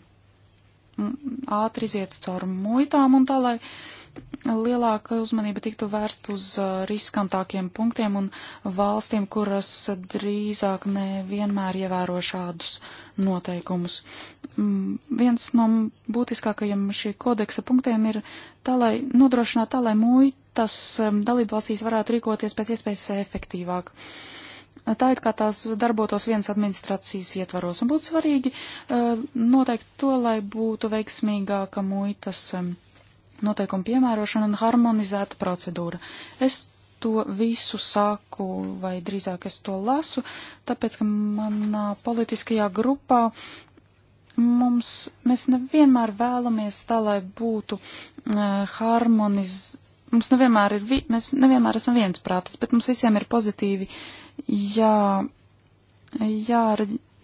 ātri izietu cauri muitām un tā, lai lielāka uzmanība tiktu vērst uz uh, riskantākiem punktiem un valstīm, kuras drīzāk nevienmēr ievēro šādus noteikumus. Mm, viens no būtiskākajiem šī kodeksa punktiem ir tā, lai nodrošinātu tā, lai muitas um, dalībvalstīs varētu rīkoties pēc iespējas efektīvāk. Uh, tā it kā tās darbotos viens administrācijas ietvaros, un būtu svarīgi e, noteikt to, lai būtu veiksmīgāka muitas e, noteikuma piemērošana un harmonizēta procedūra. Es to visu sāku, vai drīzāk es to lasu, tāpēc, ka manā politiskajā grupā mums, mēs nevienmēr vēlamies tā, lai būtu uh, harmoniz, mums nevienmēr ir, vi... mēs nevienmēr esam viensprātis, bet mums visiem ir pozitīvi uh, jā, jā,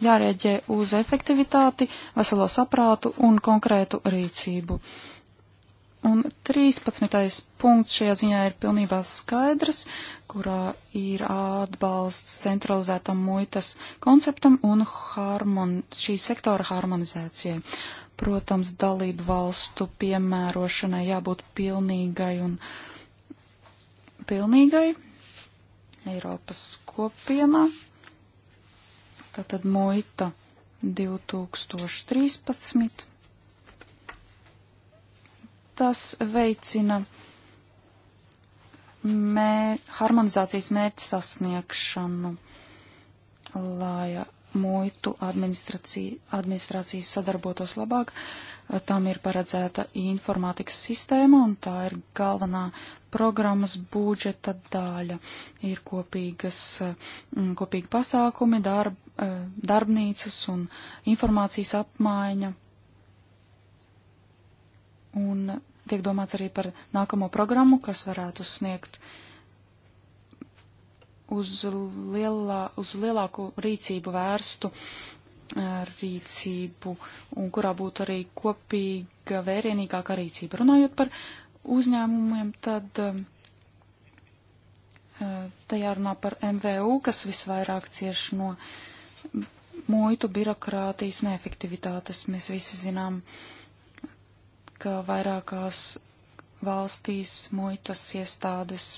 jārēģē uz efektivitāti, veselo saprātu un konkrētu rīcību. Un 13. punkts šajā ziņā ir pilnībā skaidrs, kurā ir atbalsts centralizētam muitas konceptam un harmon, šī sektora harmonizācijai. Protams, dalību valstu piemērošanai jābūt pilnīgai un pilnīgai, Eiropas kopienā. Tātad muita 2013. Tas veicina mēr, harmonizācijas mērķu sasniegšanu, lai muitu administrācija, administrācijas sadarbotos labāk, Tam ir paredzēta informātikas sistēma, un tā ir galvenā programmas budžeta daļa. Ir kopīgas, mm, kopīgi pasākumi, darb, eh, darbnīcas un informācijas apmaiņa. Un tiek domāts arī par nākamo programmu, kas varētu sniegt uz, lielā, uz lielāku rīcību vērstu rīcību un kurā būtu arī kopīga vērienīgāka rīcība. Runājot par uzņēmumiem, tad um, uh, tajā runā par MVU, kas visvairāk cieš no muitu birokrātijas neefektivitātes. Mēs visi zinām, ka vairākās valstīs muitas iestādes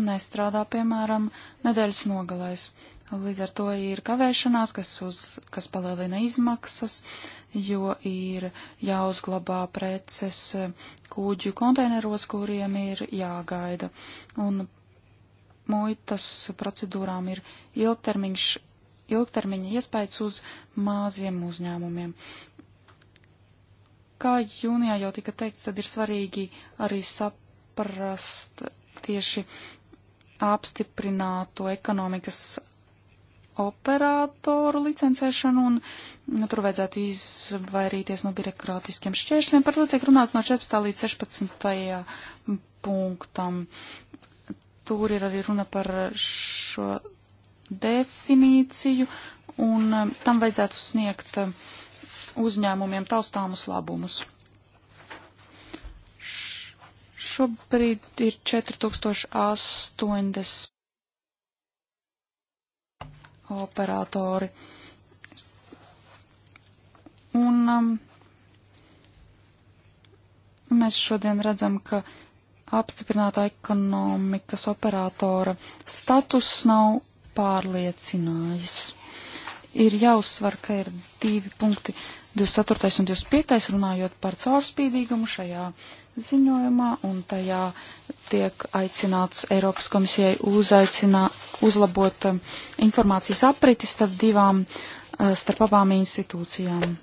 nestrādā, piemēram, nedēļas nogalēs. Līdz ar to ir kavēšanās, kas, uz, kas palielina izmaksas, jo ir jāuzglabā preces kūģu konteineros, kuriem ir jāgaida. Un muitas procedūrām ir ilgtermiņš, ilgtermiņa iespējas uz maziem uzņēmumiem. Kā jūnijā jau tika teikts, tad ir svarīgi arī saprast tieši apstiprināto ekonomikas operātoru licencēšanu, un tur vajadzētu izvairīties no birokrātiskiem šķēršļiem. Par to tiek runāts no 14. līdz 16. punktam. Tur ir arī runa par šo definīciju, un um, tam vajadzētu sniegt um, uzņēmumiem taustāmus labumus. Šobrīd ir 4080 operatori. Un um, mēs šodien redzam, ka apstiprinātā ekonomikas operatora status nav pārliecinājis. Ir jāuzsver, ka ir divi punkti 24. un 25. runājot par caurspīdīgumu šajā ziņojumā, un tajā tiek aicināts Eiropas komisijai uzaicinā, uzlabot um, informācijas apriti starp divām, uh, starp abām institūcijām.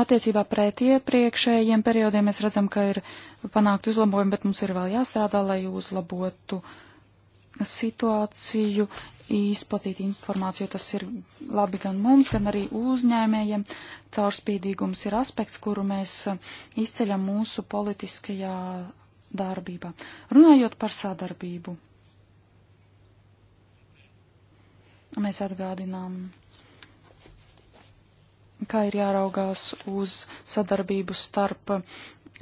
Attiecībā pret iepriekšējiem periodiem mēs redzam, ka ir panākt uzlabojumi, bet mums ir vēl jāstrādā, lai uzlabotu situāciju, izplatīt informāciju. Tas ir labi gan mums, gan arī uzņēmējiem. Caurspīdīgums ir aspekts, kuru mēs izceļam mūsu politiskajā darbībā. Runājot par sadarbību, mēs atgādinām kā ir jāraugās uz sadarbību starp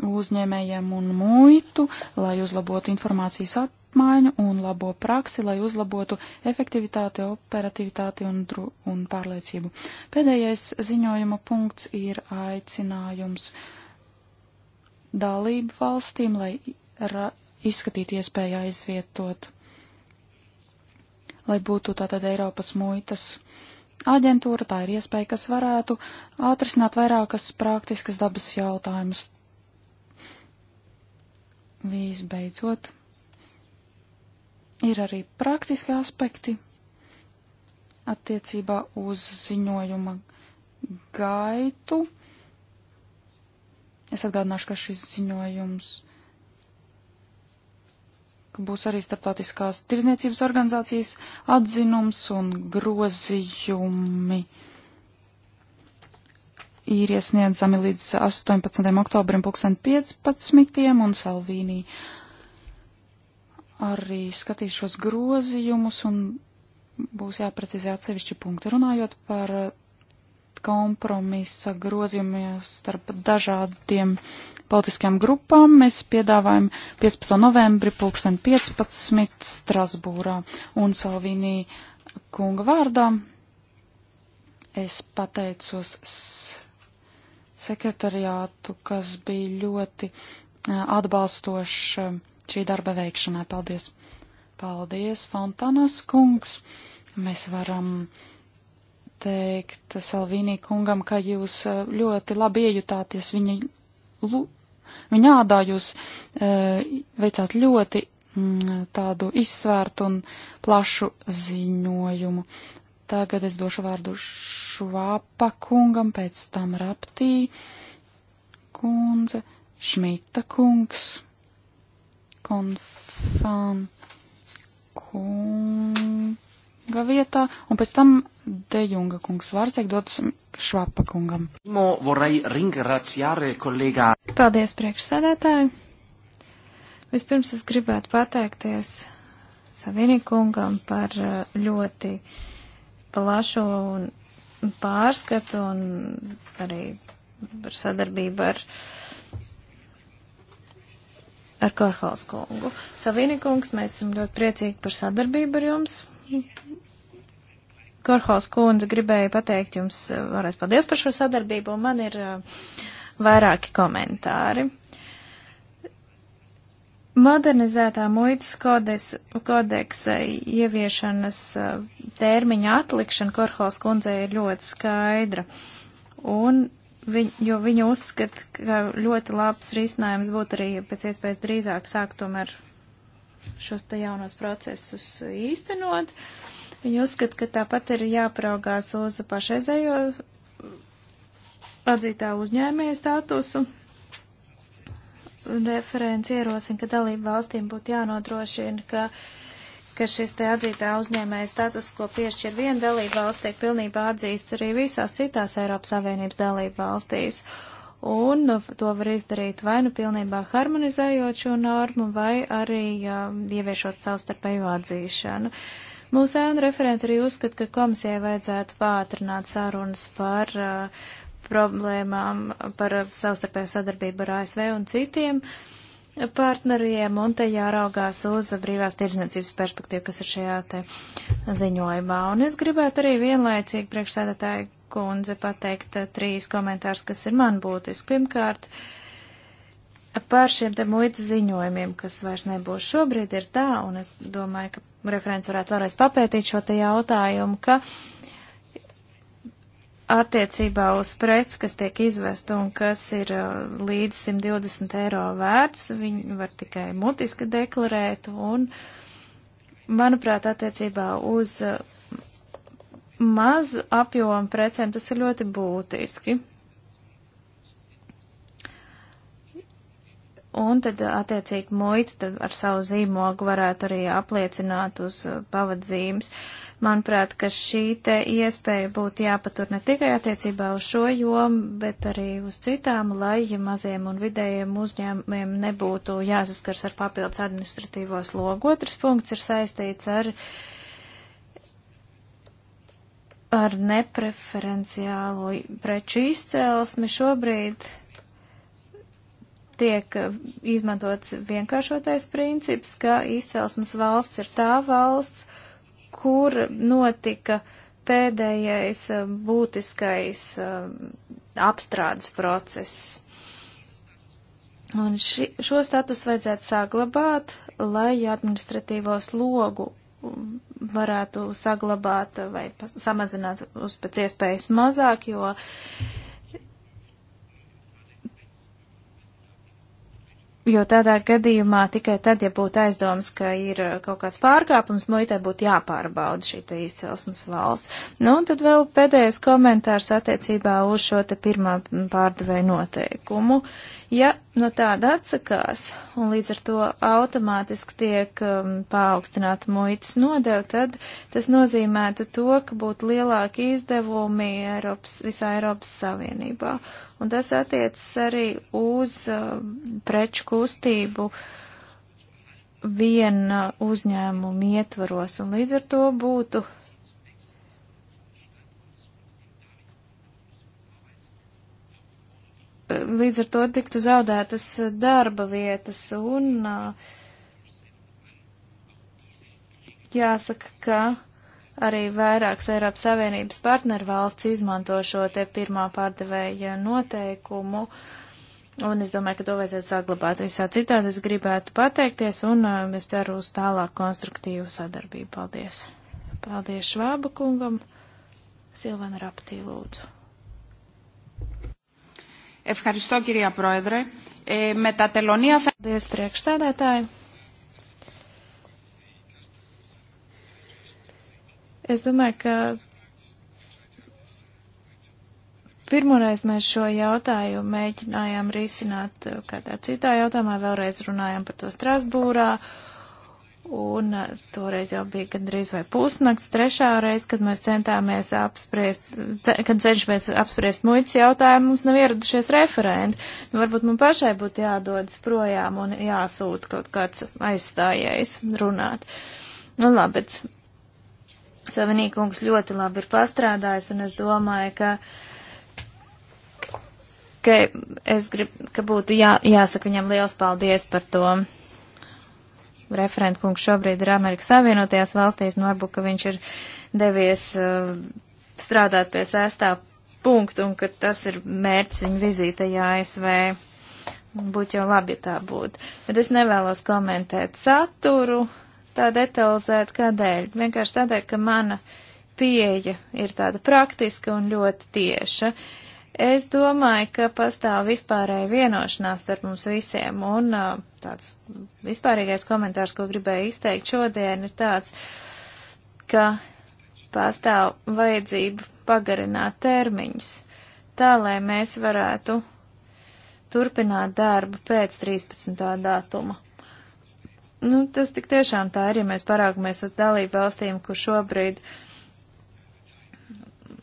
uzņēmējiem un muitu, lai uzlabotu informācijas apmaiņu un labo praksi, lai uzlabotu efektivitāti, operativitāti un, dru, un pārliecību. Pēdējais ziņojuma punkts ir aicinājums dalību valstīm, lai ra, izskatītu iespēju aizvietot, lai būtu tātad Eiropas muitas aģentūra, tā ir iespēja, kas varētu atrisināt vairākas praktiskas dabas jautājumus visbeidzot, ir arī praktiski aspekti attiecībā uz ziņojuma gaitu. Es atgādināšu, ka šis ziņojums ka būs arī starptautiskās tirzniecības organizācijas atzinums un grozījumi. Uh, ir iesniedzami līdz 18. oktobrim 2015. un Salvīnī arī skatīs šos grozījumus un būs jāprecizē atsevišķi punkti. Runājot par kompromisa grozījumiem starp dažādiem politiskajām grupām, mēs piedāvājam 15. novembri 2015 Strasbūrā un Salvīnī kunga vārdā. Es pateicos sekretariātu, kas bija ļoti atbalstošs šī darba veikšanai. Paldies! Paldies, Fontanas kungs! Mēs varam teikt Salvīnī kungam, ka jūs ļoti labi iejutāties viņa, lu, viņa ādā, jūs e, veicāt ļoti m, tādu izsvērtu un plašu ziņojumu. Tagad es došu vārdu Švāpa kungam, pēc tam Raptī kundze, Šmita kungs, Konfan kunga vietā, un pēc tam Dejunga kungs vārds tiek dots Švāpa kungam. Paldies, priekšsēdētāji! Vispirms es gribētu pateikties Savienīkungam par eh, ļoti uh, plašu pārskatu un arī par sadarbību ar, ar Korhals kungu. Savīnikungs, mēs esam ļoti priecīgi par sadarbību ar jums. Korhaus kundze gribēja pateikt jums vēlreiz paldies par šo sadarbību, un man ir vairāki komentāri. Modernizētā muitas kodeksa ieviešanas termiņa atlikšana Korhaus kundzei ir ļoti skaidra, un viņ, jo viņa uzskata, ka ļoti labs risinājums būtu arī pēc iespējas drīzāk sākt tomēr šos te jaunos procesus īstenot. Viņa uzskata, ka tāpat ir jāpraugās uz pašreizējo atzītā uzņēmēja statusu referents ierosina, ka dalību valstīm būtu jānodrošina, ka, ka šis te atzītā uzņēmēja status, ko piešķir viena dalība valsts, tiek pilnībā atzīsts arī visās citās Eiropas Savienības dalību valstīs. Un to var izdarīt vai nu pilnībā harmonizējot šo normu, vai arī um, ieviešot savstarpēju atzīšanu. Mūsu ēnu referenti arī uzskata, ka komisijai vajadzētu pātrināt sarunas par uh, problēmām, par savstarpēju sadarbību ar ASV un citiem partneriem, un te jāraugās uz brīvās tirdzniecības perspektīvu, kas ir šajā te ziņojumā. Un es gribētu arī vienlaicīgi priekšsēdētāju kundze pateikt trīs komentārus, kas ir man būtiski. Pirmkārt, par šiem te muitas ziņojumiem, kas vairs nebūs šobrīd, ir tā, un es domāju, ka referents varētu vēlreiz papētīt šo te jautājumu, ka uh, attiecībā uz preci, kas tiek izvest un kas ir uh, līdz 120 eiro vērts, viņi var tikai mutiski deklarēt un, manuprāt, attiecībā uz uh, maz apjomu precēm tas ir ļoti būtiski. Un tad, uh, attiecīgi, muita tad ar savu zīmogu varētu arī apliecināt uz pavadzīmes. Uh, Manuprāt, ka šī te iespēja būtu jāpatur ne tikai attiecībā uz šo jomu, bet arī uz citām, lai ja maziem un vidējiem uzņēmumiem nebūtu jāsaskars ar papildus administratīvo slogu. Otrs punkts ir saistīts ar ar nepreferenciālo preču izcēlesmi šobrīd tiek izmantots vienkāršotais princips, ka izcelsmes valsts ir tā valsts, kur notika pēdējais eh, būtiskais eh, apstrādes process. Un ši, šo status vajadzētu saglabāt, lai administratīvo slogu um, varētu saglabāt vai samazināt uz pēc iespējas mazāk, jo Jo tādā gadījumā tikai tad, ja būtu aizdomas, ka ir uh, kaut kāds pārkāpums, muitē būtu jāpārbauda šī te izcelsmes valsts. Nu, un tad vēl pēdējais komentārs attiecībā uz šo te pirmā pārdevēja noteikumu. Uh, Ja no tāda atsakās un līdz ar to automātiski tiek um, paaugstināta muitas nodeva, tad tas nozīmētu to, ka būtu lielāki izdevumi Eiropas, visā Eiropas Savienībā. Un tas attiecas arī uz um, preču kustību viena uzņēmuma ietvaros, un līdz ar to būtu līdz ar to tiktu zaudētas eh, darba vietas un eh, jāsaka, ka arī vairākas Eiropas Savienības partnervalsts izmanto šo te pirmā pārdevēja noteikumu. Un es domāju, ka to vajadzētu saglabāt visā citādi. Es gribētu pateikties un eh, es ceru uz tālāk konstruktīvu sadarbību. Paldies! Paldies Švāba kungam! Silvana Raptī lūdzu! Ευχαριστώ, κυρία Πρόεδρε. Ε, με τα τελωνία... Paldies, priekšsēdētāji. Es domāju, ka pirmoreiz mēs šo jautājumu mēģinājām risināt uh, kādā citā jautājumā, vēlreiz runājām par to Strasbūrā. Uh, Un eh, toreiz jau bija gandrīz vai pusnakts, trešā reize, kad mēs centāmies apspriest, kad cenšamies apspriest muitas jautājumu, mums nav ieradušies referenti. Nu, varbūt man pašai būtu jādodas projām un jāsūt kaut kāds aizstājējs runāt. Nu, labi, bet Savinīkungs ļoti labi ir pastrādājis, un es domāju, ka. Uh, ka es gribu, ka būtu jā, jāsaka viņam liels paldies par to referentkungs šobrīd ir Amerikas Savienotajās valstīs, nu varbūt, ka viņš ir devies uh, strādāt pie sestā punktu un ka tas ir mērķis viņa vizītajā ASV. Būtu jau labi, ja tā būtu. Bet es nevēlos komentēt saturu tā detalizēt, kādēļ. Vienkārši tādēļ, ka mana pieeja ir tāda praktiska un ļoti tieša. Uh, Es domāju, ka pastāv vispārēja vienošanās starp mums visiem, un tāds vispārīgais komentārs, ko gribēju izteikt šodien, ir tāds, ka pastāv vajadzība pagarināt termiņus, tā lai mēs varētu turpināt darbu pēc 13. datuma. Nu, tas tik tiešām tā ir, ja mēs parākamies uz dalību valstīm, kur šobrīd uh,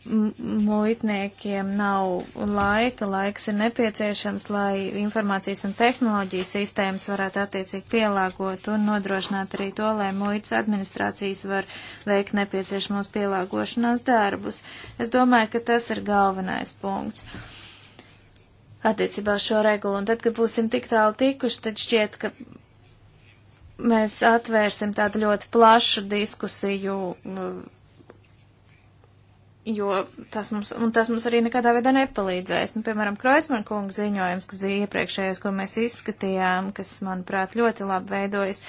muitniekiem nav laika, laiks ir nepieciešams, lai informācijas un tehnoloģiju sistēmas varētu attiecīgi pielāgot un nodrošināt arī to, lai muitas administrācijas var veikt nepieciešamos pielāgošanās darbus. Es domāju, ka tas ir galvenais punkts attiecībā uz šo regulu. Un tad, kad būsim tik tālu tikuši, tad šķiet, ka mēs atvērsim tādu ļoti plašu diskusiju jo tas mums, un tas mums arī nekādā veidā nepalīdzēs. Nu, piemēram, Kreuzman kunga ziņojums, kas bija iepriekšējais, ko mēs izskatījām, kas, manuprāt, ļoti labi veidojas.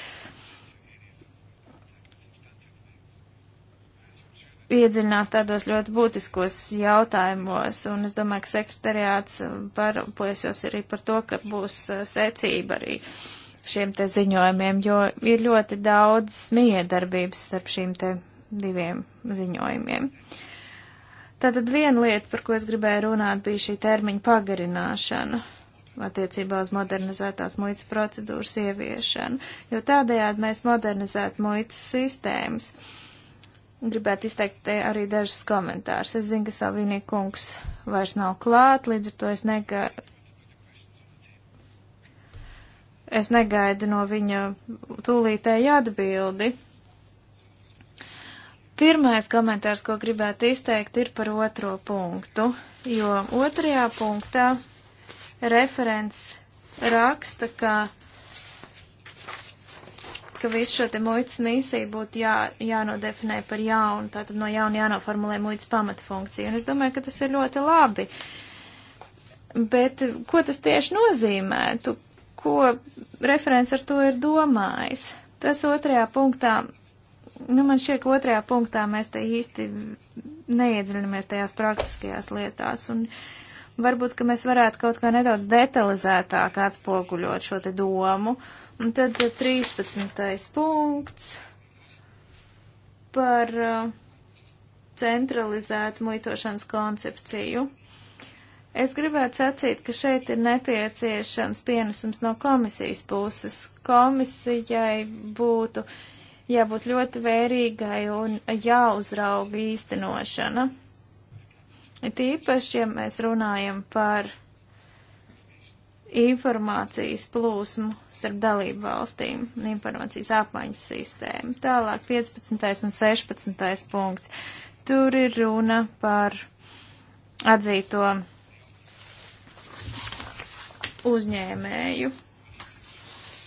Iedziļinās tādos ļoti būtiskos jautājumos, un es domāju, ka sekretariāts parūpēsies arī par to, ka būs uh, secība arī šiem te ziņojumiem, jo ir ļoti daudz miedarbības starp šīm te diviem ziņojumiem. Uh, Tātad viena lieta, par ko es gribēju runāt, bija šī termiņa pagarināšana attiecībā uz modernizētās muitas procedūras ieviešanu, jo tādējādi mēs modernizētu muitas sistēmas. Gribētu izteikt arī dažus komentārus. Es zinu, ka Savīnī kungs vairs nav klāt, līdz ar to es negaidu. Es negaidu no viņa tūlītēju atbildi. Pirmais komentārs, ko gribētu izteikt, ir par otro punktu, jo otrajā punktā referents raksta, ka, ka visu šo te muitas misiju būtu jā, jānodefinē par jaunu, tātad no jauna jānoformulē muitas pamatfunkcija. Un es domāju, ka tas ir ļoti labi. Bet ko tas tieši nozīmē? Tu, ko referents ar to ir domājis? Tas otrajā punktā Nu, man šķiet, ka otrajā punktā mēs te īsti neiedziļinamies tajās praktiskajās lietās, un varbūt, ka mēs varētu kaut kā nedaudz detalizētāk atspoguļot šo te domu. Un tad 13. Eh, punkts par eh, centralizētu muitošanas koncepciju. Es gribētu sacīt, ka šeit ir nepieciešams pienesums no komisijas puses. Komisijai būtu jābūt ļoti vērīgai un jāuzrauga īstenošana. Tīpaši, ja mēs runājam par informācijas plūsmu starp dalību valstīm, informācijas apmaiņas sistēmu. Tālāk 15. un 16. punkts. Tur ir runa par atzīto uzņēmēju.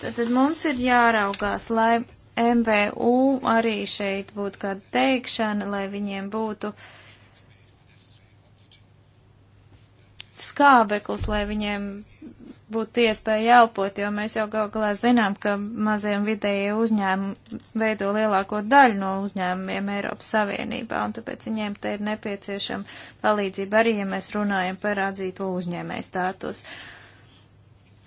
Tātad mums ir jāraugās, lai MVU arī šeit būtu kāda teikšana, lai viņiem būtu skābeklis, lai viņiem būtu iespēja elpot, jo mēs jau gal galā zinām, ka maziem vidējie uzņēmumi veido lielāko daļu no uzņēmumiem Eiropas Savienībā, un tāpēc viņiem te ir nepieciešama palīdzība arī, ja mēs runājam par atzīto uzņēmēju status.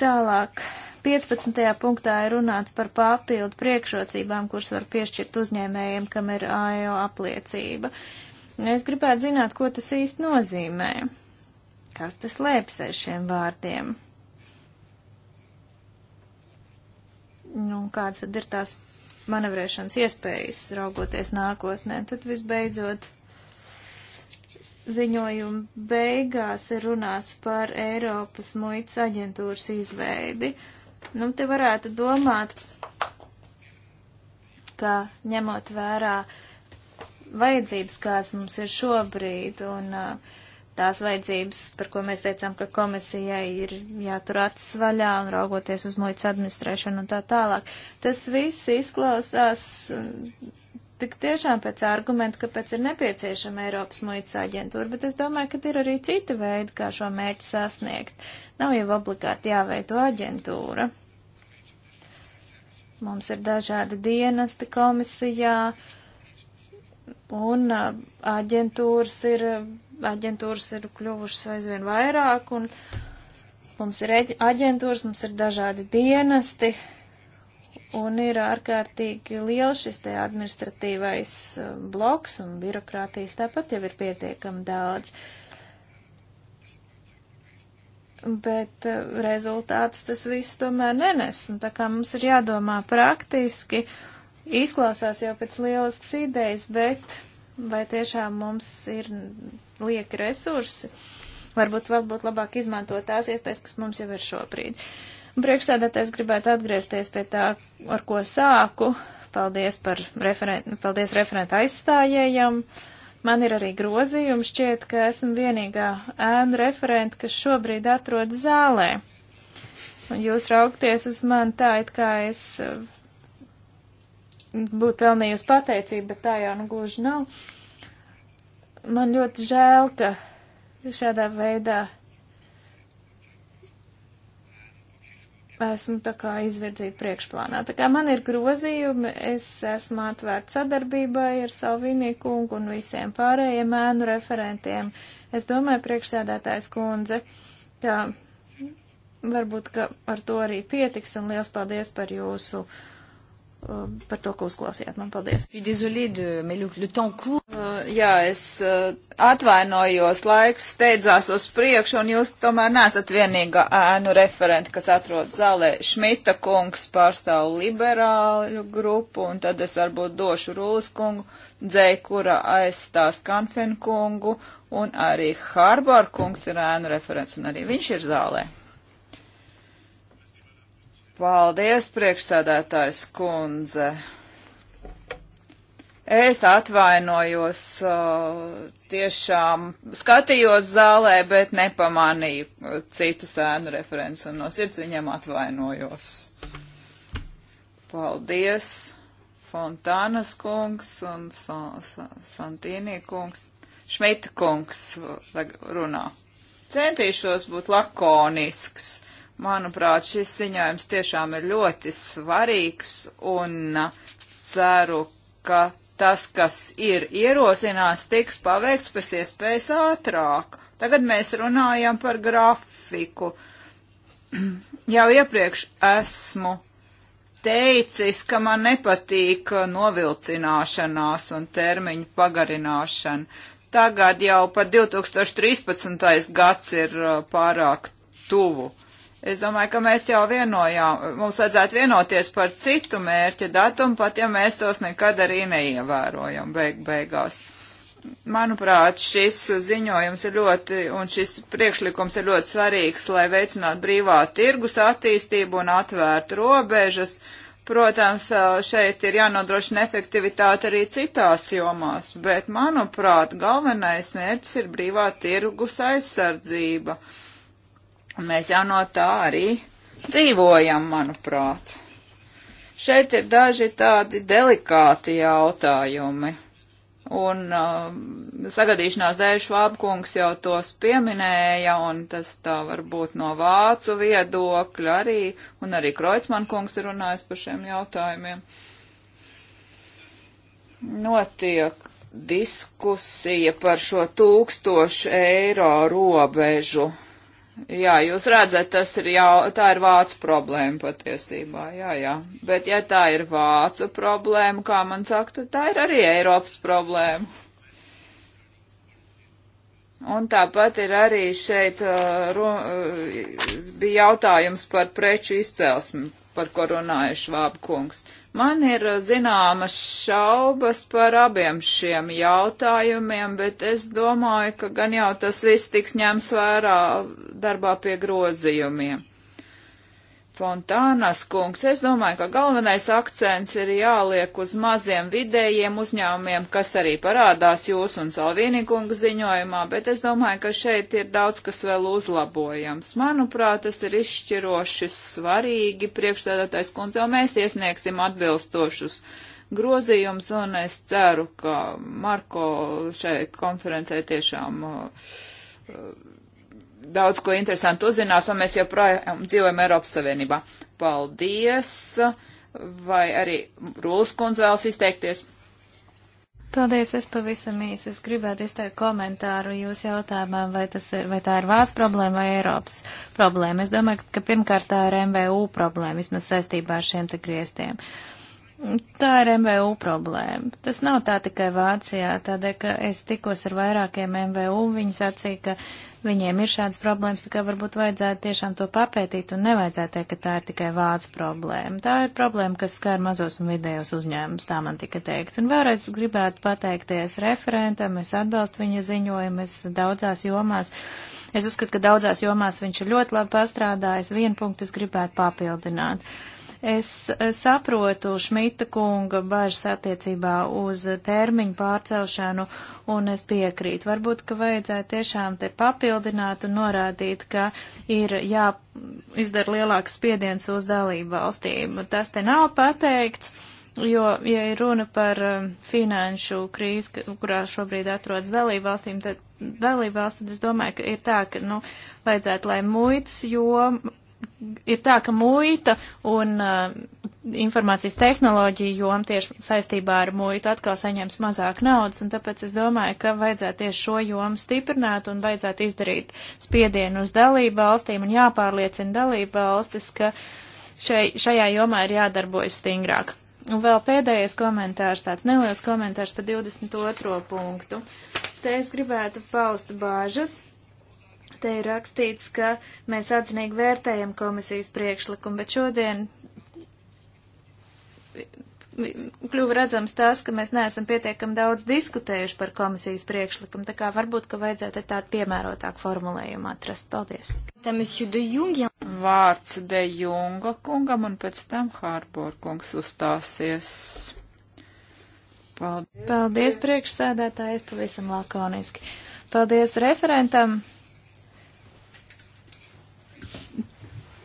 Tālāk 15. punktā ir runāts par papildu priekšrocībām, kuras var piešķirt uzņēmējiem, kam ir AEO apliecība. Es gribētu zināt, ko tas īsti nozīmē. Kas tas lēpjas aiz šiem vārdiem? Nu, kādas tad ir tās manevrēšanas iespējas, raugoties nākotnē? Tad visbeidzot ziņojuma beigās ir runāts par Eiropas muitas aģentūras izveidi. Uh, Nu, te varētu domāt, ka ņemot vērā vajadzības, kādas mums ir šobrīd, un uh, tās vajadzības, par ko mēs teicām, ka komisijai ir jātur acis vaļā un raugoties uz muitas administrēšanu un tā tālāk, tas viss izklausās tik tiešām pēc argumenta, ka pēc ir nepieciešama Eiropas muitas aģentūra, bet es domāju, ka ir arī citi veidi, kā šo mērķi sasniegt. Nav jau obligāti jāveido aģentūra. Mums ir dažādi dienesti komisijā, un uh, aģentūras ir, uh, aģentūras ir kļuvušas aizvien vairāk, un mums ir aģentūras, mums ir dažādi dienesti, Un ir ārkārtīgi liels šis te administratīvais uh, bloks un birokrātijas tāpat jau ir pietiekami daudz. Bet uh, rezultātus tas viss tomēr nenes. Un tā kā mums ir jādomā praktiski, izklausās jau pēc lielisks idejas, bet vai tiešām mums ir lieki resursi? Varbūt, varbūt labāk izmantot tās iespējas, kas mums jau ir šobrīd. Uh, Priekšsēdētājs gribētu atgriezties pie tā, ar ko sāku. Paldies, par referent, paldies referenta aizstājējam. Man ir arī grozījums, šķiet, ka esmu vienīgā ēnu referenta, kas šobrīd atrodas zālē. Un jūs raugties uz mani tā, it kā es eh, būtu pelnījusi pateicību, bet tā jau nu gluži nav. Man ļoti žēl, ka šādā veidā esmu tā kā izvirzīta priekšplānā. Tā kā man ir grozījumi, es esmu atvērta sadarbībai ar Salvinīku kungu un visiem pārējiem ēnu referentiem. Es domāju, priekšsēdētājs kundze, ka varbūt, ka ar to arī pietiks un liels paldies par jūsu uh, Um, par to, ko uzklausījāt. Man paldies. Uh, jā, es uh, atvainojos, laiks steidzās uz priekšu, un jūs tomēr nesat vienīgā ēnu referenta, kas atrodas zālē. Šmita kungs pārstāv liberāļu grupu, un tad es varbūt došu Rūlis kungu, dzēju, kura aizstās Kanfen kungu, un arī Harbor kungs ir ēnu referents, un arī viņš ir zālē. Paldies, priekšsēdētājs kundze. Es atvainojos, uh, tiešām skatījos zālē, bet nepamanīju uh, citu sēnu referenci un no sirds viņiem atvainojos. Paldies, Fontānas kungs un Santīnī kungs. Šmita kungs uh, runā. Centīšos būt lakonisks Manuprāt, šis ziņojums tiešām ir ļoti svarīgs un uh, ceru, ka tas, kas ir ierosināts, tiks paveikts pēc iespējas ātrāk. Tagad mēs runājam par grafiku. <clears throat> Jau iepriekš esmu teicis, ka man nepatīk uh, novilcināšanās un termiņu pagarināšana. Tagad jau pat 2013. gads ir uh, pārāk tuvu. Es domāju, ka mēs jau vienojām, mums vajadzētu vienoties par citu mērķa datumu, pat ja mēs tos nekad arī neievērojam beig beigās. Manuprāt, šis ziņojums ir ļoti, un šis priekšlikums ir ļoti svarīgs, lai veicinātu brīvā tirgus attīstību un atvērtu robežas. Protams, šeit ir jānodrošina efektivitāte arī citās jomās, bet, manuprāt, galvenais mērķis ir brīvā tirgus aizsardzība. Uh, Un mēs jau no tā arī dzīvojam, manuprāt. Šeit ir daži tādi delikāti jautājumi. Un uh, sagadīšanās dēļ Švābkungs jau tos pieminēja, un tas tā varbūt no vācu viedokļa arī, un arī Kreutzmann kungs ir runājis par šiem jautājumiem. Notiek diskusija par šo tūkstošu eiro robežu Jā, jūs redzat, tas ir jau, tā ir vācu problēma patiesībā, jā, jā. Bet ja tā ir vācu problēma, kā man saka, tad tā ir arī Eiropas problēma. Un tāpat ir arī šeit, uh, ru, uh, bija jautājums par preču izcelsmi, par ko runāja Švāba kungs. Uh, Man ir eh, zināmas šaubas par abiem šiem jautājumiem, bet es domāju, ka gan jau tas viss tiks ņems vērā darbā pie grozījumiem. Fontānas kungs, es domāju, ka galvenais akcents ir jāliek uz maziem vidējiem uzņēmumiem, kas arī parādās jūs un Salvīni kunga ziņojumā, bet es domāju, ka šeit ir daudz, kas vēl uzlabojams. Manuprāt, tas ir izšķiroši svarīgi. Priekšsēdētais kundze, jau mēs iesniegsim atbilstošus grozījumus, un es ceru, ka Marko šai konferencē tiešām. Uh, uh daudz ko interesantu uzzinās, un mēs joprojām dzīvojam Eiropas Savienībā. Paldies! Vai arī Rūlas kundze vēlas izteikties? Paldies, es pavisam īsi. Es gribētu izteikt komentāru jūs jautājumam, vai, tas ir, vai tā ir Vās problēma vai Eiropas problēma. Es domāju, ka pirmkārt tā ir MVU problēma, vismaz saistībā ar šiem te griestiem. Uh, Tā ir MVU problēma. Tas nav tā tikai Vācijā, tādēļ, ka es tikos ar vairākiem MVU, viņi sacīja, ka viņiem ir šādas problēmas, tā kā varbūt vajadzētu tiešām to papētīt un nevajadzētu teikt, ka tā ir tikai Vācu problēma. Tā ir problēma, kas skar mazos un vidējos uzņēmumus, tā man tika teikts. Un vēlreiz gribētu pateikties referentam, es atbalstu viņa ziņojumu, es daudzās jomās. Es uzskatu, ka daudzās jomās viņš ir ļoti labi pastrādājis, vienu punktu es gribētu papildināt. Uh, Es eh, saprotu Šmita kunga bažas attiecībā uz termiņu pārcelšanu, un es piekrītu. Varbūt, ka vajadzētu tiešām te papildināt un norādīt, ka ir jāizdara lielāks spiediens uz dalību valstīm. Tas te nav pateikts. Jo, ja ir runa par eh, finanšu krīzi, kurā šobrīd atrodas dalībvalstīm, tad dalībvalsts, tad es domāju, ka ir tā, ka, nu, vajadzētu, lai muitas joma ir tā, ka muita un uh, informācijas tehnoloģija joma tieši saistībā ar muitu atkal saņems mazāk naudas, un tāpēc es domāju, ka vajadzētu tieši šo jomu stiprināt un vajadzētu izdarīt spiedienu uz dalību valstīm un jāpārliecina dalību valstis, ka šai, šajā jomā ir jādarbojas stingrāk. Un vēl pēdējais komentārs, tāds neliels komentārs par 22. punktu. Te es gribētu paust bāžas, te ir rakstīts, ka mēs atzinīgi vērtējam komisijas priekšlikumu, bet šodien kļuva redzams tas, ka mēs neesam pietiekam daudz diskutējuši par komisijas priekšlikumu, tā kā varbūt, ka vajadzētu tādu piemērotāku formulējumu atrast. Paldies. Vārds de Junga kungam un pēc tam Hārbor kungs uzstāsies. Paldies. Paldies priekšsēdētājs pavisam lakoniski. Paldies referentam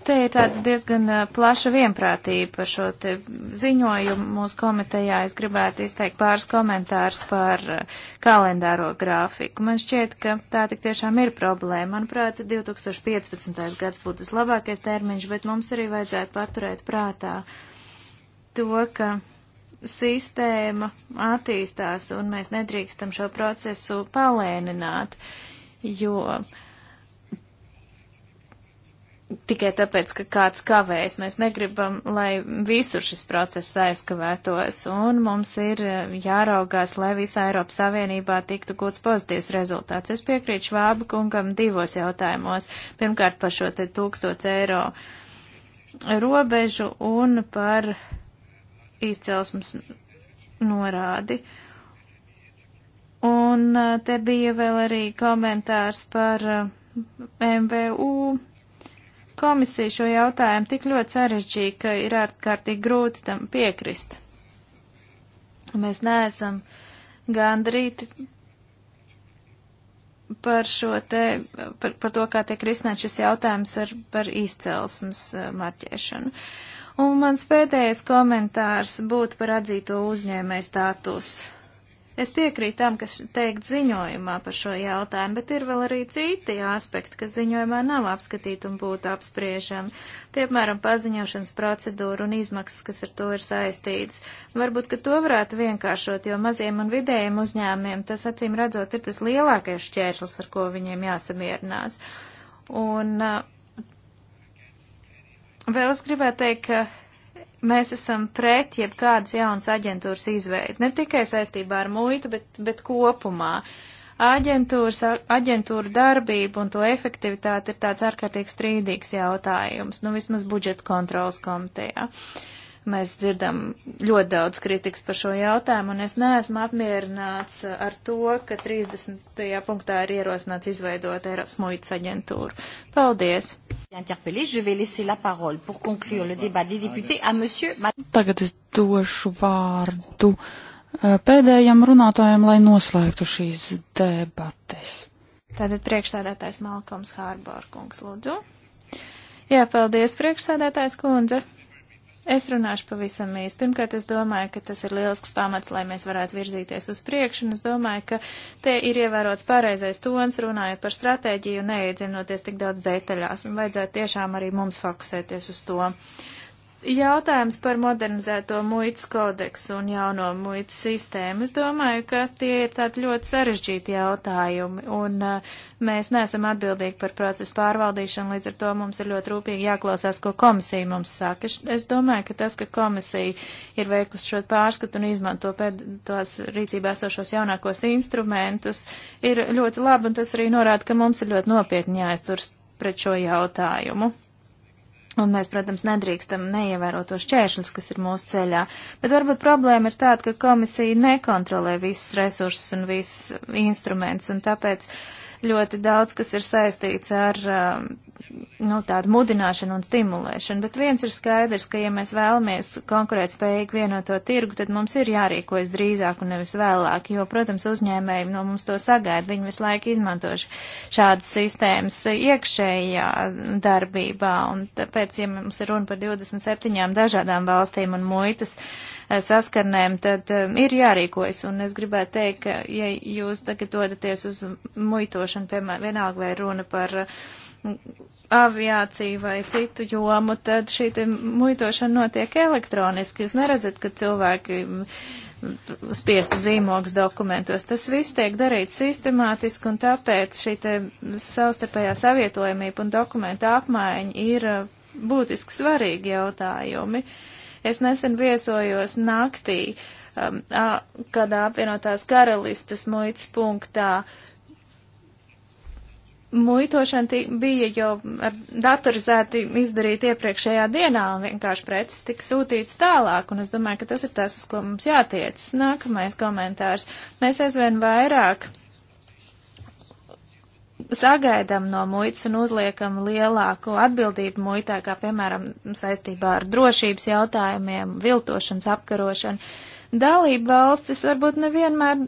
Te ir tāda diezgan plaša vienprātība par šo te ziņojumu mūsu komitejā. Es gribētu izteikt pāris komentārus par kalendāro grafiku. Man šķiet, ka tā tik tiešām ir problēma. Manuprāt, 2015. gads būtu tas labākais termiņš, bet mums arī vajadzētu paturēt prātā to, ka sistēma attīstās un mēs nedrīkstam šo procesu palēnināt, jo. Uh, tikai tāpēc, ka kāds kavējas. Mēs negribam, lai visur šis process aizkavētos, un mums ir e, jāraugās, lai visā Eiropas Savienībā tiktu gūts pozitīvs rezultāts. Es piekrītu Švāba kungam divos jautājumos. Pirmkārt par šo te tūkstots eiro robežu un par izcelsmes norādi. Un e, te bija vēl arī komentārs par e, MVU komisija šo jautājumu tik ļoti sarežģīja, ka ir ārkārtīgi grūti tam piekrist. Mēs neesam gandrīti par šo te, par, par to, kā tiek risināts šis jautājums ar, par izcelsmes eh, marķēšanu. Un mans pēdējais komentārs būtu par atzīto uzņēmēju statusu. Es piekrītu tam, kas teikt ziņojumā par šo jautājumu, bet ir vēl arī citi aspekti, kas ziņojumā nav apskatīti un būtu apspriežami. Tie, piemēram, paziņošanas procedūra un izmaksas, kas ar to ir saistītas. Varbūt, ka to varētu vienkāršot, jo maziem un vidējiem uzņēmiem tas acīm redzot ir tas lielākais šķērslis, ar ko viņiem jāsamierinās. Un uh, vēl es gribētu teikt, ka mēs esam pret jebkādas jaunas aģentūras izveidi, ne tikai saistībā ar muitu, bet, bet kopumā. Aģentūras, aģentūra darbība un to efektivitāte ir tāds ārkārtīgi strīdīgs jautājums, nu vismaz budžeta kontrolas komitejā. Uh, Mēs dzirdam ļoti daudz kritikas par šo jautājumu, un es neesmu apmierināts ar to, ka 30. punktā ir ierosināts izveidot Eiropas muitas aģentūru. Paldies! Tagad es došu vārdu eh, pēdējam runātājam, lai noslēgtu šīs debates. Tātad priekšsēdētājs Malkoms Hārbārkungs, lūdzu. Jā, paldies, priekšsēdētājs kundze. Es runāšu pavisam īsi. Pirmkārt, es domāju, ka tas ir lielisks pamats, lai mēs varētu virzīties uz priekšu, un es domāju, ka te ir ievērots pareizais tons, runājot par stratēģiju, neiedzinoties tik daudz detaļās, un vajadzētu tiešām arī mums fokusēties uz to. Uh, Jautājums par modernizēto muitas kodeksu un jauno muitas sistēmu. Es domāju, ka tie ir tādi ļoti sarežģīti jautājumi, un uh, mēs neesam atbildīgi par procesu pārvaldīšanu, līdz ar to mums ir ļoti rūpīgi jāklausās, ko komisija mums saka. Es domāju, ka tas, ka komisija ir veikusi šo pārskatu un izmanto pēdējos rīcībā esošos jaunākos instrumentus, ir ļoti labi, un tas arī norāda, ka mums ir ļoti nopietni jāiztur pret šo jautājumu. Un mēs, protams, nedrīkstam neievērot tos šķēršļus, kas ir mūsu ceļā. Bet varbūt problēma ir tāda, ka komisija nekontrolē visus resursus un visus instrumentus, un tāpēc ļoti daudz, kas ir saistīts ar uh, nu, tāda mudināšana un stimulēšana, bet viens ir skaidrs, ka ja mēs vēlamies konkurēt spējīgi vienoto tirgu, tad mums ir jārīkojas drīzāk un nevis vēlāk, jo, protams, uzņēmēji no mums to sagaida, viņi visu laiku izmantoši šādas sistēmas iekšējā darbībā, un tāpēc, ja mums ir runa par 27 dažādām valstīm un muitas eh, saskarnēm, tad eh, ir jārīkojas, un es gribētu teikt, ka, ja jūs tagad dodaties uz muitošanu, piemēram, vienalga vai runa par uh, aviāciju vai citu jomu, tad šī muitošana notiek elektroniski. Jūs neredzat, ka cilvēki spiestu zīmogs dokumentos. Tas viss tiek darīts sistemātiski, un tāpēc šī savstarpējā savietojamība un dokumentu apmaiņa ir uh, būtiski svarīgi jautājumi. Es nesen viesojos naktī, um, a, kādā apvienotās karalistas muitas punktā, uh, muitošana bija jau ar datorizēti izdarīta iepriekšējā dienā, un vienkārši preces tika sūtīts tālāk, un es domāju, ka tas ir tas, uz ko mums jātiec. Nākamais komentārs. Mēs aizvien vairāk sagaidām no muitas un uzliekam lielāku atbildību muitā, kā piemēram saistībā ar drošības jautājumiem, viltošanas apkarošanu. Uh, Dalība valstis varbūt nevienmēr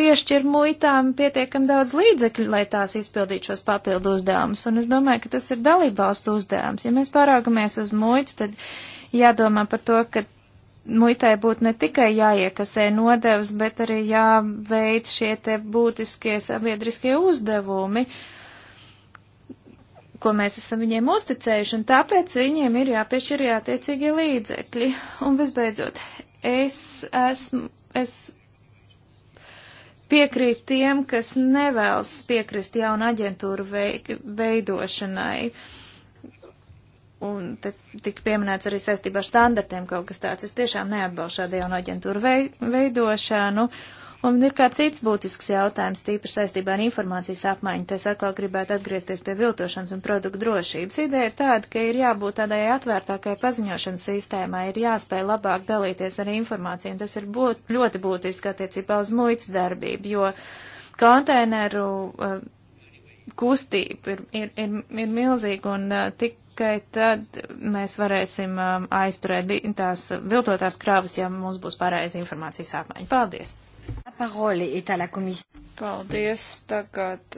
piešķir muitām pietiekam daudz līdzekļu, lai tās izpildītu šos papildu uzdevumus, un es domāju, ka tas ir dalība valstu uzdevums. Ja mēs pārākamies uz muitu, tad jādomā par to, ka muitai būtu ne tikai jāiekasē nodevs, bet arī jāveic šie te būtiskie sabiedriskie uzdevumi. Uh, ko mēs esam viņiem uzticējuši, un tāpēc viņiem ir jāpiešķir jātiecīgie līdzekļi. Un visbeidzot, es esmu, es piekrīt tiem, kas nevēlas piekrist jaunu aģentūru veidošanai. Un te tika pieminēts arī saistībā ar standartiem kaut kas tāds. Es tiešām neatbalstu šādu jaunu aģentūru veidošanu. Uh, Un ir kā cits būtisks jautājums, tīpaši saistībā ar informācijas apmaiņu. Es atkal gribētu atgriezties pie viltošanas un produktu drošības. Ideja ir tāda, ka ir jābūt tādai atvērtākai paziņošanas sistēmai, ir jāspēj labāk dalīties ar informāciju, un tas ir būt, ļoti būtiski attiecībā uz muitas darbību, jo konteineru uh, kustība ir, ir, ir, ir milzīga un uh, tikai tad mēs varēsim uh, aizturēt tās viltotās krāvas, ja mums būs pareizi informācijas apmaiņa. Paldies! Paldies. Tagad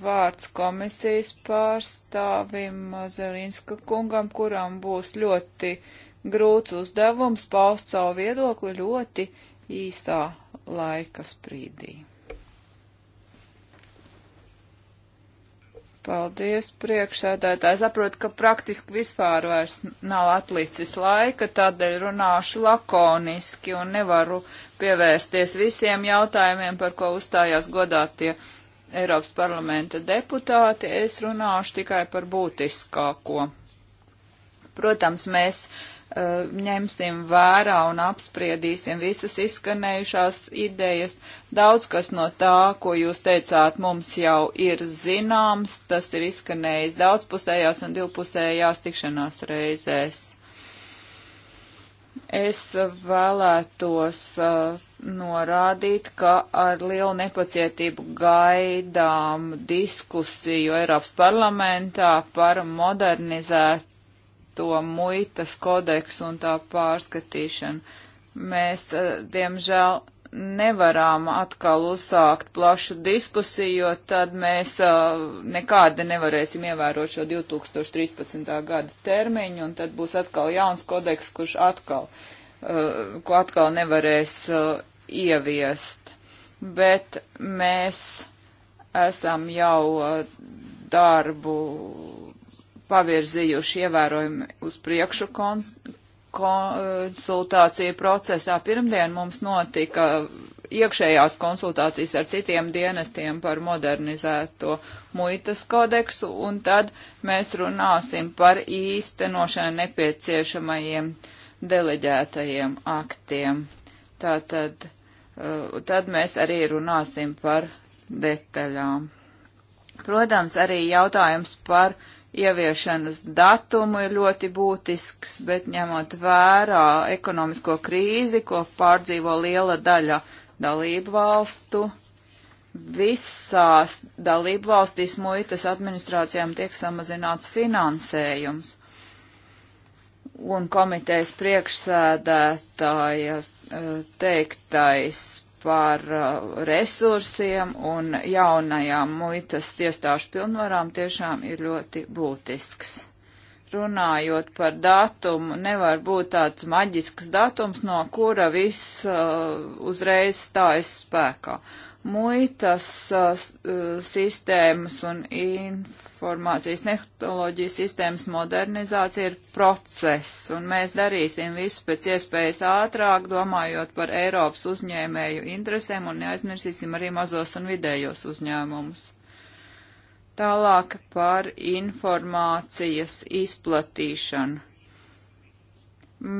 vārds komisijas pārstāvim Mazarinska kungam, kuram būs ļoti grūts uzdevums paust savu viedokli ļoti īsā laika sprīdī. Paldies, priekšsēdētāji. Saprotu, ka praktiski vispār vairs nav atlicis laika, tādēļ runāšu lakoniski un nevaru uh, pievērsties visiem jautājumiem, par ko uzstājās godātie Eiropas parlamenta deputāti. Es runāšu tikai par būtiskāko. Protams, mēs uh, ņemsim vērā un apspriedīsim visas izskanējušās idejas. Daudz kas no tā, ko jūs teicāt, mums jau ir zināms, tas ir izskanējis daudzpusējās un divpusējās tikšanās reizēs. Es vēlētos uh, norādīt, ka ar lielu nepacietību gaidām diskusiju Eiropas parlamentā par modernizēto muitas kodeksu un tā pārskatīšanu. Mēs, uh, diemžēl, nevaram atkal uzsākt plašu diskusiju, jo tad mēs nekādi nevarēsim ievērot šo 2013. gada termiņu, un tad būs atkal jauns kodeks, kurš atkal, ko atkal nevarēs ieviest. Bet mēs esam jau darbu pavirzījuši ievērojami uz priekšu konsultāciju procesā. Pirmdien mums notika iekšējās konsultācijas ar citiem dienestiem par modernizēto muitas kodeksu, un tad mēs runāsim par īstenošanai nepieciešamajiem deleģētajiem aktiem. Tātad, uh, tad mēs arī runāsim par detaļām. Protams, arī jautājums par uh, Ieviešanas datumu ir ļoti būtisks, bet ņemot vērā ekonomisko krīzi, ko pārdzīvo liela daļa dalību valstu, visās dalību valstīs muitas administrācijām tiek samazināts finansējums. Un komitejas priekšsēdētāja eh, teiktais par uh, resursiem un jaunajām muitas iestāžu pilnvarām tiešām ir ļoti būtisks. Runājot par datumu, nevar būt tāds maģisks datums, no kura viss uh, uzreiz stājas spēkā. Muitas uh, uh sistēmas un inf informācijas tehnoloģiju sistēmas modernizācija ir process, un mēs darīsim visu pēc iespējas ātrāk, domājot par Eiropas uzņēmēju interesēm, un neaizmirsīsim arī mazos un vidējos uzņēmumus. Tālāk par informācijas izplatīšanu.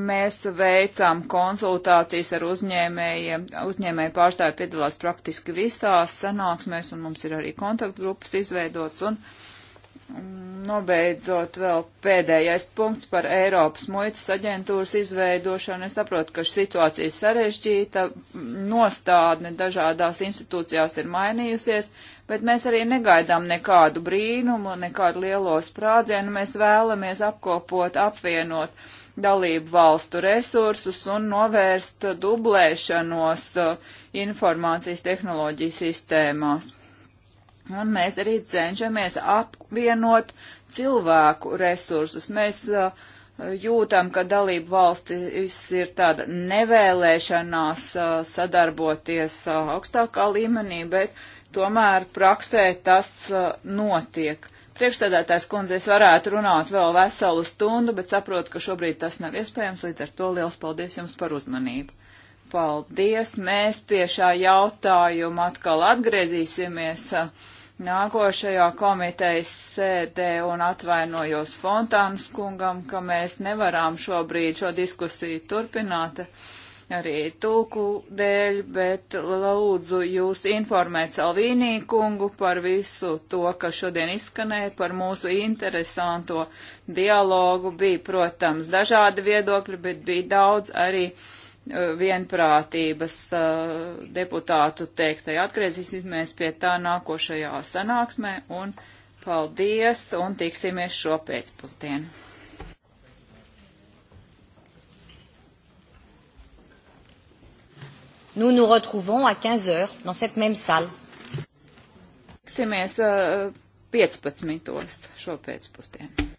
Mēs veicām konsultācijas ar uzņēmējiem. Uzņēmēji pārstāvi piedalās praktiski visās sanāksmēs, un mums ir arī kontaktgrupas izveidots. Un, uh, Nobeidzot, vēl pēdējais punkts par Eiropas muitas aģentūras izveidošanu. Es saprotu, ka situācija sarežģīta, nostādne dažādās institūcijās ir mainījusies, bet mēs arī negaidām nekādu brīnumu, nekādu lielo sprādzienu. Mēs vēlamies apkopot, apvienot dalību valstu resursus un novērst dublēšanos uh, informācijas tehnoloģiju sistēmās Un mēs arī cenšamies apvienot cilvēku resursus. Mēs uh, jūtam, ka dalību valstis ir tāda nevēlēšanās uh, sadarboties uh, augstākā līmenī, bet tomēr praksē tas uh, notiek. Priekšstādātājs kundze, es varētu runāt vēl veselu stundu, bet saprotu, ka šobrīd tas nav iespējams, līdz ar to liels paldies jums par uzmanību. Paldies, mēs pie šā jautājuma atkal atgriezīsimies. Uh, nākošajā komitejas sēdē un atvainojos Fontānas kungam, ka mēs nevaram šobrīd šo diskusiju turpināt arī tulku dēļ, bet lūdzu jūs informēt Salvīnī kungu par visu to, kas šodien izskanēja, par mūsu interesanto dialogu. Bija, protams, dažādi viedokļi, bet bija daudz arī Eh, vienprātības eh, deputātu teiktai. Atgriezīsimies pie tā nākošajā sanāksmē un paldies un tiksimies šo pēcpusdienu. Nous nous retrouvons à 15 heures dans cette même salle. Tiksimies uh, eh, 15. šopēcpusdienu.